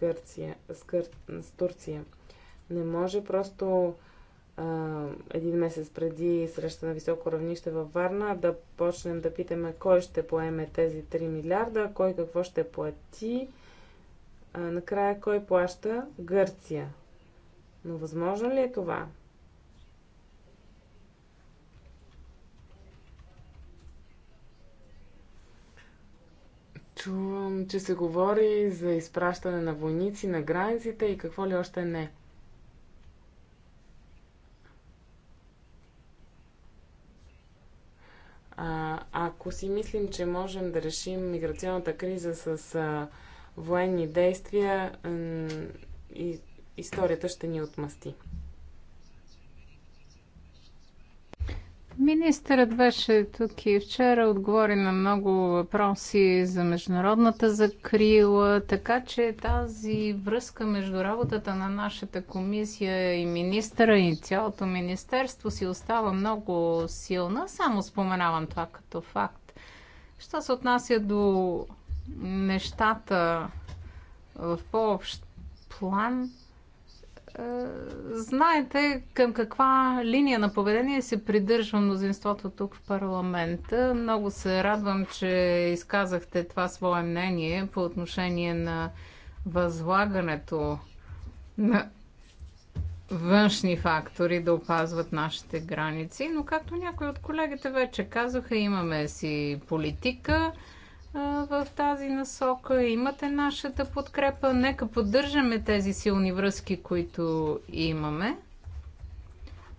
Гърция, с, Гър... с Турция. Не може просто а, един месец преди среща на високо равнище във Варна да почнем да питаме кой ще поеме тези 3 милиарда, кой какво ще плати. А, накрая кой плаща? Гърция. Но възможно ли е това? Чувам, че се говори за изпращане на войници на границите и какво ли още не. А, ако си мислим, че можем да решим миграционната криза с а, военни действия и историята ще ни отмъсти. Министърът беше тук и вчера отговори на много въпроси за международната закрила, така че тази връзка между работата на нашата комисия и министъра и цялото министерство си остава много силна. Само споменавам това като факт. Що се отнася до нещата в по-общ план, е, знаете към каква линия на поведение се придържа мнозинството тук в парламента. Много се радвам, че изказахте това свое мнение по отношение на възлагането на външни фактори да опазват нашите граници, но както някои от колегите вече казаха, имаме си политика, в тази насока. Имате нашата подкрепа. Нека поддържаме тези силни връзки, които имаме.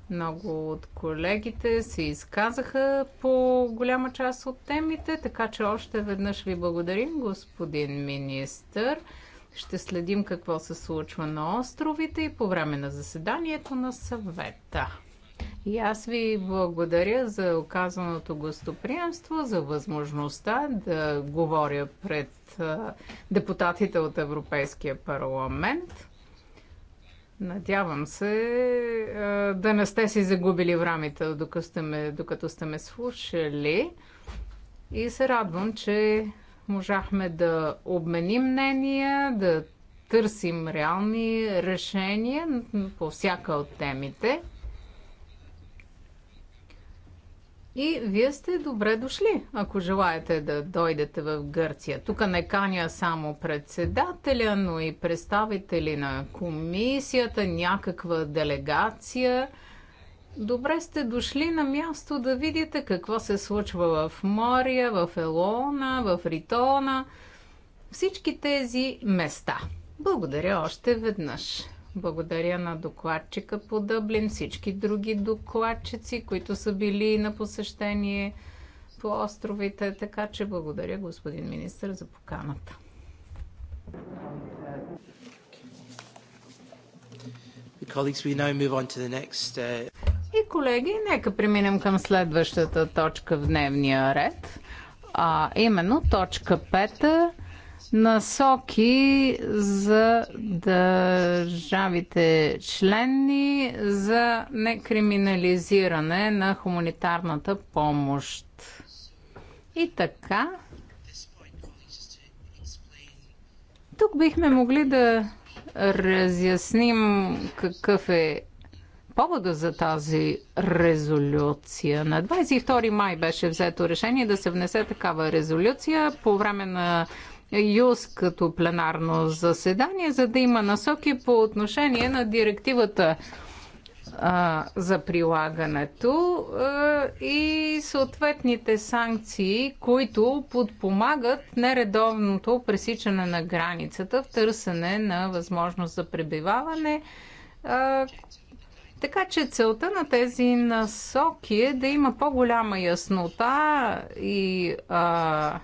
Много от колегите се изказаха по голяма част от темите, така че още веднъж ви благодарим, господин министър. Ще следим какво се случва на островите и по време на заседанието на съвета. И аз ви благодаря за оказаното гостоприемство, за възможността да говоря пред депутатите от Европейския парламент. Надявам се да не сте си загубили в докато докато сте ме слушали. И се радвам, че можахме да обменим мнения, да търсим реални решения по всяка от темите. И вие сте добре дошли, ако желаете да дойдете в Гърция. Тук не каня само председателя, но и представители на комисията, някаква делегация. Добре сте дошли на място да видите какво се случва в Мория, в Елона, в Ритона, всички тези места. Благодаря още веднъж. Благодаря на докладчика по Дъблин, всички други докладчици, които са били на посещение по островите. Така че благодаря, господин министр, за поканата. Uh, И колеги, нека преминем към следващата точка в дневния ред, а именно точка 5 насоки за държавите членни за некриминализиране на хуманитарната помощ. И така, тук бихме могли да разясним какъв е повода за тази резолюция. На 22 май беше взето решение да се внесе такава резолюция по време на ЮС като пленарно заседание, за да има насоки по отношение на директивата а, за прилагането а, и съответните санкции, които подпомагат нередовното пресичане на границата в търсене на възможност за пребиваване. А, така че целта на тези насоки е да има по-голяма яснота и а,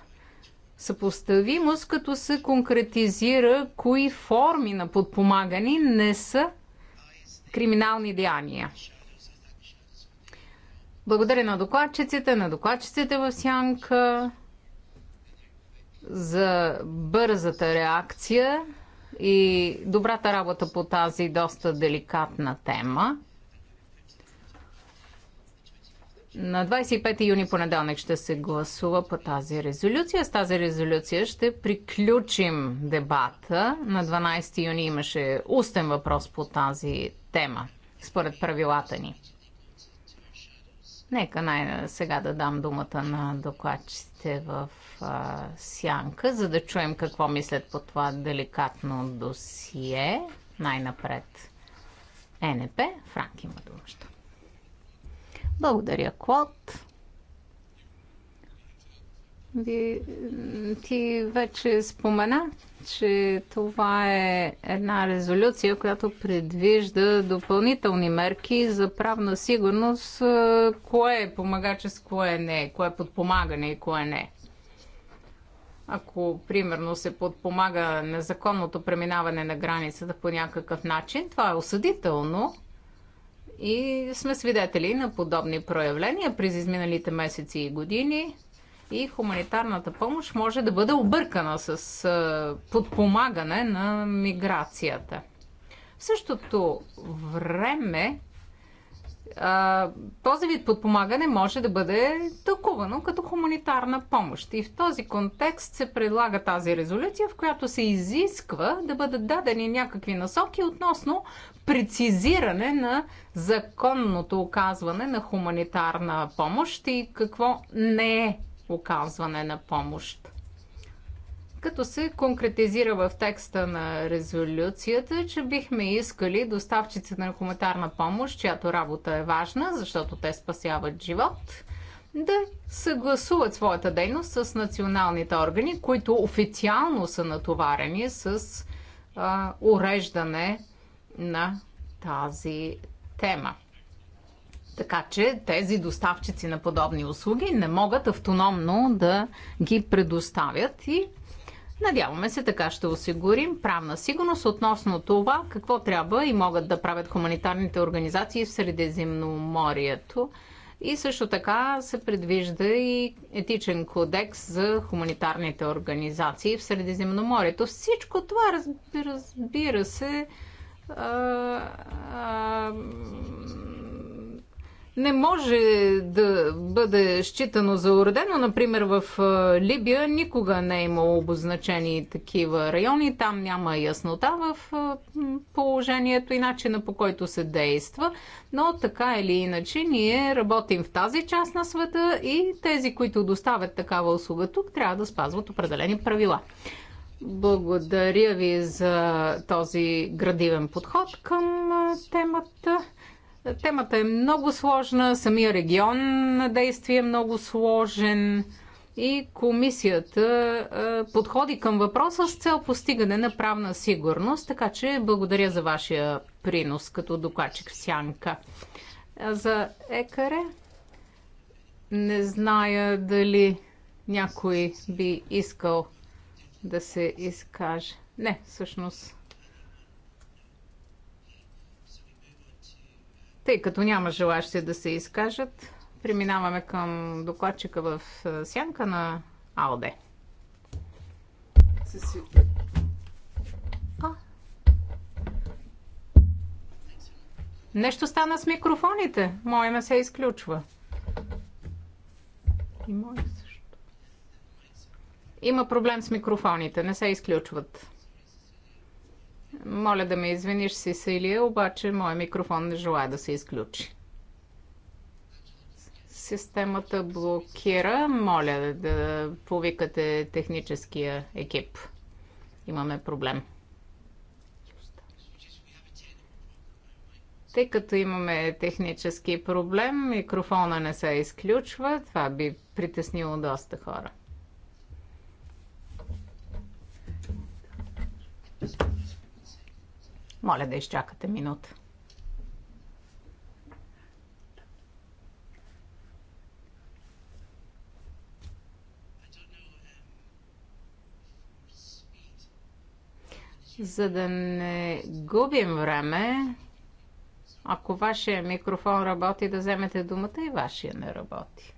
съпоставимост, като се конкретизира кои форми на подпомагане не са криминални деяния. Благодаря на докладчиците, на докладчиците в Сянка за бързата реакция и добрата работа по тази доста деликатна тема. На 25 юни понеделник ще се гласува по тази резолюция. С тази резолюция ще приключим дебата. На 12 юни имаше устен въпрос по тази тема, според правилата ни. Нека най сега да дам думата на докладчите в а, Сянка, за да чуем какво мислят по това деликатно досие. Най-напред е НП. Франк има думата. Благодаря, Клод. Ви, ти вече спомена, че това е една резолюция, която предвижда допълнителни мерки за правна сигурност, е, кое е с кое не, е, кое е подпомагане и кое не. Ако, примерно, се подпомага незаконното преминаване на границата по някакъв начин, това е осъдително, и сме свидетели на подобни проявления през изминалите месеци и години. И хуманитарната помощ може да бъде объркана с подпомагане на миграцията. В същото време този вид подпомагане може да бъде тълкувано като хуманитарна помощ. И в този контекст се предлага тази резолюция, в която се изисква да бъдат дадени някакви насоки относно прецизиране на законното оказване на хуманитарна помощ и какво не е оказване на помощ. Като се конкретизира в текста на резолюцията, че бихме искали доставчиците на хуманитарна помощ, чиято работа е важна, защото те спасяват живот, да съгласуват своята дейност с националните органи, които официално са натоварени с а, уреждане на тази тема. Така че тези доставчици на подобни услуги не могат автономно да ги предоставят и надяваме се така ще осигурим правна сигурност относно това какво трябва и могат да правят хуманитарните организации в Средиземноморието. И също така се предвижда и етичен кодекс за хуманитарните организации в Средиземноморието. Всичко това, разбира, разбира се, не може да бъде считано за уредено. Например, в Либия никога не е имало обозначени такива райони. Там няма яснота в положението и начина по който се действа. Но така или иначе, ние работим в тази част на света и тези, които доставят такава услуга тук, трябва да спазват определени правила. Благодаря ви за този градивен подход към темата. Темата е много сложна, самия регион на действие е много сложен и комисията подходи към въпроса с цел постигане на правна сигурност, така че благодаря за вашия принос като докладчик в Сянка. За Екаре не зная дали някой би искал да се изкаже. Не, всъщност. Тъй като няма желащи да се изкажат, преминаваме към докладчика в сянка на Алде. А. Нещо стана с микрофоните. Моя ме се изключва. И моето. Има проблем с микрофоните, не се изключват. Моля да ме извиниш, Сесилия, обаче моят микрофон не желая да се изключи. Системата блокира. Моля да повикате техническия екип. Имаме проблем. Тъй като имаме технически проблем, микрофона не се изключва, това би притеснило доста хора. Моля да изчакате минута. За да не губим време, ако вашия микрофон работи, да вземете думата и вашия не работи.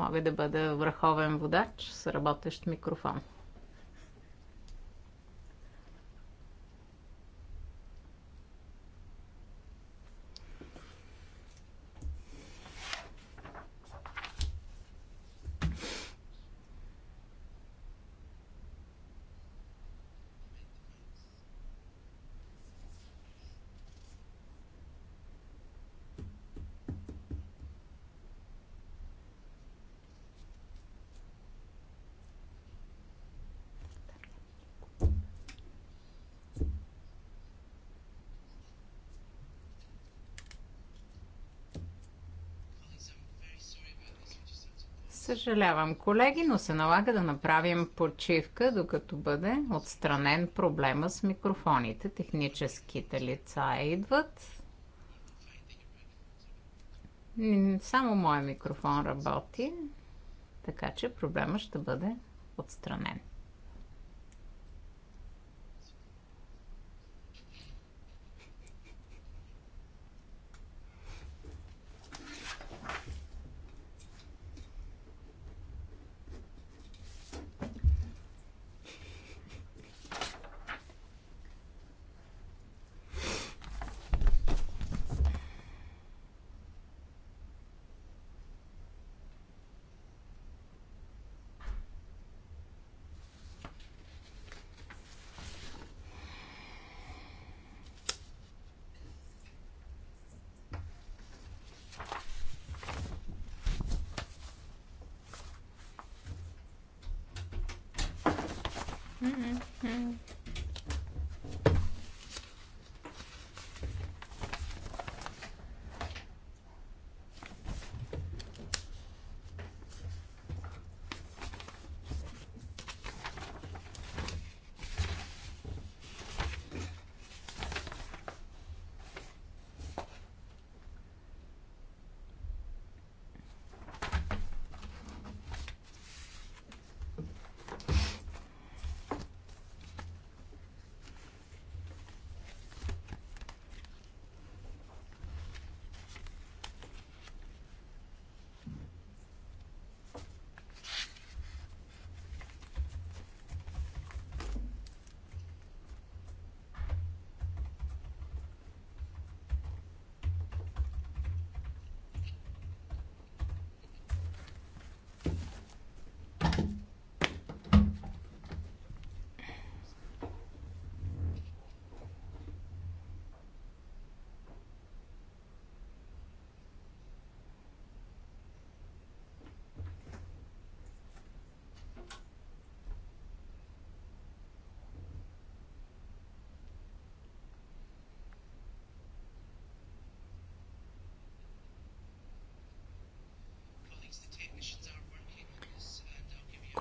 Мога да бъда върховен водач с работещ микрофон. Съжалявам, колеги, но се налага да направим почивка, докато бъде отстранен проблема с микрофоните. Техническите лица идват. Само моят микрофон работи, така че проблема ще бъде отстранен.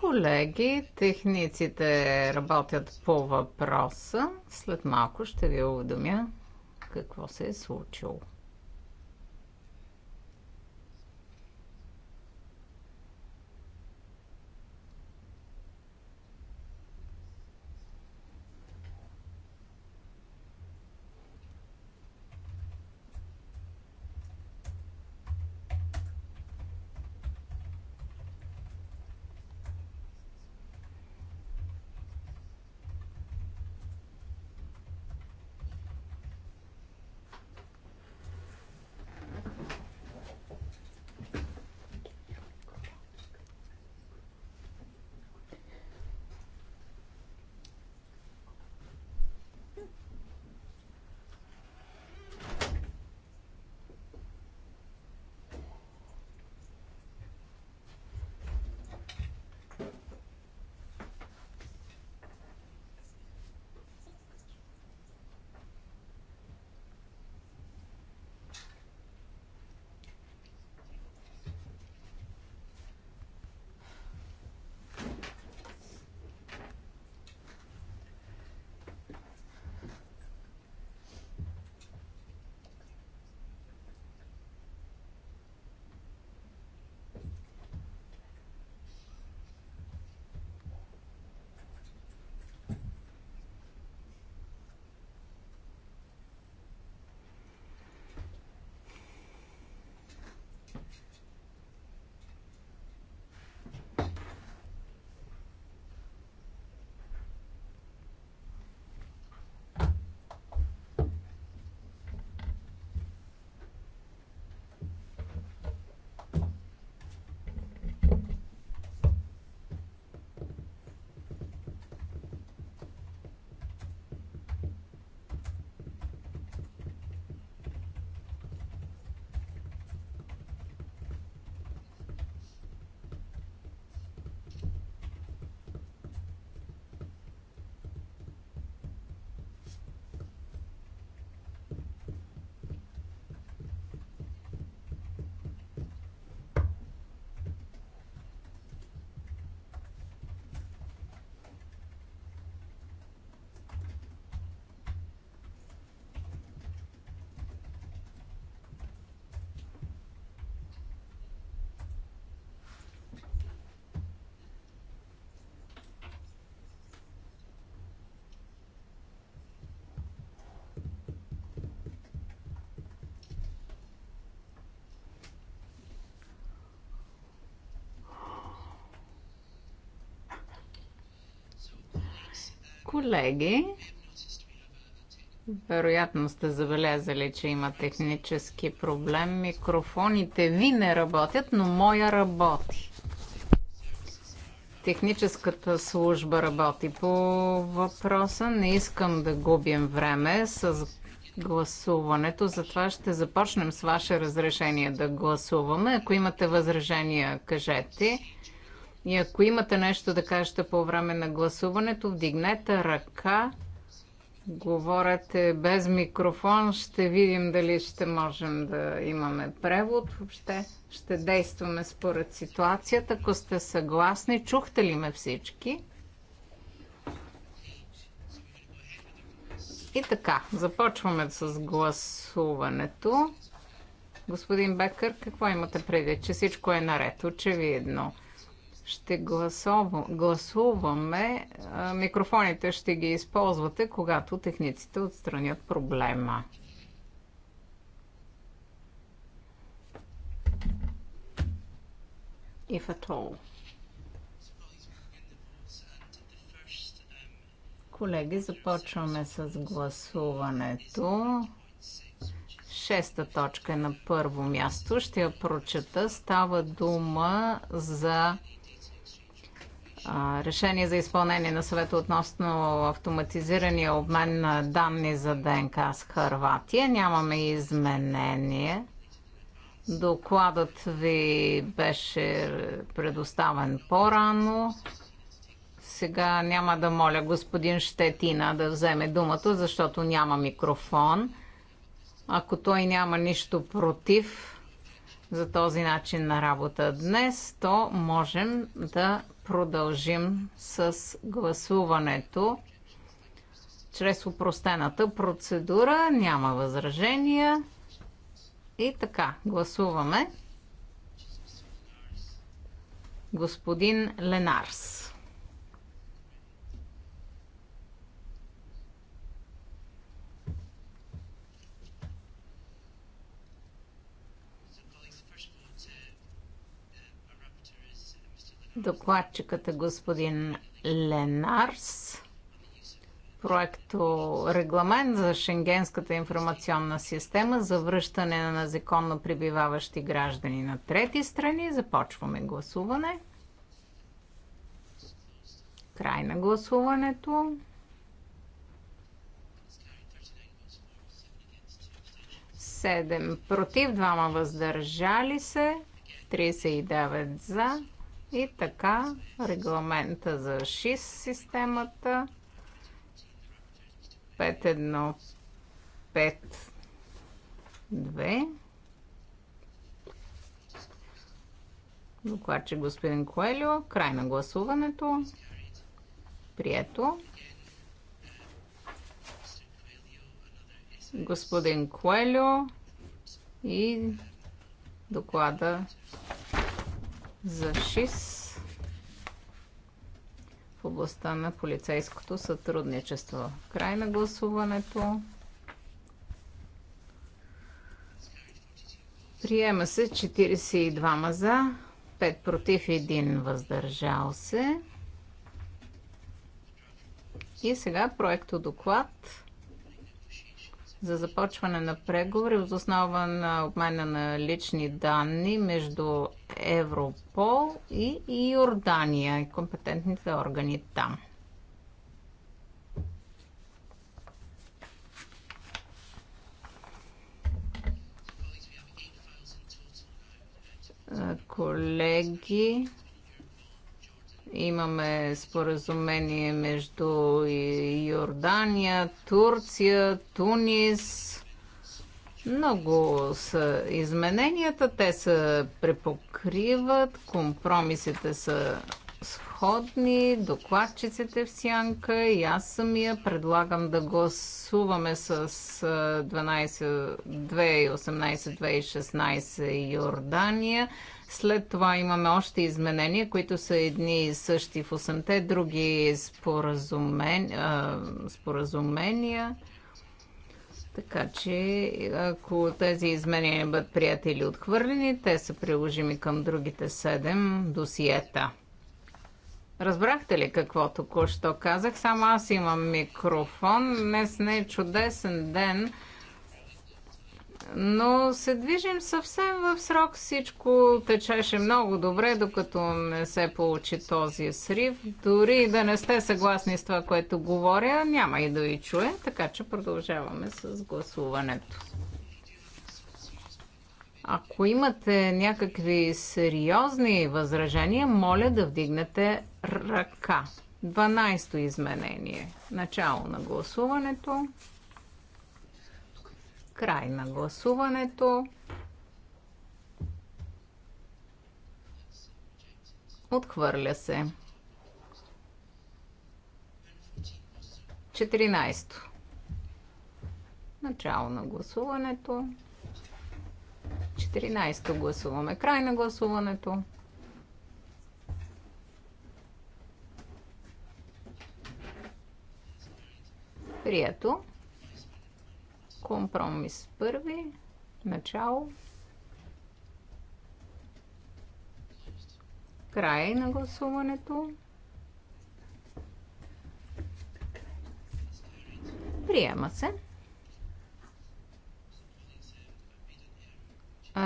Колеги, техниците работят по въпроса. След малко ще ви уведомя какво се е случило. Колеги, вероятно сте забелязали, че има технически проблем. Микрофоните ви не работят, но моя работи. Техническата служба работи по въпроса. Не искам да губим време с гласуването, затова ще започнем с ваше разрешение да гласуваме. Ако имате възражения, кажете. И ако имате нещо да кажете по време на гласуването, вдигнете ръка. Говорете без микрофон. Ще видим дали ще можем да имаме превод въобще. Ще действаме според ситуацията. Ако сте съгласни, чухте ли ме всички? И така, започваме с гласуването. Господин Бекър, какво имате преди? Че всичко е наред, очевидно ще гласувам, гласуваме, микрофоните ще ги използвате, когато техниците отстранят проблема. If at all. Колеги, започваме с гласуването. Шеста точка е на първо място. Ще я прочета. Става дума за решение за изпълнение на съвета относно автоматизирания обмен на данни за ДНК с Харватия. Нямаме изменение. Докладът ви беше предоставен по-рано. Сега няма да моля господин Щетина да вземе думата, защото няма микрофон. Ако той няма нищо против за този начин на работа днес, то можем да продължим с гласуването чрез упростената процедура. Няма възражения. И така, гласуваме. Господин Ленарс. Докладчикът е господин Ленарс. Проекто регламент за Шенгенската информационна система за връщане на законно прибиваващи граждани на трети страни. Започваме гласуване. Край на гласуването. 7 против, двама въздържали се, 39 за. И така, регламента за ШИС системата 5152 Докладче господин Коелио. Край на гласуването. Прието. Господин Коелио и доклада за ШИС в областта на полицейското сътрудничество. Край на гласуването. Приема се 42 за, 5 против, 1 въздържал се. И сега проекто доклад за започване на преговори въз основа на обмена на лични данни между Европол и Йордания и компетентните органи там. Колеги, Имаме споразумение между Йордания, Турция, Тунис. Много са измененията, те се препокриват, компромисите са сходни, докладчиците в сянка и аз самия предлагам да гласуваме с 12, 2018-2016 Йордания след това имаме още изменения, които са едни и същи в 8-те, други споразумен... споразумения. Така че, ако тези изменения бъдат прияти или отхвърлени, те са приложими към другите 7 досиета. Разбрахте ли какво току-що казах? Само аз имам микрофон. Днес не е чудесен ден но се движим съвсем в срок. Всичко течеше много добре, докато не се получи този срив. Дори да не сте съгласни с това, което говоря, няма и да ви чуе, така че продължаваме с гласуването. Ако имате някакви сериозни възражения, моля да вдигнете ръка. 12-то изменение. Начало на гласуването. Край на гласуването. Отхвърля се. 14. Начало на гласуването. 14 гласуваме. Край на гласуването. Прието. Компромис първи. Начало. Край на гласуването. Приема се.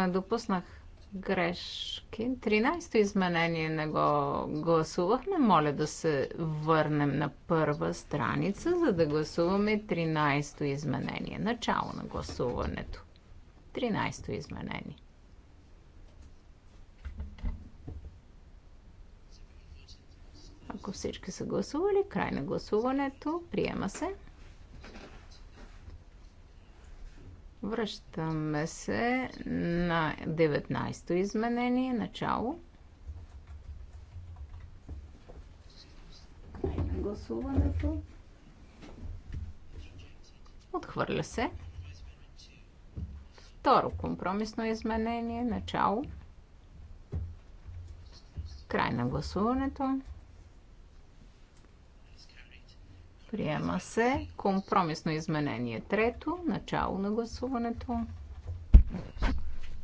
допуснах грешки. 13-то изменение не го гласувахме. Моля да се върнем на първа страница, за да гласуваме 13-то изменение. Начало на гласуването. 13-то изменение. Ако всички са гласували, край на гласуването, приема се. Връщаме се на 19-то изменение, начало. Гласуването. Отхвърля се. Второ компромисно изменение, начало. Край на гласуването. Приема се компромисно изменение трето, начало на гласуването,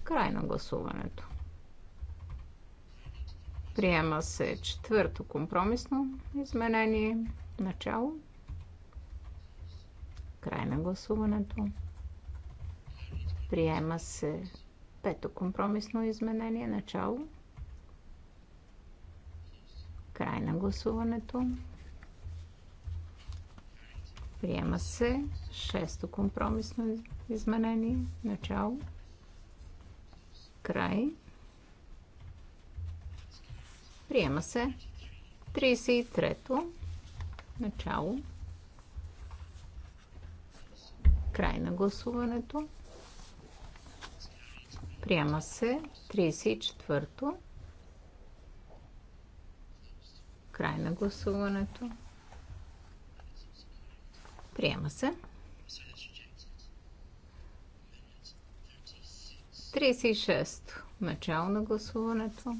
край на гласуването. Приема се четвърто компромисно изменение, начало, край на гласуването. Приема се пето компромисно изменение, начало, край на гласуването. Приема се шесто компромисно изменение. Начало. Край. Приема се 33-то. Начало. Край на гласуването. Приема се 34-то. Край на гласуването. Приема се. 36. Начало на гласуването.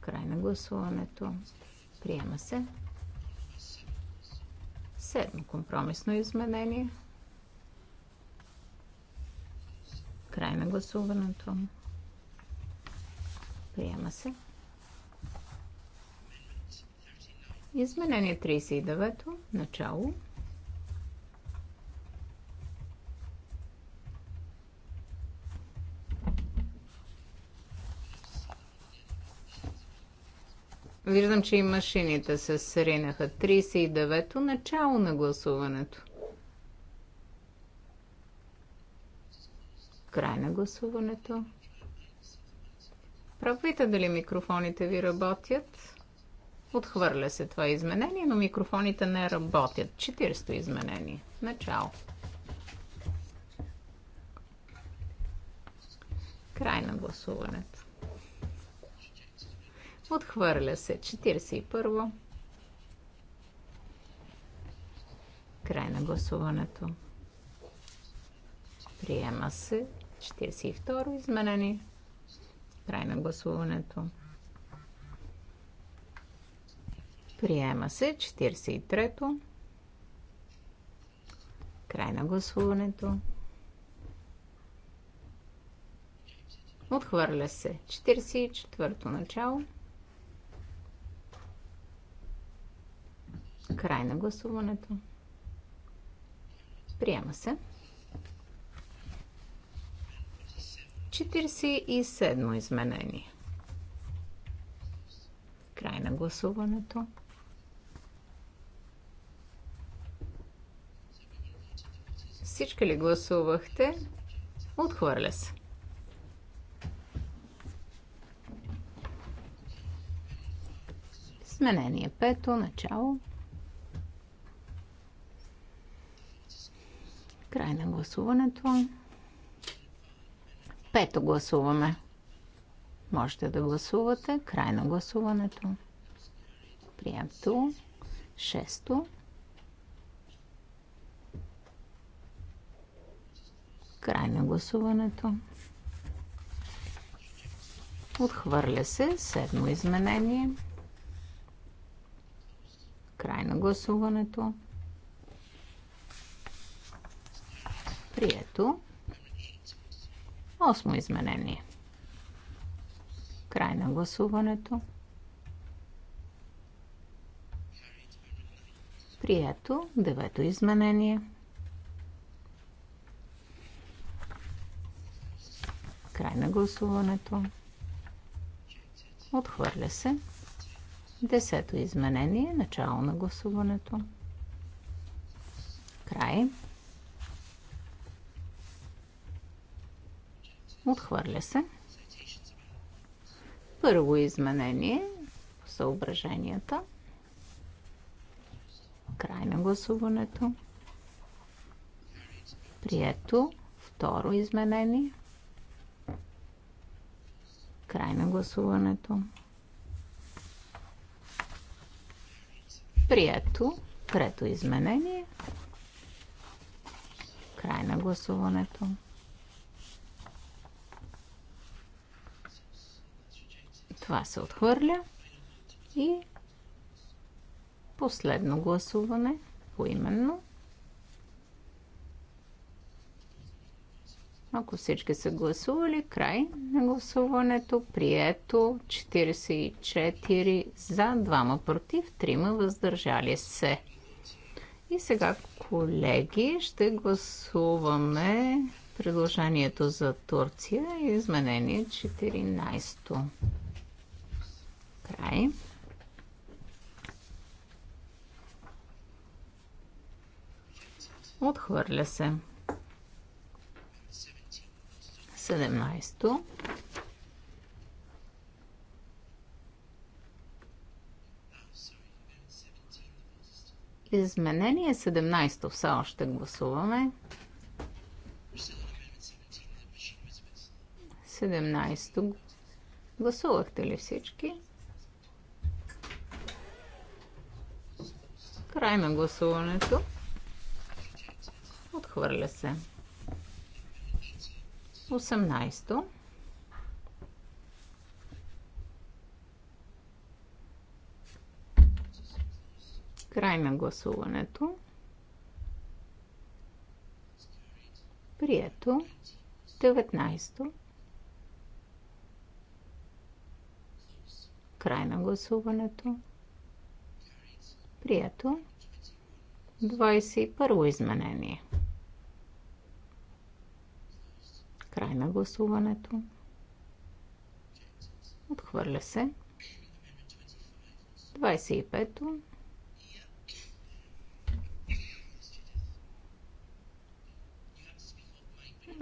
Край на гласуването. Приема се. Седмо компромисно изменение. Край на гласуването. Приема се. Изменение 39-то, начало. Виждам, че и машините се сринаха. 39-то, начало на гласуването. Край на гласуването. Правите дали микрофоните ви работят. Отхвърля се това изменение, но микрофоните не работят. 400 изменение. Начало. Край на гласуването. Отхвърля се. 41. Край на гласуването. Приема се. 42 изменение. Край на гласуването. Приема се 43-то. Край на гласуването. Отхвърля се 44-то начало. Край на гласуването. Приема се. 47 изменение. Край на гласуването. Всички ли гласувахте? Отхвърля се. Сменение пето, начало. Край на гласуването. Пето гласуваме. Можете да гласувате. Край на гласуването. Приемто. Шесто. Край на гласуването. Отхвърля се. Седмо изменение. Край на гласуването. Прието. Осмо изменение. Край на гласуването. Прието. Девето изменение. Край на гласуването. Отхвърля се. Десето изменение. Начало на гласуването. Край. Отхвърля се. Първо изменение. Съображенията. Край на гласуването. Прието. Второ изменение. Край на гласуването. Прието. Трето изменение. Край на гласуването. Това се отхвърля. И последно гласуване, поименно. Ако всички са гласували, край на гласуването, прието 44 за, 2 против, 3 въздържали се. И сега, колеги, ще гласуваме предложението за Турция и изменение 14. Край. Отхвърля се. 17-то. Изменение 17-то все още гласуваме. 17-то. Гласувахте ли всички? Край на гласуването. Отхвърля се. 18. Край на гласуването. Прието. 19. Край на гласуването. Прието. 21 изменение. Край на гласуването. Отхвърля се. 25-то.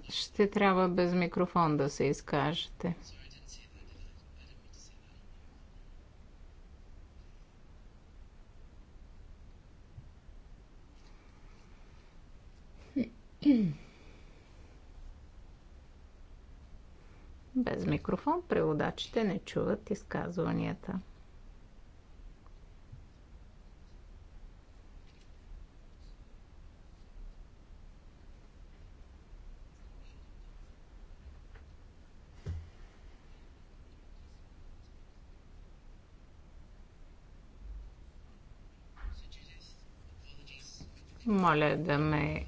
Ще трябва без микрофон да се изкажете. Mm-hmm. Без микрофон преводачите не чуват изказванията. Моля да ме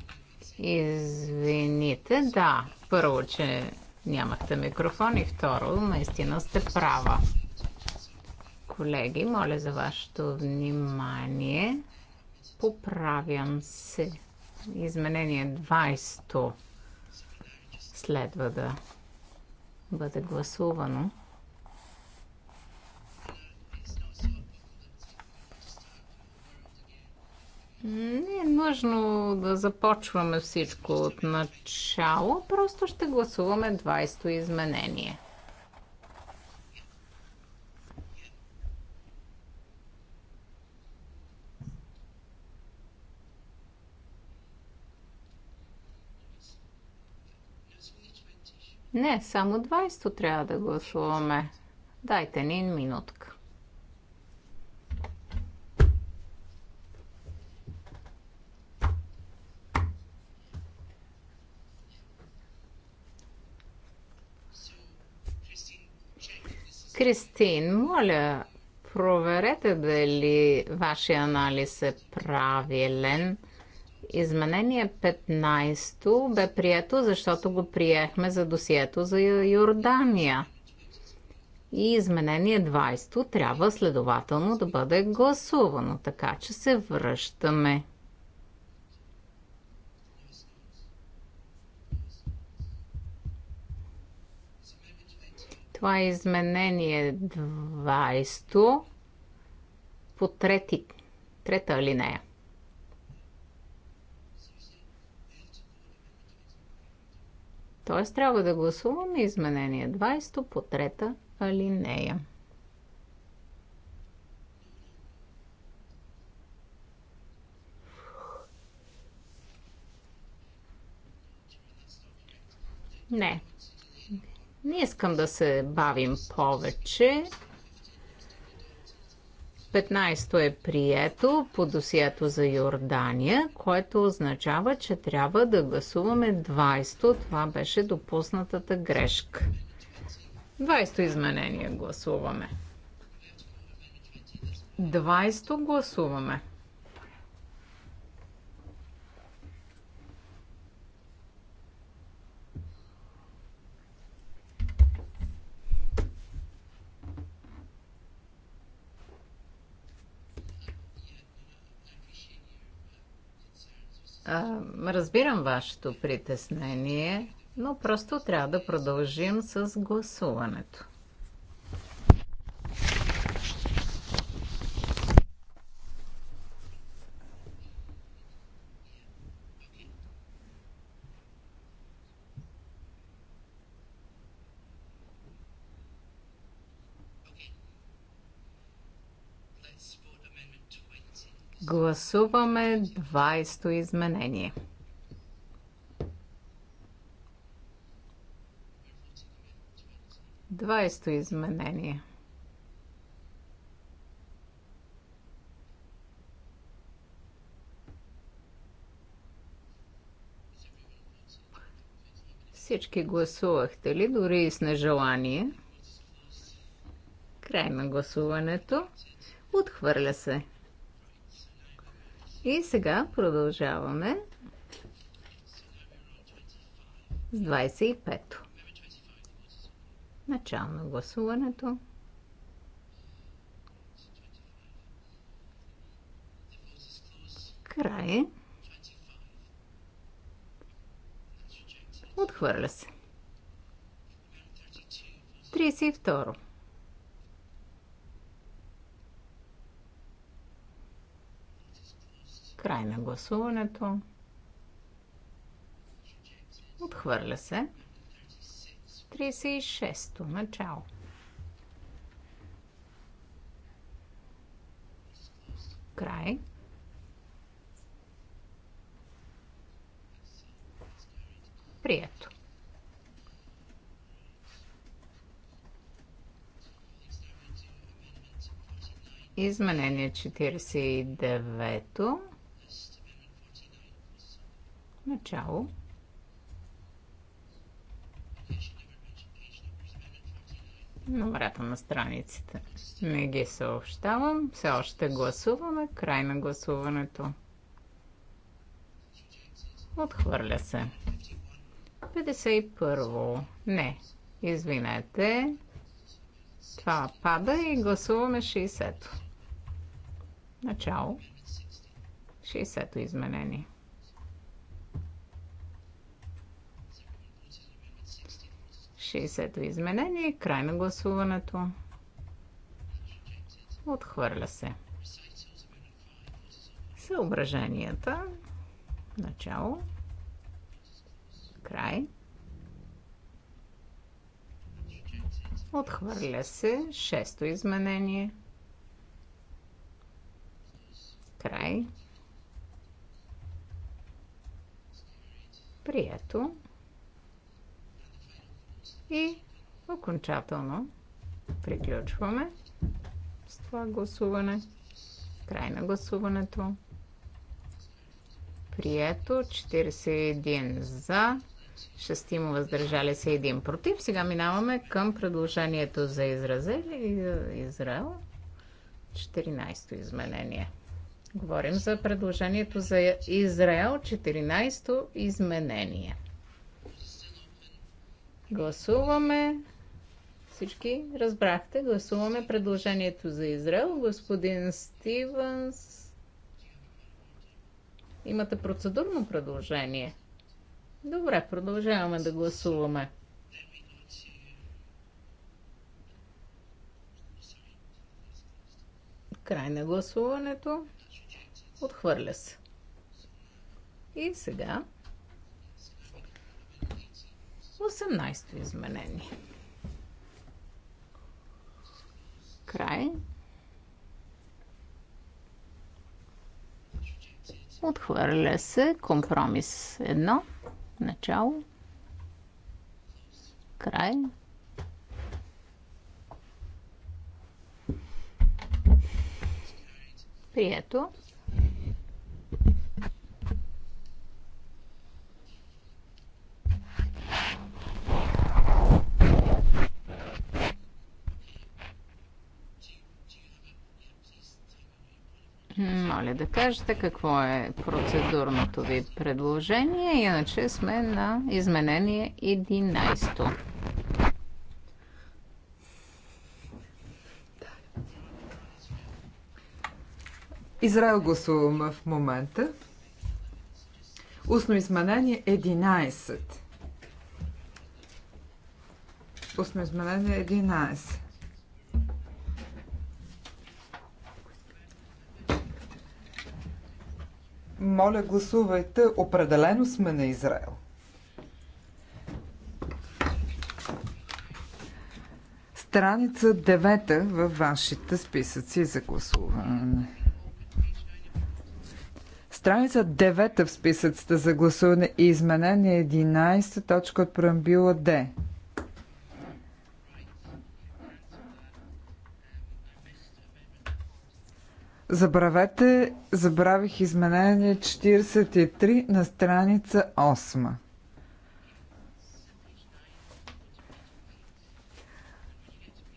извините. Да, първо, че Нямахте микрофон и второ, наистина сте права. Колеги, моля за вашето внимание. Поправям се. Изменение 20 следва да бъде гласувано. важно да започваме всичко от начало, просто ще гласуваме 20-то изменение. Не, само 20-то трябва да гласуваме. Дайте ни минутка. Кристин, моля, проверете дали вашия анализ е правилен. Изменение 15 бе прието, защото го приехме за досието за Йордания. И изменение 20 трябва следователно да бъде гласувано, така че се връщаме Това е изменение 20 по трети, трета алинея. Тоест трябва да гласуваме изменение 20 по трета алинея. Не, не искам да се бавим повече. 15-то е прието по досието за Йордания, което означава, че трябва да гласуваме 20-то. Това беше допуснатата грешка. 20-то изменение гласуваме. 20-то гласуваме. А, разбирам вашето притеснение, но просто трябва да продължим с гласуването. Гласуваме 20-то изменение. Двайсто изменение. Всички гласувахте ли, дори и с нежелание? Край на гласуването. Отхвърля се. И сега продължаваме с 25-то. Начало на гласуването. Край. Отхвърля се. 32. ро Край на гласуването. Отхвърля се. 36-то начало. Край. Прието. Изменение 49-то. Начало. Номерата на страниците. Не ги съобщавам. Все още гласуваме. Край на гласуването. Отхвърля се. 51. Не. Извинете. Това пада и гласуваме 60-то. Начало. 60-то изменение. 60-то изменение. Край на гласуването. Отхвърля се. Съображенията. Начало. Край. Отхвърля се. Шесто изменение. Край. Прието. И окончателно приключваме с това гласуване. Край на гласуването. Прието 41 за, 6 въздържали се 1 против. Сега минаваме към предложението за Израел. 14-то изменение. Говорим за предложението за Израел, 14-то изменение. Гласуваме. Всички разбрахте. Гласуваме предложението за Израел. Господин Стивенс, имате процедурно предложение. Добре, продължаваме да гласуваме. Край на гласуването. Отхвърля се. И сега 18-то изменение. Край. Отхвърля се компромис 1. Начало. Край. Прието. ли да кажете какво е процедурното ви предложение? Иначе сме на изменение 11. Израел гласуваме в момента. Устно изменение 11. Устно изменение 11. Моля, гласувайте. Определено сме на Израел. Страница 9 във вашите списъци за гласуване. Страница 9 в списъците за гласуване и изменение 11 точка от преамбила Д. Забравете, забравих изменение 43 на страница 8.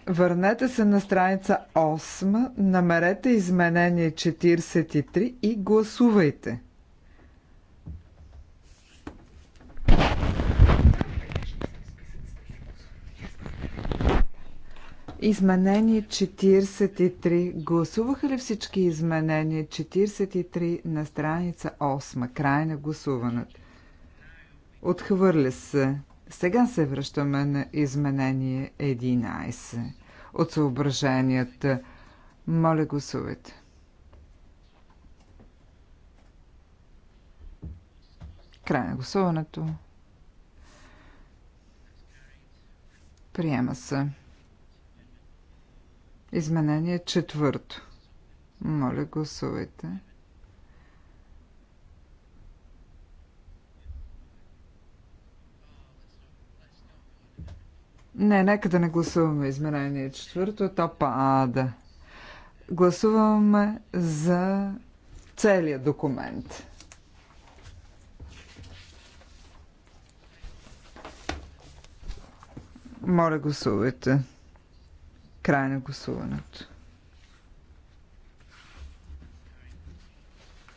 Върнете се на страница 8, намерете изменение 43 и гласувайте. Изменение 43. Гласуваха ли всички изменения 43 на страница 8? Край на гласуването. Отхвърля се. Сега се връщаме на изменение 11. От съображенията. Моля, гласувайте. Край на гласуването. Приема се. Изменение четвърто. Моля, гласувайте. Не, нека да не гласуваме изменение четвърто, то пада. Гласуваме за целият документ. Моля, гласувайте. Край на гласуването.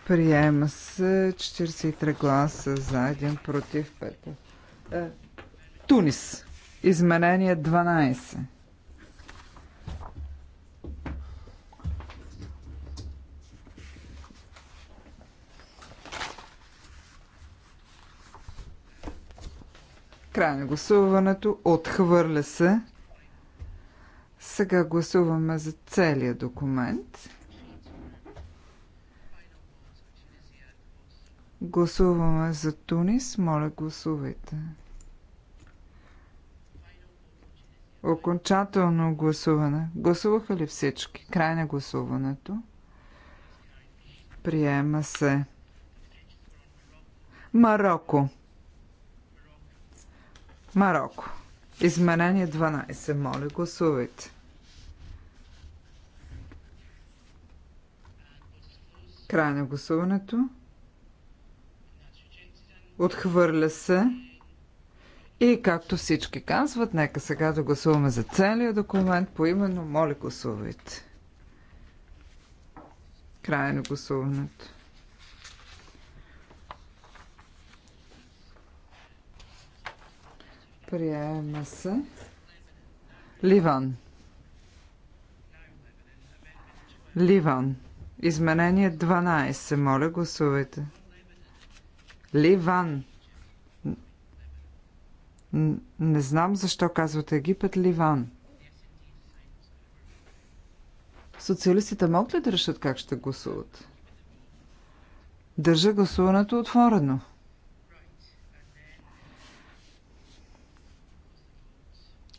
Приема се 43 гласа за един против 5. Е, Тунис. Изменение 12. Край на гласуването. Отхвърля се. Сега гласуваме за целия документ. Гласуваме за Тунис. Моля, гласувайте. Окончателно гласуване. Гласуваха ли всички? Край на гласуването. Приема се. Марокко. Марокко. Изменение 12. Моля, гласувайте. Край на гласуването. Отхвърля се. И както всички казват, нека сега да гласуваме за целият документ по именно. Моля, гласувайте. Край на гласуването. Приема се. Ливан. Ливан. Изменение 12. Моля, гласувайте. Ливан. Не знам защо казвате Египет Ливан. Социалистите могат ли да решат как ще гласуват? Държа гласуването отворено.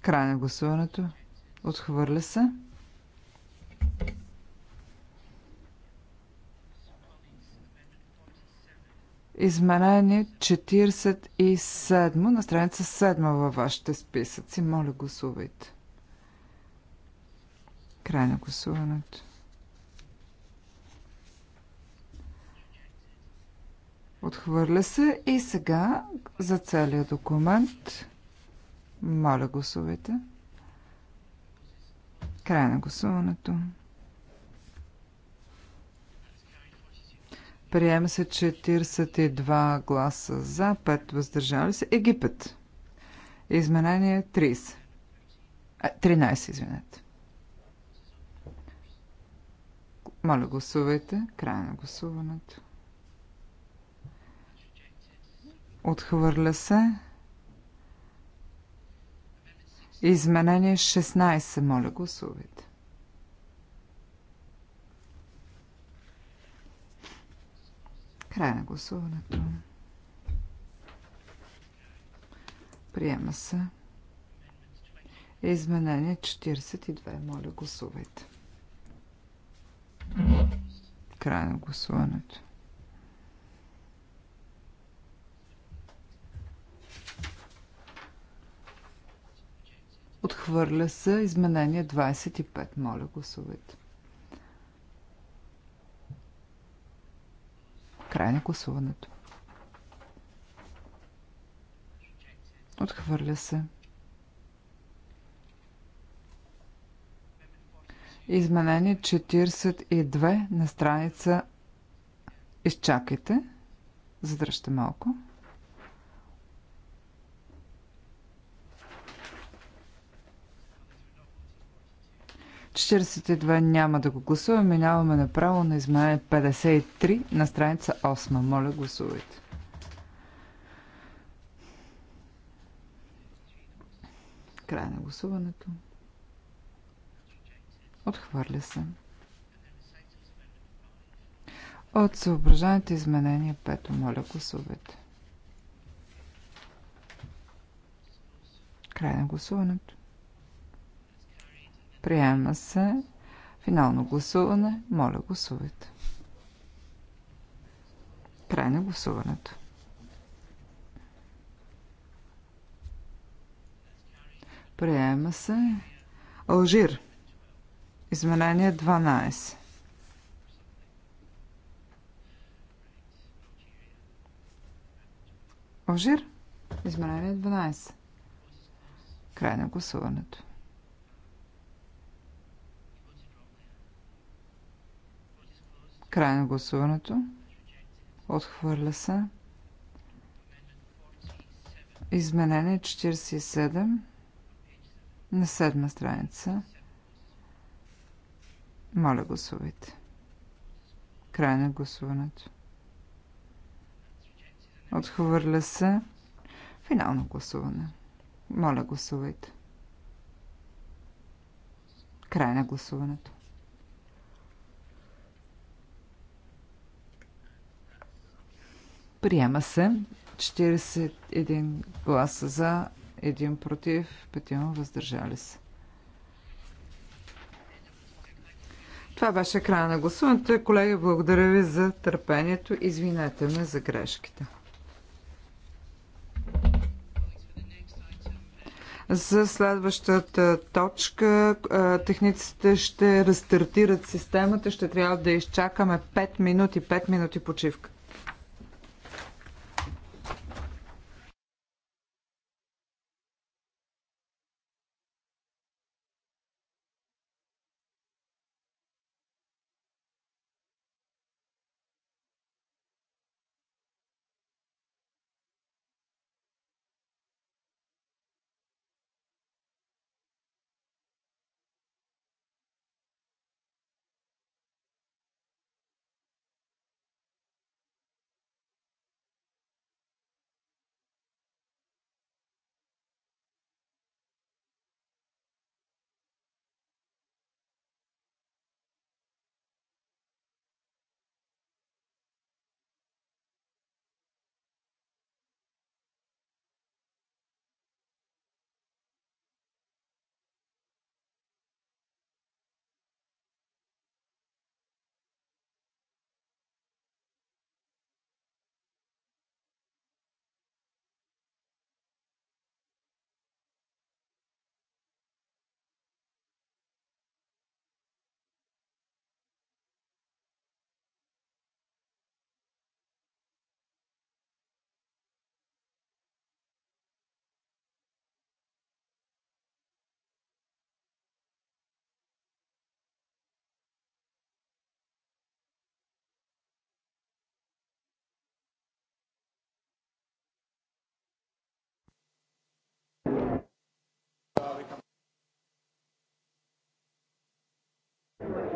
Край на гласуването. Отхвърля се. Изменение 47 на страница 7 във вашите списъци. Моля, гласувайте. Край на гласуването. Отхвърля се и сега за целият документ. Моля, гласувайте. Край на гласуването. Приема се 42 гласа за, 5 въздържали се. Египет. Изменение 30. 13, извинете. Моля, гласувайте. Край на гласуването. Отхвърля се. Изменение 16. Моля, гласувайте. Край на гласуването. Приема се. Изменение 42. Моля, гласувайте. Край на гласуването. Отхвърля се изменение 25. Моля, гласувайте. Край на гласуването. Отхвърля се. Изменение 42 на страница. Изчакайте. Задръжте малко. 42 няма да го гласуваме. Минаваме направо на изменение 53 на страница 8. Моля, гласувайте. Край на гласуването. Отхвърля се. От съображаните изменения 5. Моля, гласувайте. Край на гласуването. Приема се. Финално гласуване. Моля, гласувайте. Край на гласуването. Приема се. Алжир. Изменение 12. Алжир. Изменение 12. Край на гласуването. Край на гласуването. Отхвърля се. Изменение 47 на седма страница. Моля, гласувайте. Край на гласуването. Отхвърля се. Финално гласуване. Моля, гласувайте. Край на гласуването. Приема се 41 гласа за, 1 против, 5 въздържали се. Това беше края на гласуването. Колеги, благодаря ви за търпението. Извинете ме за грешките. За следващата точка техниците ще рестартират системата. Ще трябва да изчакаме 5 минути, 5 минути почивка.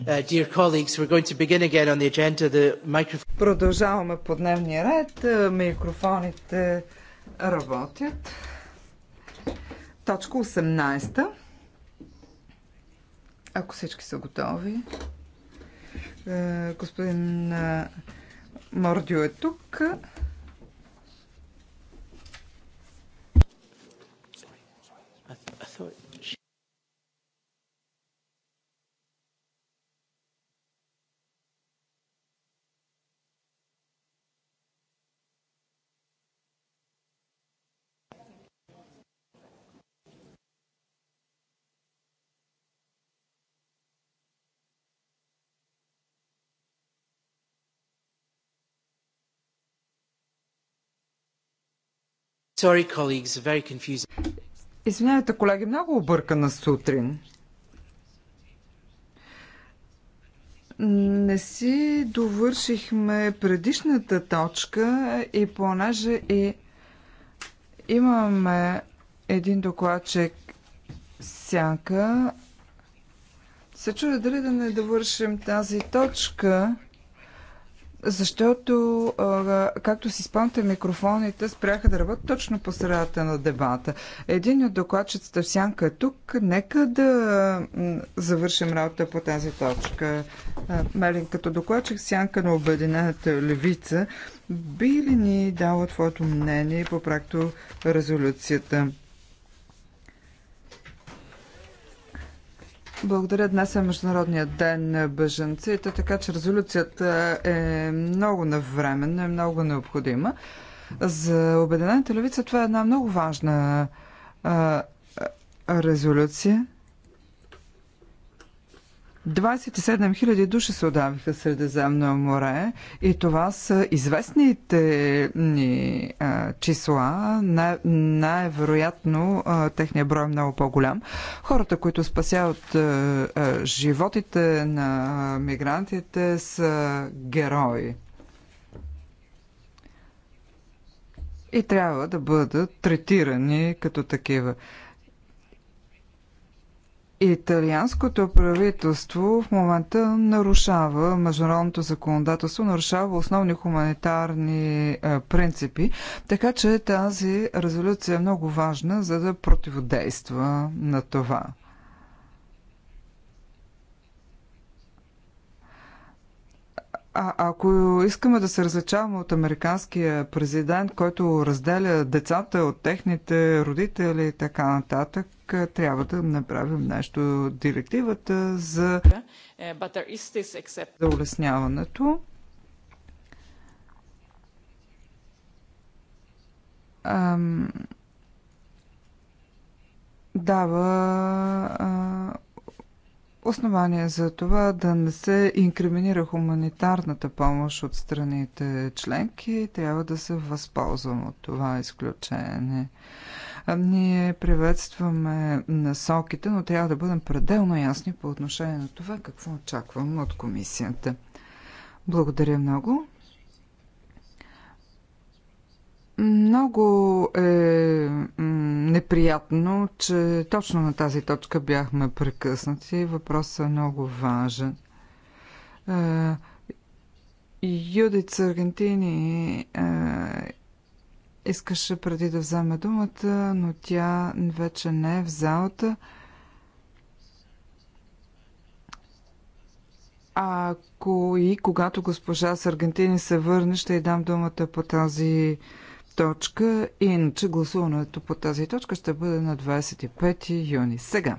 Uh, Продължаваме по дневния ред. Е, микрофоните работят. Точка 18. Ако всички са готови. Е, господин е, Мордио е тук. Sorry, colleagues, very confusing. Извинявайте, колеги, много объркана сутрин. не си довършихме предишната точка и понеже и имаме един докладчик сянка, се чуя дали да не довършим тази точка защото, както си спомняте, микрофоните спряха да работят точно по средата на дебата. Един от докладчиците в сянка е тук. Нека да завършим работа по тази точка. Мелин, като докладчик сянка на Обединената левица, би ли ни дала твоето мнение по проекто резолюцията? Благодаря. Днес е Международния ден на бъженците, така че резолюцията е много навременна, е много необходима. За Обединената левица това е една много важна а, резолюция. 27 000 души се отдавиха Средиземно море и това са известните ни а, числа. Най- най-вероятно техният брой е много по-голям. Хората, които спасяват а, а, животите на мигрантите са герои. И трябва да бъдат третирани като такива. Италианското правителство в момента нарушава международното законодателство, нарушава основни хуманитарни е, принципи, така че тази резолюция е много важна, за да противодейства на това. А ако искаме да се различаваме от американския президент, който разделя децата от техните родители и така нататък, трябва да направим нещо. Директивата за за улесняването. Ам, дава а, основание за това да не се инкриминира хуманитарната помощ от страните членки. Трябва да се възползвам от това изключение. Ние приветстваме насоките, но трябва да бъдем пределно ясни по отношение на това какво очакваме от комисията. Благодаря много. Много е неприятно, че точно на тази точка бяхме прекъснати. Въпросът е много важен. Е, Юдит Аргентини е, искаше преди да вземе думата, но тя вече не е в залата. Ако и когато госпожа с Аргентини се върне, ще й дам думата по тази точка, иначе гласуването по тази точка ще бъде на 25 юни. Сега,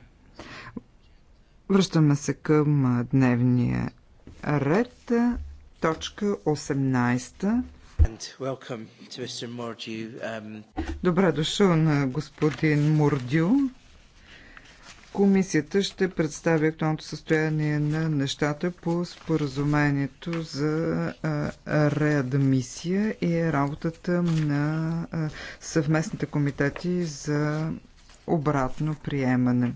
връщаме се към дневния ред, точка 18. Um, Добре дошъл на господин Мордю. Комисията ще представи актуалното състояние на нещата по споразумението за реадмисия и работата на съвместните комитети за обратно приемане.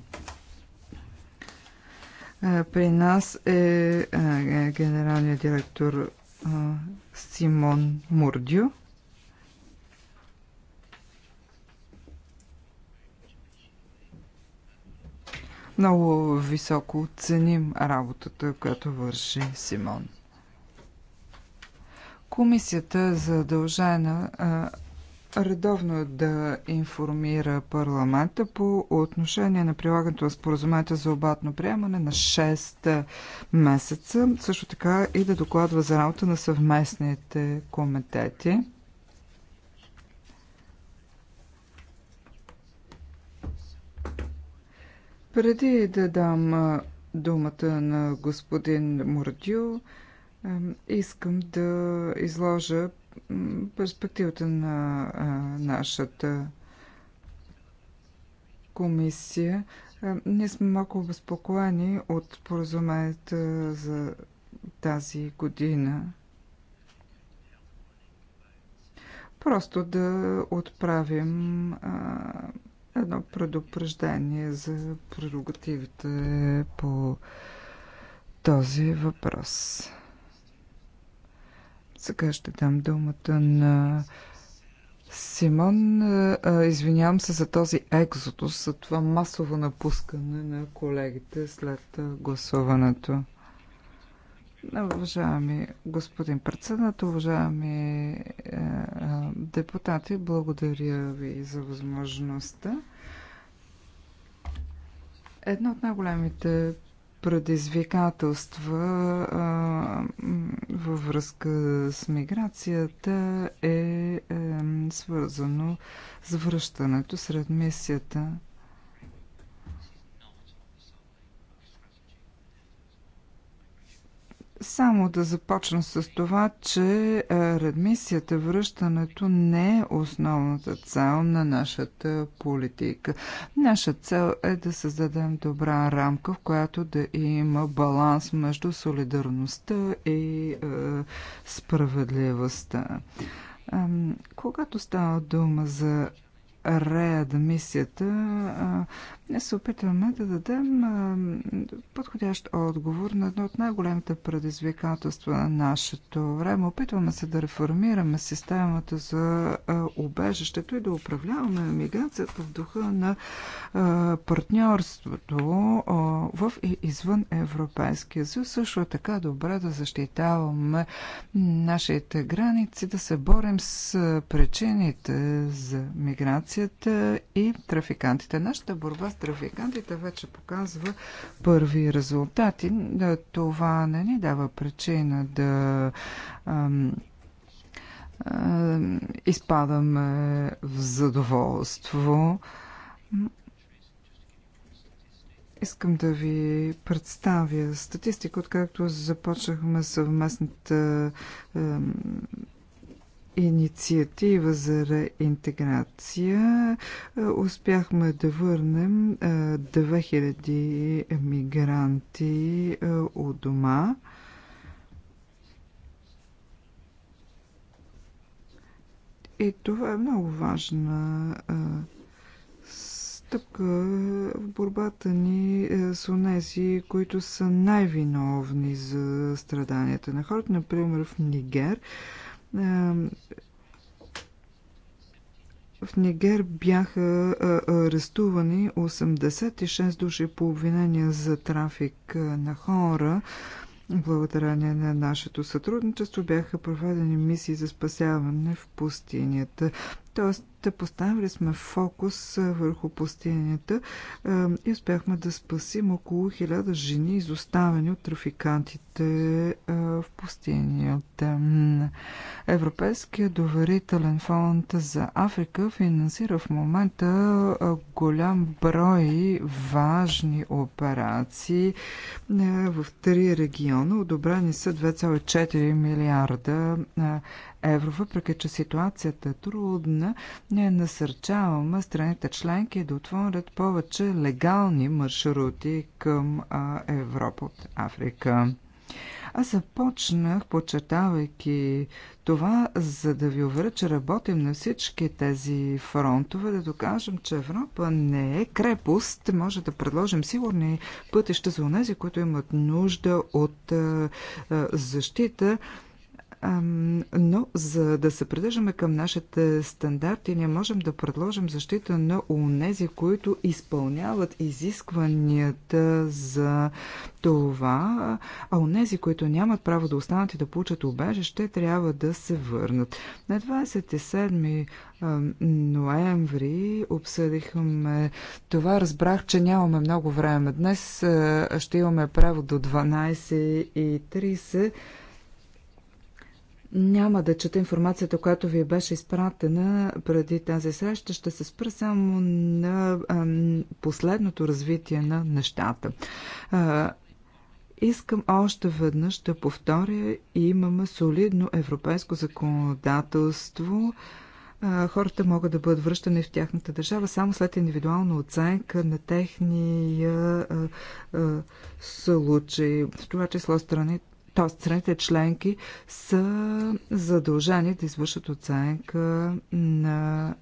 При нас е генералният директор Симон Мурдио. Много високо ценим работата, която върши Симон. Комисията е задължена редовно да информира парламента по отношение на прилагането на споразумението за обратно приемане на 6 месеца, също така и да докладва за работа на съвместните комитети. Преди да дам думата на господин Мордю, искам да изложа перспективата на нашата комисия. Ние сме малко обезпокоени от поразумението за тази година. Просто да отправим едно предупреждение за прерогативите по този въпрос. Сега ще дам думата на Симон. Извинявам се за този екзотус, за това масово напускане на колегите след гласуването. Уважаеми господин председател, уважаеми е, депутати, благодаря ви за възможността. Едно от най-големите предизвикателства е, във връзка с миграцията е, е свързано с връщането сред мисията Само да започна с това, че е, редмисията, връщането не е основната цел на нашата политика. Наша цел е да създадем добра рамка, в която да има баланс между солидарността и е, справедливостта. Когато става дума за реадмисията, не се опитваме да дадем подходящ отговор на едно от най-големите предизвикателства на нашето време. Опитваме се да реформираме системата за убежището и да управляваме миграцията в духа на партньорството в и извън Европейския съюз. Също е така добре да защитаваме нашите граници, да се борим с причините за миграция полицията и трафикантите. Нашата борба с трафикантите вече показва първи резултати. Това не ни дава причина да изпадаме в задоволство. Искам да ви представя статистика, откакто започнахме съвместната инициатива за реинтеграция е, успяхме да върнем 2000 мигранти у дома. И това е много важна е, стъпка в борбата ни е, с онези, които са най-виновни за страданията на хората. Например, в Нигер в Нигер бяха арестувани 86 души по обвинения за трафик на хора. Благодарение на нашето сътрудничество бяха проведени мисии за спасяване в пустинята. Тоест, поставили сме фокус върху пустинята и успяхме да спасим около 1000 жени, изоставени от трафикантите в пустинята. Европейския доверителен фонд за Африка финансира в момента голям брой важни операции в три региона. Одобрени са 2,4 милиарда евро. Въпреки, че ситуацията е трудна, ние насърчаваме страните членки да отворят повече легални маршрути към Европа от Африка. Аз започнах, подчертавайки това, за да ви уверя, че работим на всички тези фронтове, да докажем, че Европа не е крепост. Може да предложим сигурни пътища за онези, които имат нужда от защита но за да се придържаме към нашите стандарти, ние можем да предложим защита на унези, които изпълняват изискванията за това, а унези, които нямат право да останат и да получат убежище, трябва да се върнат. На 27 ноември обсъдихме това. Разбрах, че нямаме много време. Днес ще имаме право до 12.30 няма да чета информацията, която ви беше изпратена преди тази среща. Ще се спра само на последното развитие на нещата. Искам още веднъж да повторя, имаме солидно европейско законодателство. Хората могат да бъдат връщани в тяхната държава само след индивидуална оценка на техния случай. В това число страните т.е. страните членки са задължени да извършат оценка на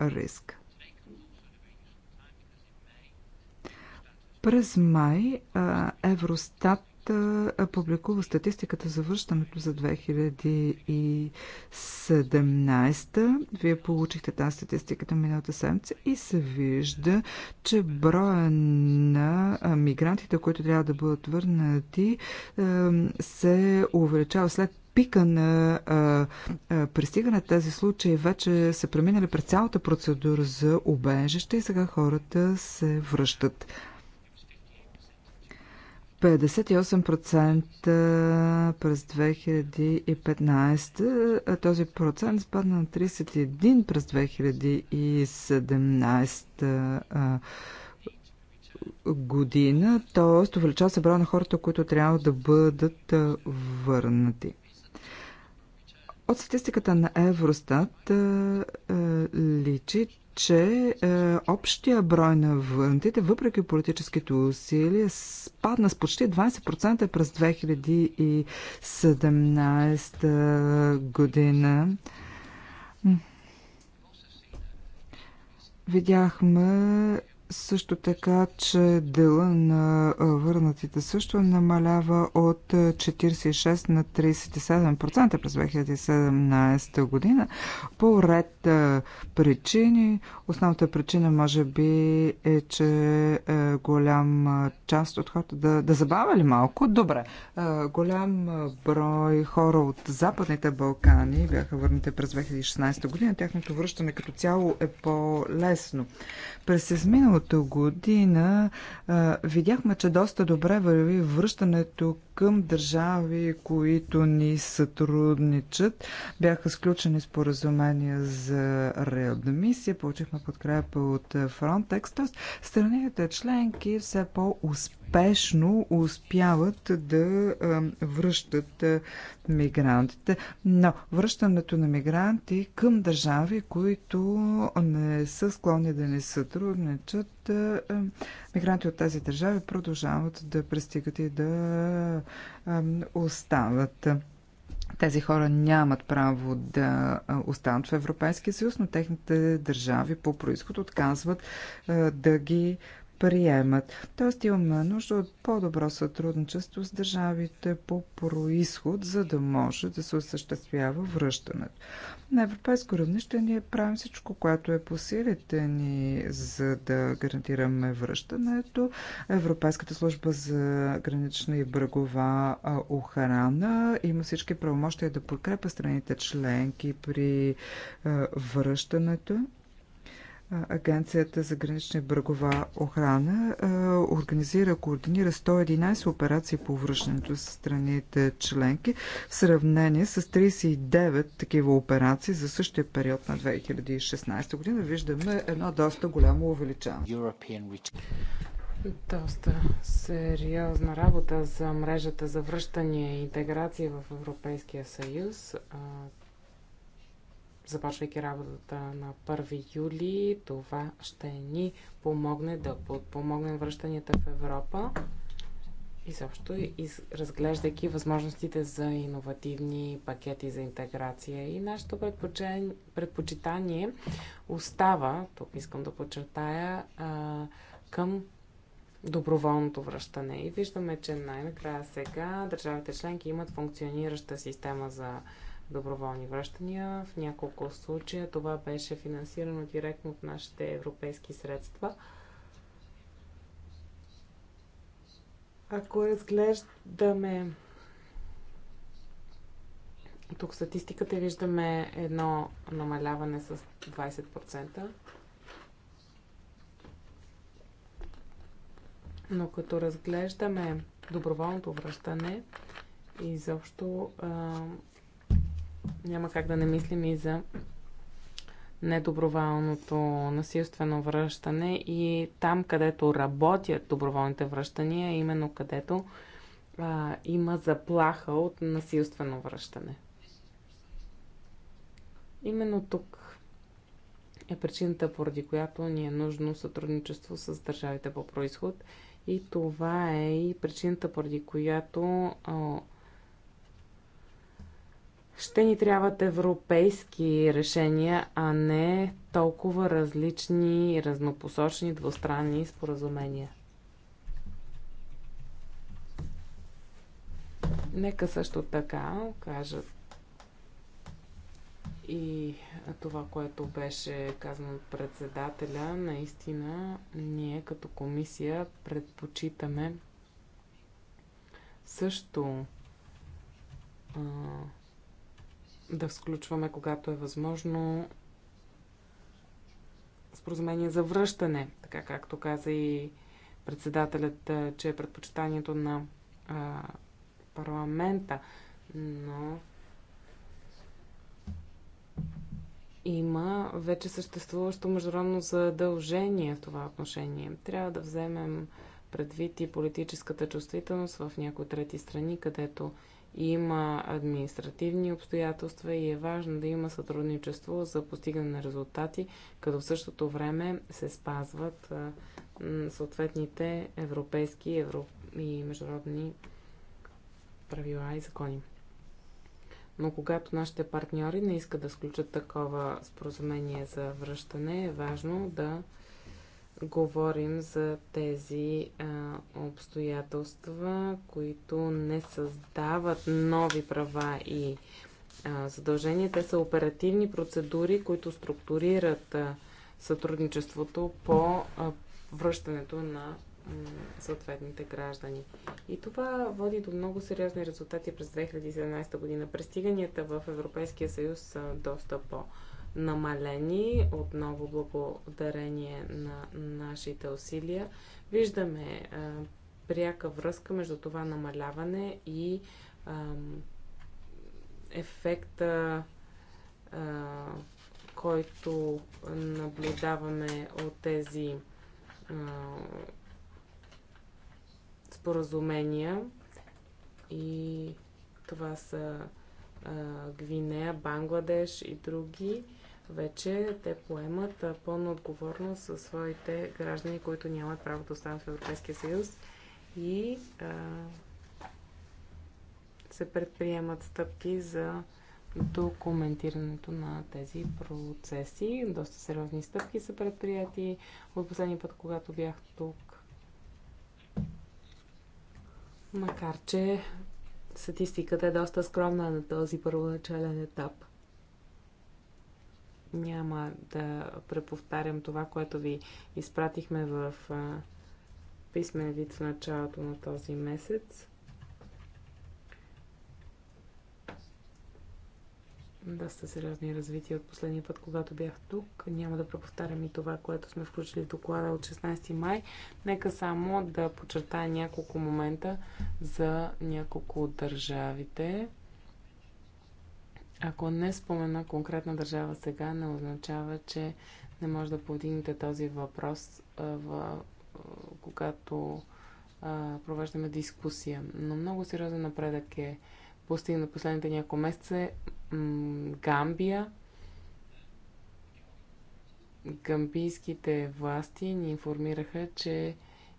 риск. През май Евростат да публикува статистиката за връщането за 2017. Вие получихте тази статистиката миналата седмица и се вижда, че броя на мигрантите, които трябва да бъдат върнати, се увеличава след пика на а, а, пристигане тези случаи вече са преминали през цялата процедура за обежище и сега хората се връщат. 58% през 2015, този процент спадна на 31% през 2017 година, т.е. увеличава се броя на хората, които трябва да бъдат върнати. От статистиката на Евростат личи, че е, общия брой на върнатите, въпреки политическите усилия, спадна с почти 20% през 2017 година. Видяхме също така, че дела на върнатите също намалява от 46 на 37% през 2017 година по ред причини. Основната причина може би е, че голям част от хората да, да забавя ли малко? Добре. Голям брой хора от Западните Балкани бяха върнати през 2016 година. Тяхното връщане като цяло е по-лесно. През изминало миналата година а, видяхме, че доста добре върви връщането към държави, които ни сътрудничат. Бяха сключени споразумения за реадмисия, получихме подкрепа от Frontex. Тоест, страните членки все по-успешно успяват да връщат мигрантите. Но връщането на мигранти към държави, които не са склонни да ни сътрудничат, да е, мигранти от тези държави продължават да пристигат и да е, остават. Тези хора нямат право да е, останат в Европейския съюз, но техните държави по происход отказват да ги приемат. Тоест имаме нужда от по-добро сътрудничество с държавите по происход, за да може да се осъществява връщането. На европейско равнище ние правим всичко, което е по силите ни, за да гарантираме връщането. Европейската служба за гранична и брегова охрана има всички правомощия да подкрепа страните членки при връщането. Агенцията за гранична и брегова охрана организира, координира 111 операции по връщането с страните членки в сравнение с 39 такива операции за същия период на 2016 година. Виждаме едно доста голямо увеличаване. Доста сериозна работа за мрежата за връщане и интеграция в Европейския съюз започвайки работата на 1 юли, това ще ни помогне да подпомогнем връщанията в Европа и също и разглеждайки възможностите за иновативни пакети за интеграция. И нашето предпочитание остава, тук искам да подчертая, към доброволното връщане. И виждаме, че най-накрая сега държавите членки имат функционираща система за доброволни връщания. В няколко случая това беше финансирано директно от нашите европейски средства. Ако разглеждаме тук статистиката виждаме едно намаляване с 20%. Но като разглеждаме доброволното връщане, изобщо а, няма как да не мислим и за недоброволното насилствено връщане и там, където работят доброволните връщания, именно където а, има заплаха от насилствено връщане. Именно тук е причината, поради която ни е нужно сътрудничество с държавите по происход и това е и причината, поради която а, ще ни трябват европейски решения, а не толкова различни, разнопосочни, двустранни споразумения. Нека също така кажат и това, което беше казано от председателя, наистина ние като комисия предпочитаме също да включваме, когато е възможно, споразумение за връщане, така както каза и председателят, че е предпочитанието на а, парламента, но има вече съществуващо международно задължение в това отношение. Трябва да вземем предвид и политическата чувствителност в някои трети страни, където има административни обстоятелства и е важно да има сътрудничество за постигане на резултати, като в същото време се спазват съответните европейски и международни правила и закони. Но когато нашите партньори не искат да сключат такова споразумение за връщане, е важно да говорим за тези а, обстоятелства, които не създават нови права и а, задължения. Те са оперативни процедури, които структурират а, сътрудничеството по а, връщането на съответните граждани. И това води до много сериозни резултати през 2017 година. Престиганията в Европейския съюз са доста по- намалени, отново благодарение на нашите усилия. Виждаме а, е, пряка връзка между това намаляване и а, ефекта, а, е, който наблюдаваме от тези а, е, споразумения. И това са Гвинея, Бангладеш и други, вече те поемат пълна отговорност за своите граждани, които нямат право да останат в Европейския съюз и а, се предприемат стъпки за документирането на тези процеси. Доста сериозни стъпки са предприяти. От последния път, когато бях тук, макар че статистиката е доста скромна на този първоначален етап. Няма да преповтарям това, което ви изпратихме в писмен вид в началото на този месец. доста сериозни развития от последния път, когато бях тук. Няма да преповтарям и това, което сме включили в доклада от 16 май. Нека само да подчертая няколко момента за няколко от държавите. Ако не спомена конкретна държава сега, не означава, че не може да повдигнете този въпрос, в, когато провеждаме дискусия. Но много сериозен напредък е постигна последните няколко месеца е Гамбия. Гамбийските власти ни информираха, че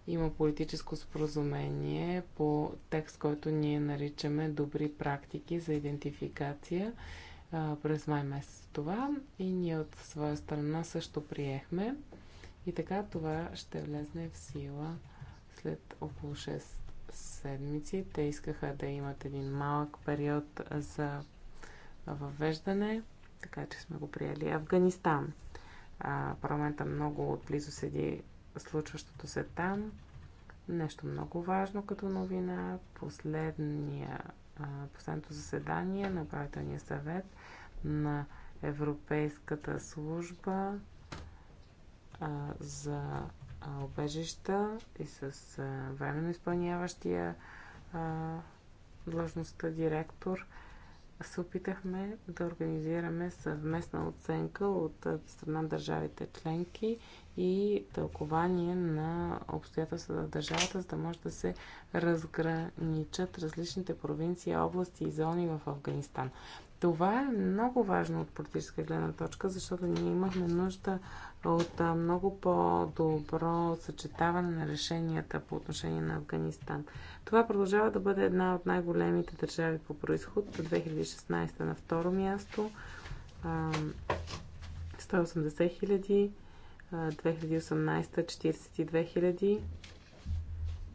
има политическо споразумение по текст, който ние наричаме добри практики за идентификация през май месец това и ние от своя страна също приехме и така това ще влезне в сила след около 6 седмици. Те искаха да имат един малък период за въвеждане, така че сме го приели. Афганистан. А, парламента много отблизо седи случващото се там. Нещо много важно като новина. Последния, а, последното заседание на управителния съвет на Европейската служба а, за обежища и с временно изпълняващия длъжността директор се опитахме да организираме съвместна оценка от страна държавите членки и тълкование на обстоятелствата в държавата, за да може да се разграничат различните провинции, области и зони в Афганистан. Това е много важно от политическа гледна точка, защото ние имахме нужда от много по-добро съчетаване на решенията по отношение на Афганистан. Това продължава да бъде една от най-големите държави по происход. 2016 на второ място, 180 хиляди, 2018 42 хиляди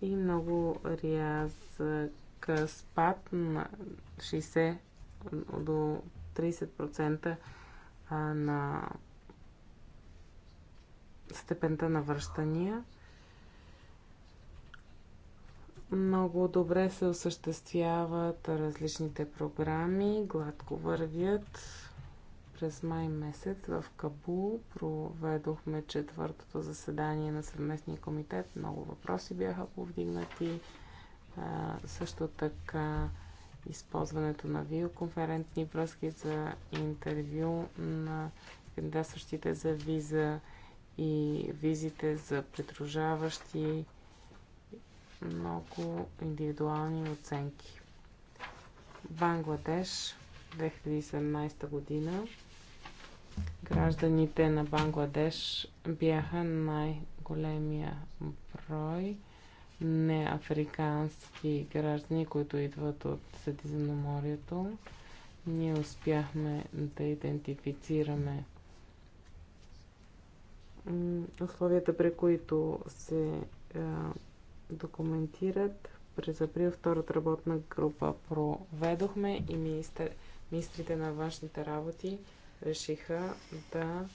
и много рязък спад на 60 до 30% на степента на връщания. Много добре се осъществяват различните програми, гладко вървят. През май месец в Кабул проведохме четвъртото заседание на съвместния комитет. Много въпроси бяха повдигнати. също така използването на видеоконферентни връзки за интервю на кандидатстващите за виза и визите за придружаващи много индивидуални оценки. Бангладеш 2017 година гражданите на Бангладеш бяха най-големия брой неафрикански граждани, които идват от Средиземноморието. Ние успяхме да идентифицираме условията, при които се е, документират. През април втората работна група проведохме и министр, министрите на външните работи решиха да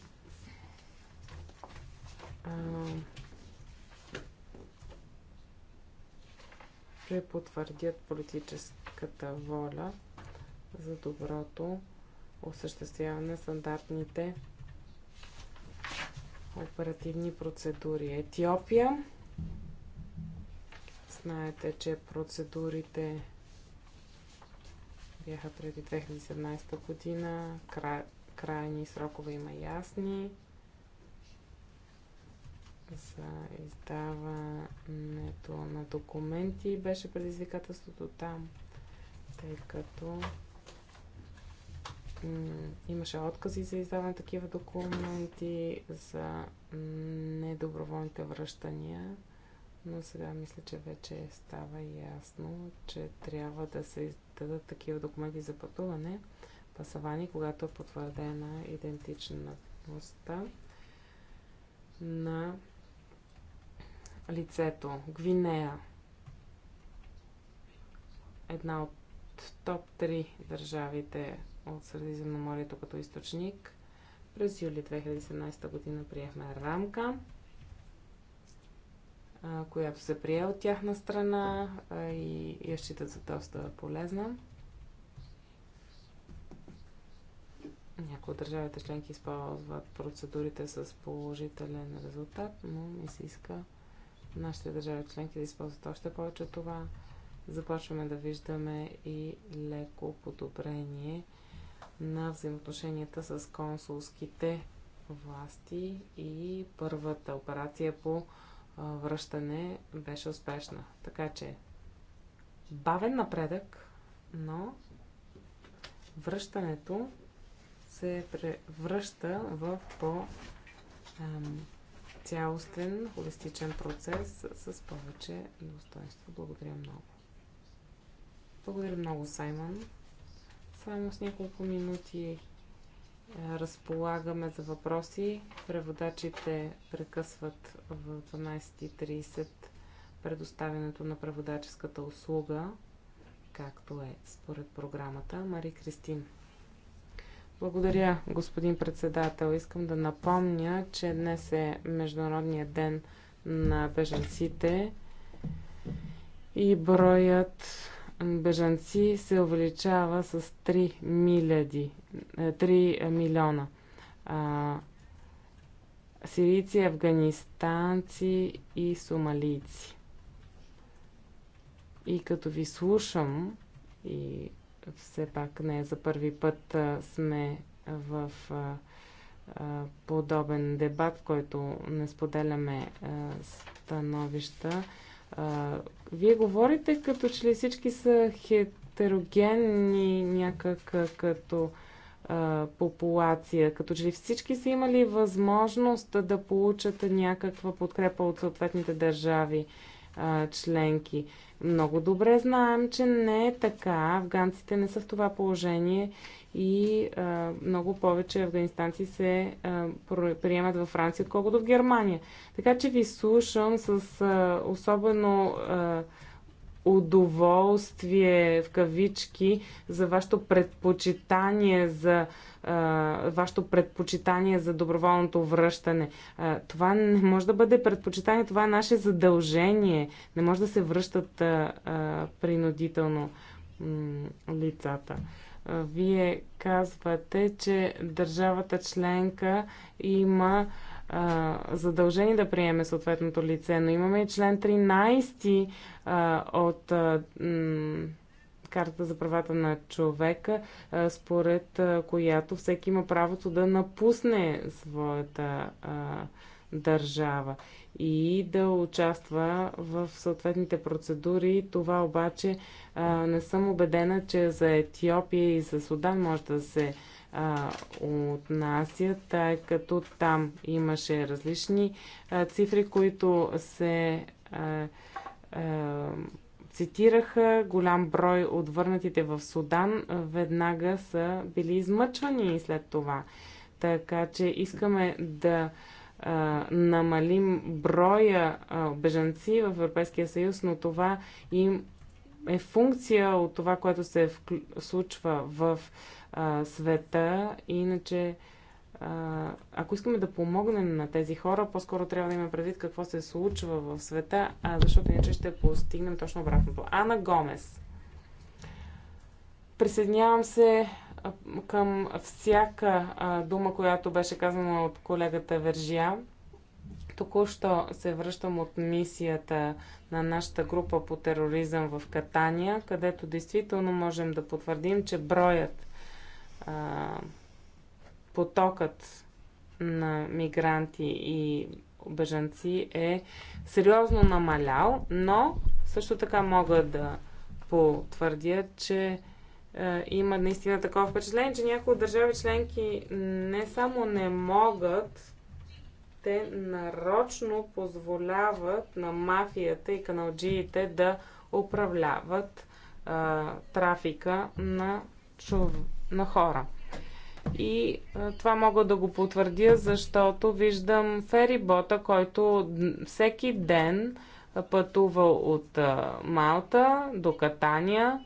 ще потвърдят политическата воля за доброто осъществяване на стандартните оперативни процедури. Етиопия. Знаете, че процедурите бяха преди 2017 година. крайни срокове има ясни за издаването на документи беше предизвикателството там, тъй като имаше откази за издаване такива документи, за недоброволните връщания, но сега мисля, че вече става ясно, че трябва да се издадат такива документи за пътуване, пасавани, когато е потвърдена идентичността на лицето. Гвинея. Една от топ 3 държавите от Средиземноморието като източник. През юли 2017 година приехме рамка, която се прие от тяхна страна и я считат за доста полезна. Някои от държавите членки използват процедурите с положителен резултат, но ми се иска нашите държави членки да използват още повече от това. Започваме да виждаме и леко подобрение на взаимоотношенията с консулските власти и първата операция по връщане беше успешна. Така че бавен напредък, но връщането се превръща в по- цялостен, холистичен процес с повече достоинство. Благодаря много. Благодаря много, Саймон. Само с няколко минути е, разполагаме за въпроси. Преводачите прекъсват в 12.30 предоставянето на преводаческата услуга, както е според програмата. Мари Кристин. Благодаря, господин председател. Искам да напомня, че днес е Международния ден на бежанците и броят бежанци се увеличава с 3, милиади, 3 милиона. сирийци, афганистанци и сумалийци. И като ви слушам и като все пак не за първи път сме в подобен дебат, в който не споделяме становища. Вие говорите като че ли всички са хетерогенни някак като популация, като че ли всички са имали възможност да получат някаква подкрепа от съответните държави членки. Много добре знаем, че не е така. Афганците не са в това положение и а, много повече афганистанци се а, приемат във Франция, отколкото в Германия. Така че ви слушам с а, особено а, удоволствие в кавички за вашето предпочитание за вашето предпочитание за доброволното връщане. Това не може да бъде предпочитание, това е наше задължение. Не може да се връщат принудително лицата. Вие казвате, че държавата членка има задължение да приеме съответното лице, но имаме и член 13 от Картата за правата на човека, според която всеки има правото да напусне своята държава и да участва в съответните процедури. Това обаче не съм убедена, че за Етиопия и за Судан може да се отнася, тъй като там имаше различни цифри, които се цитираха. Голям брой от върнатите в Судан веднага са били измъчвани след това. Така че искаме да а, намалим броя а, бежанци в Европейския съюз, но това им е функция от това, което се вклю... случва в а, света. Иначе ако искаме да помогнем на тези хора, по-скоро трябва да имаме предвид какво се случва в света, а, защото иначе ще постигнем точно обратното. Ана Гомес. Присъединявам се към всяка дума, която беше казана от колегата Вержия. Току-що се връщам от мисията на нашата група по тероризъм в Катания, където действително можем да потвърдим, че броят потокът на мигранти и бежанци е сериозно намалял, но също така мога да потвърдя, че е, има наистина такова впечатление, че някои държави членки не само не могат, те нарочно позволяват на мафията и каналджиите да управляват е, трафика на, чув... на хора. И това мога да го потвърдя, защото виждам ферибота, който всеки ден пътува от Малта до Катания,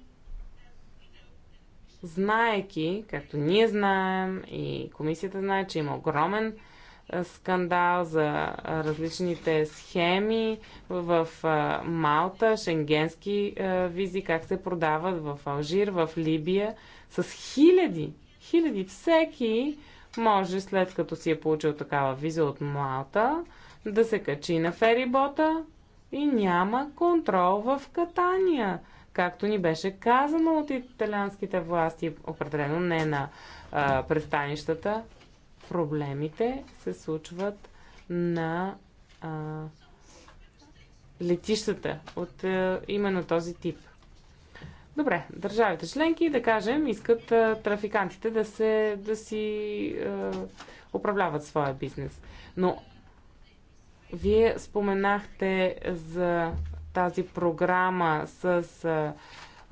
знаеки, както ние знаем и комисията знае, че има огромен скандал за различните схеми в Малта, шенгенски визи, как се продават в Алжир, в Либия, с хиляди хиляди. Всеки може, след като си е получил такава виза от Малта, да се качи на ферибота и няма контрол в катания. Както ни беше казано от италианските власти, определено не на а, пристанищата, проблемите се случват на а, летищата от а, именно този тип. Добре, държавите членки, да кажем, искат а, трафикантите да, се, да си а, управляват своя бизнес. Но вие споменахте за тази програма с а,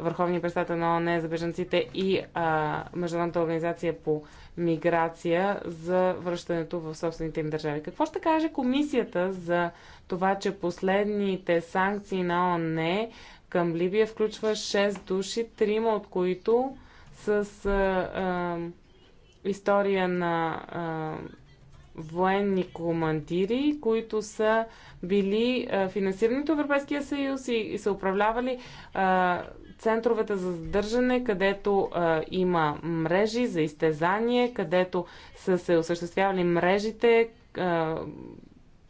Върховния представител на ОНЕ за бежанците и а, Международната организация по миграция за връщането в собствените им държави. Какво ще каже комисията за това, че последните санкции на ОНЕ към Либия включва 6 души, трима от които с а, а, история на а, военни командири, които са били а, финансирани от Европейския съюз и, и са управлявали а, центровете за задържане, където а, има мрежи за изтезание, където са се осъществявали мрежите, а,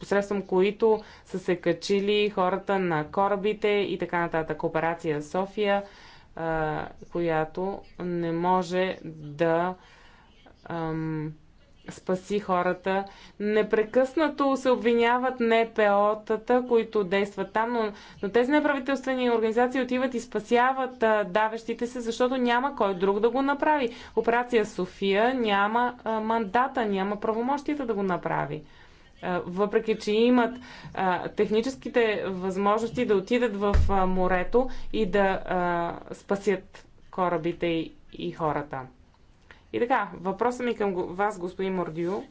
посредством които са се качили хората на корабите и така нататък. Операция София, а, която не може да ам, спаси хората. Непрекъснато се обвиняват НПО-тата, които действат там, но, но тези неправителствени организации отиват и спасяват а, давещите се, защото няма кой друг да го направи. Операция София няма а, мандата, няма правомощите да го направи въпреки че имат техническите възможности да отидат в морето и да спасят корабите и хората. И така, въпросът ми към вас, господин Мордио,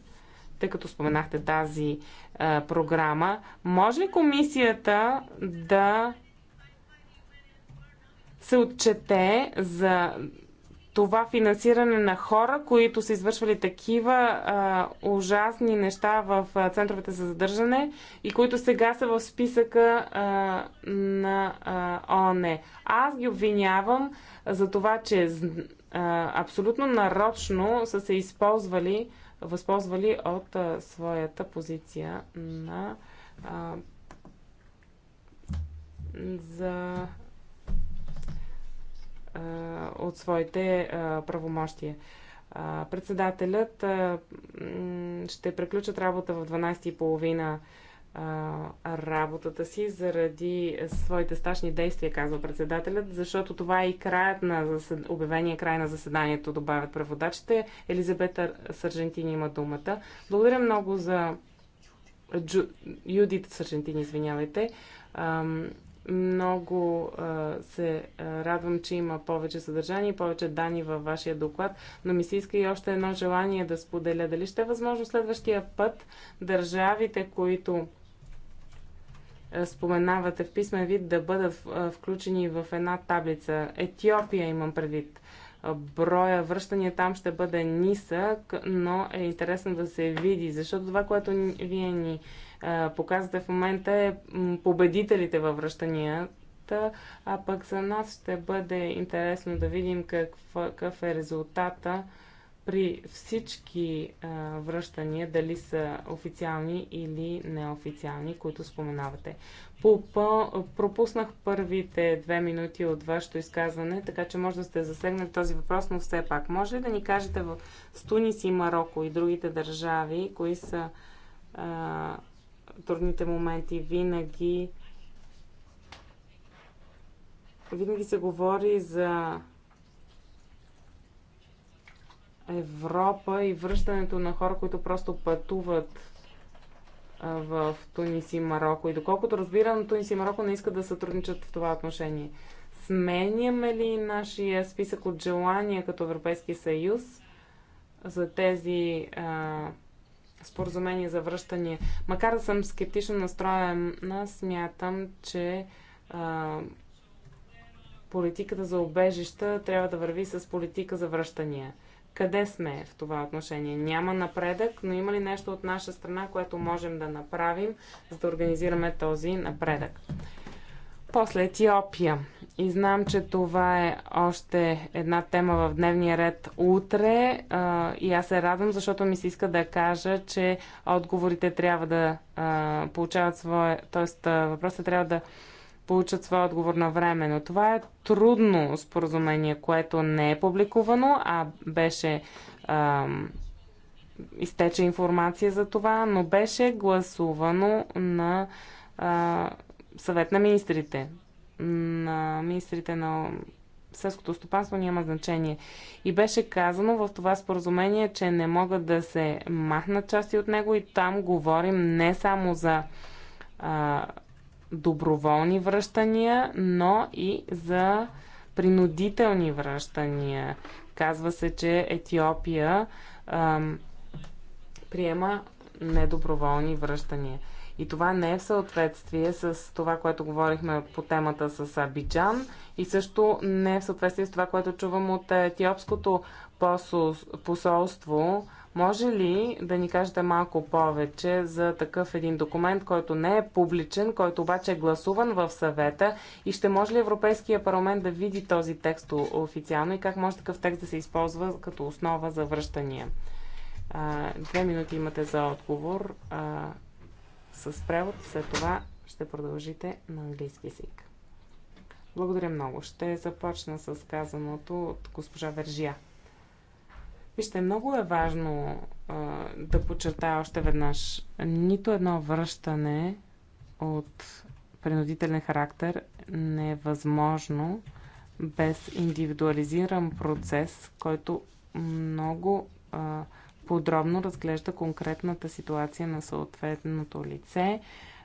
тъй като споменахте тази а, програма, може ли комисията да се отчете за това финансиране на хора, които са извършвали такива а, ужасни неща в а, центровете за задържане и които сега са в списъка а, на а, ООН. Аз ги обвинявам за това, че а, абсолютно нарочно са се използвали, възползвали от а, своята позиция на а, за от своите правомощия. Председателят ще преключат работа в 12.30 работата си заради своите стачни действия, казва председателят, защото това е и краят на засед... обявение, край на заседанието, добавят преводачите. Елизабета Сържентини има думата. Благодаря много за Джу... Юдит Сържентини, извинявайте. Много а, се радвам, че има повече съдържание и повече данни във вашия доклад, но ми се иска и още едно желание да споделя. Дали ще е възможно следващия път държавите, които споменавате в писмен вид, да бъдат включени в една таблица. Етиопия имам предвид. Броя връщания там ще бъде нисък, но е интересно да се види, защото това, което вие ни показвате в момента е победителите във връщанията, а пък за нас ще бъде интересно да видим какъв е резултата при всички а, връщания, дали са официални или неофициални, които споменавате. По Пропуснах първите две минути от вашето изказване, така че може да сте засегнали този въпрос, но все пак. Може ли да ни кажете в Тунис и Марокко и другите държави, кои са а, трудните моменти. Винаги винаги се говори за Европа и връщането на хора, които просто пътуват в Тунис и Марокко. И доколкото разбирам, Тунис и Марокко не искат да сътрудничат в това отношение. Сменяме ли нашия списък от желания като Европейски съюз за тези а, споразумение за връщане. Макар да съм скептично настроена, смятам, че а, политиката за обежища трябва да върви с политика за връщания. Къде сме в това отношение? Няма напредък, но има ли нещо от наша страна, което можем да направим, за да организираме този напредък? После Етиопия. И знам, че това е още една тема в дневния ред утре. А, и аз се радвам, защото ми се иска да кажа, че отговорите трябва да а, получават своя. Тоест, въпросът трябва да получат своя отговор на време. Но това е трудно споразумение, което не е публикувано, а беше. А, изтече информация за това, но беше гласувано на. А, съвет на министрите. На министрите на селското стопанство няма значение. И беше казано в това споразумение, че не могат да се махнат части от него и там говорим не само за а, доброволни връщания, но и за принудителни връщания. Казва се, че Етиопия а, приема недоброволни връщания. И това не е в съответствие с това, което говорихме по темата с Абиджан и също не е в съответствие с това, което чувам от е, етиопското посолство. Може ли да ни кажете малко повече за такъв един документ, който не е публичен, който обаче е гласуван в съвета и ще може ли Европейския парламент да види този текст официално и как може такъв текст да се използва като основа за връщания? Две минути имате за отговор с превод. След това ще продължите на английски язик. Благодаря много. Ще започна с казаното от госпожа Вержия. Вижте, много е важно а, да подчертая още веднъж. Нито едно връщане от принудителен характер не е възможно без индивидуализиран процес, който много а, подробно разглежда конкретната ситуация на съответното лице,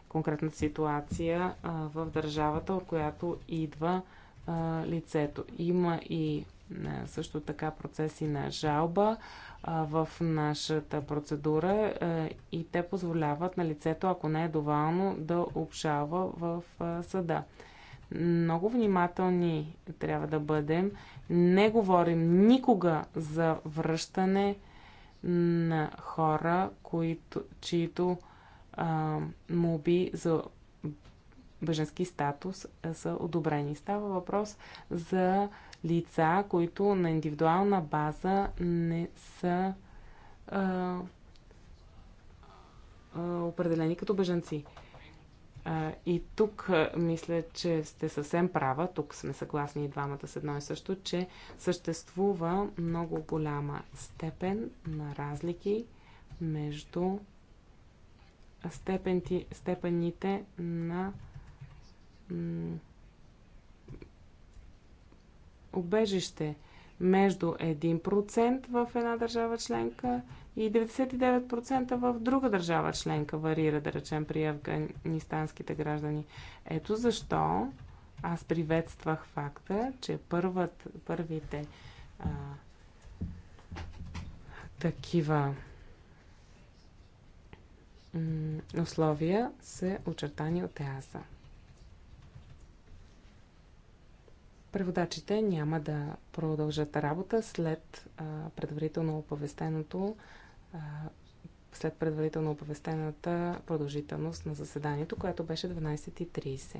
конкретната ситуация а, в държавата, от която идва а, лицето. Има и а, също така процеси на жалба в нашата процедура и те позволяват на лицето, ако не е доволно, да обжалва в съда. Много внимателни трябва да бъдем. Не говорим никога за връщане на хора, които, чието а, моби за бъженски статус са одобрени. Става въпрос за лица, които на индивидуална база не са а, а, определени като бъженци. И тук мисля, че сте съвсем права, тук сме съгласни и двамата с едно и също, че съществува много голяма степен на разлики между степенти, степените на обежище между 1% в една държава членка и 99% в друга държава членка варира, да речем, при афганистанските граждани. Ето защо аз приветствах факта, че първат, първите а, такива условия са очертани от ЕАСА. Преводачите няма да продължат работа след а, предварително оповестеното а, след предварително оповестената продължителност на заседанието, което беше 12.30.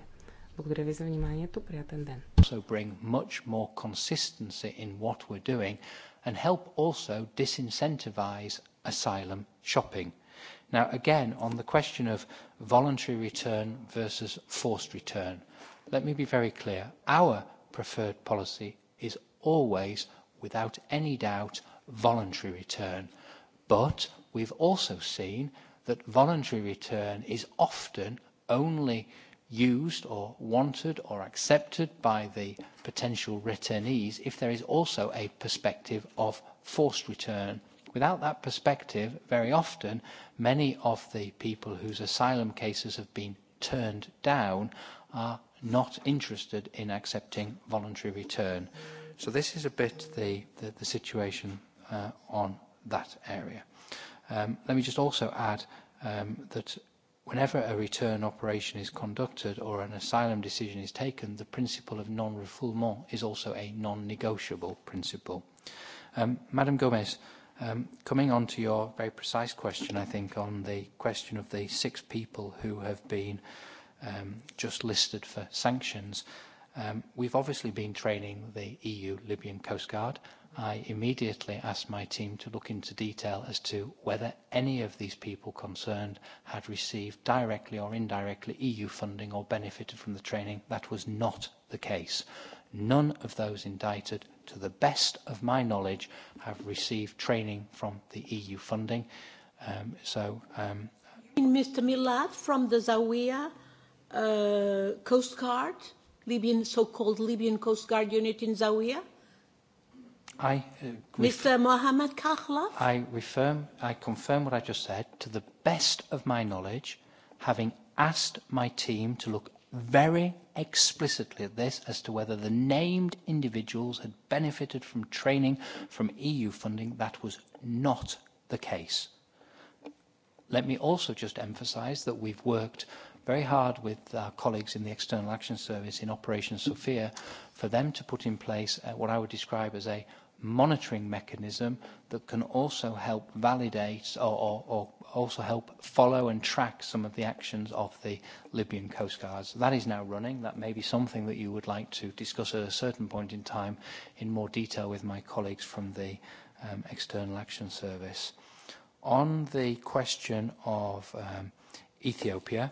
Благодаря ви за вниманието. Приятен ден. Also bring much more consistency in what we're doing and help also disincentivize asylum shopping. Now again, on the question of voluntary return versus forced return, let me be very clear. Our preferred policy is always, without any doubt, voluntary return. But we've also seen that voluntary return is often only used or wanted or accepted by the potential returnees if there is also a perspective of forced return. Without that perspective, very often, many of the people whose asylum cases have been turned down are not interested in accepting voluntary return. So this is a bit the, the, the situation uh, on that area. Um, let me just also add um, that whenever a return operation is conducted or an asylum decision is taken, the principle of non-refoulement is also a non-negotiable principle. Um, Madam Gomez, um, coming on to your very precise question, I think, on the question of the six people who have been uh, um, just listed for sanctions. Um, we've obviously been training the EU Libyan Coast Guard. I immediately asked my team to look into detail as to whether any of these people concerned had received directly or indirectly EU funding or benefited from the training. That was not the case. None of those indicted, to the best of my knowledge, have received training from the EU funding. Um, so, um, Mr. Milad from the Zawiya uh, Coast Guard, Libyan so-called Libyan Coast Guard unit in Zawiya? I, uh, Mr. Mohammed Kakhlaf? I, refirm, I confirm what I just said. To the best of my knowledge, having asked my team to look very explicitly at this as to whether the named individuals had benefited from training from EU funding, that was not the case. Let me also just emphasise that we've worked very hard with our colleagues in the External Action Service in Operation Sophia for them to put in place what I would describe as a monitoring mechanism that can also help validate or, or, or also help follow and track some of the actions of the Libyan coast guards. That is now running. That may be something that you would like to discuss at a certain point in time in more detail with my colleagues from the um, External Action Service. On the question of um, Ethiopia,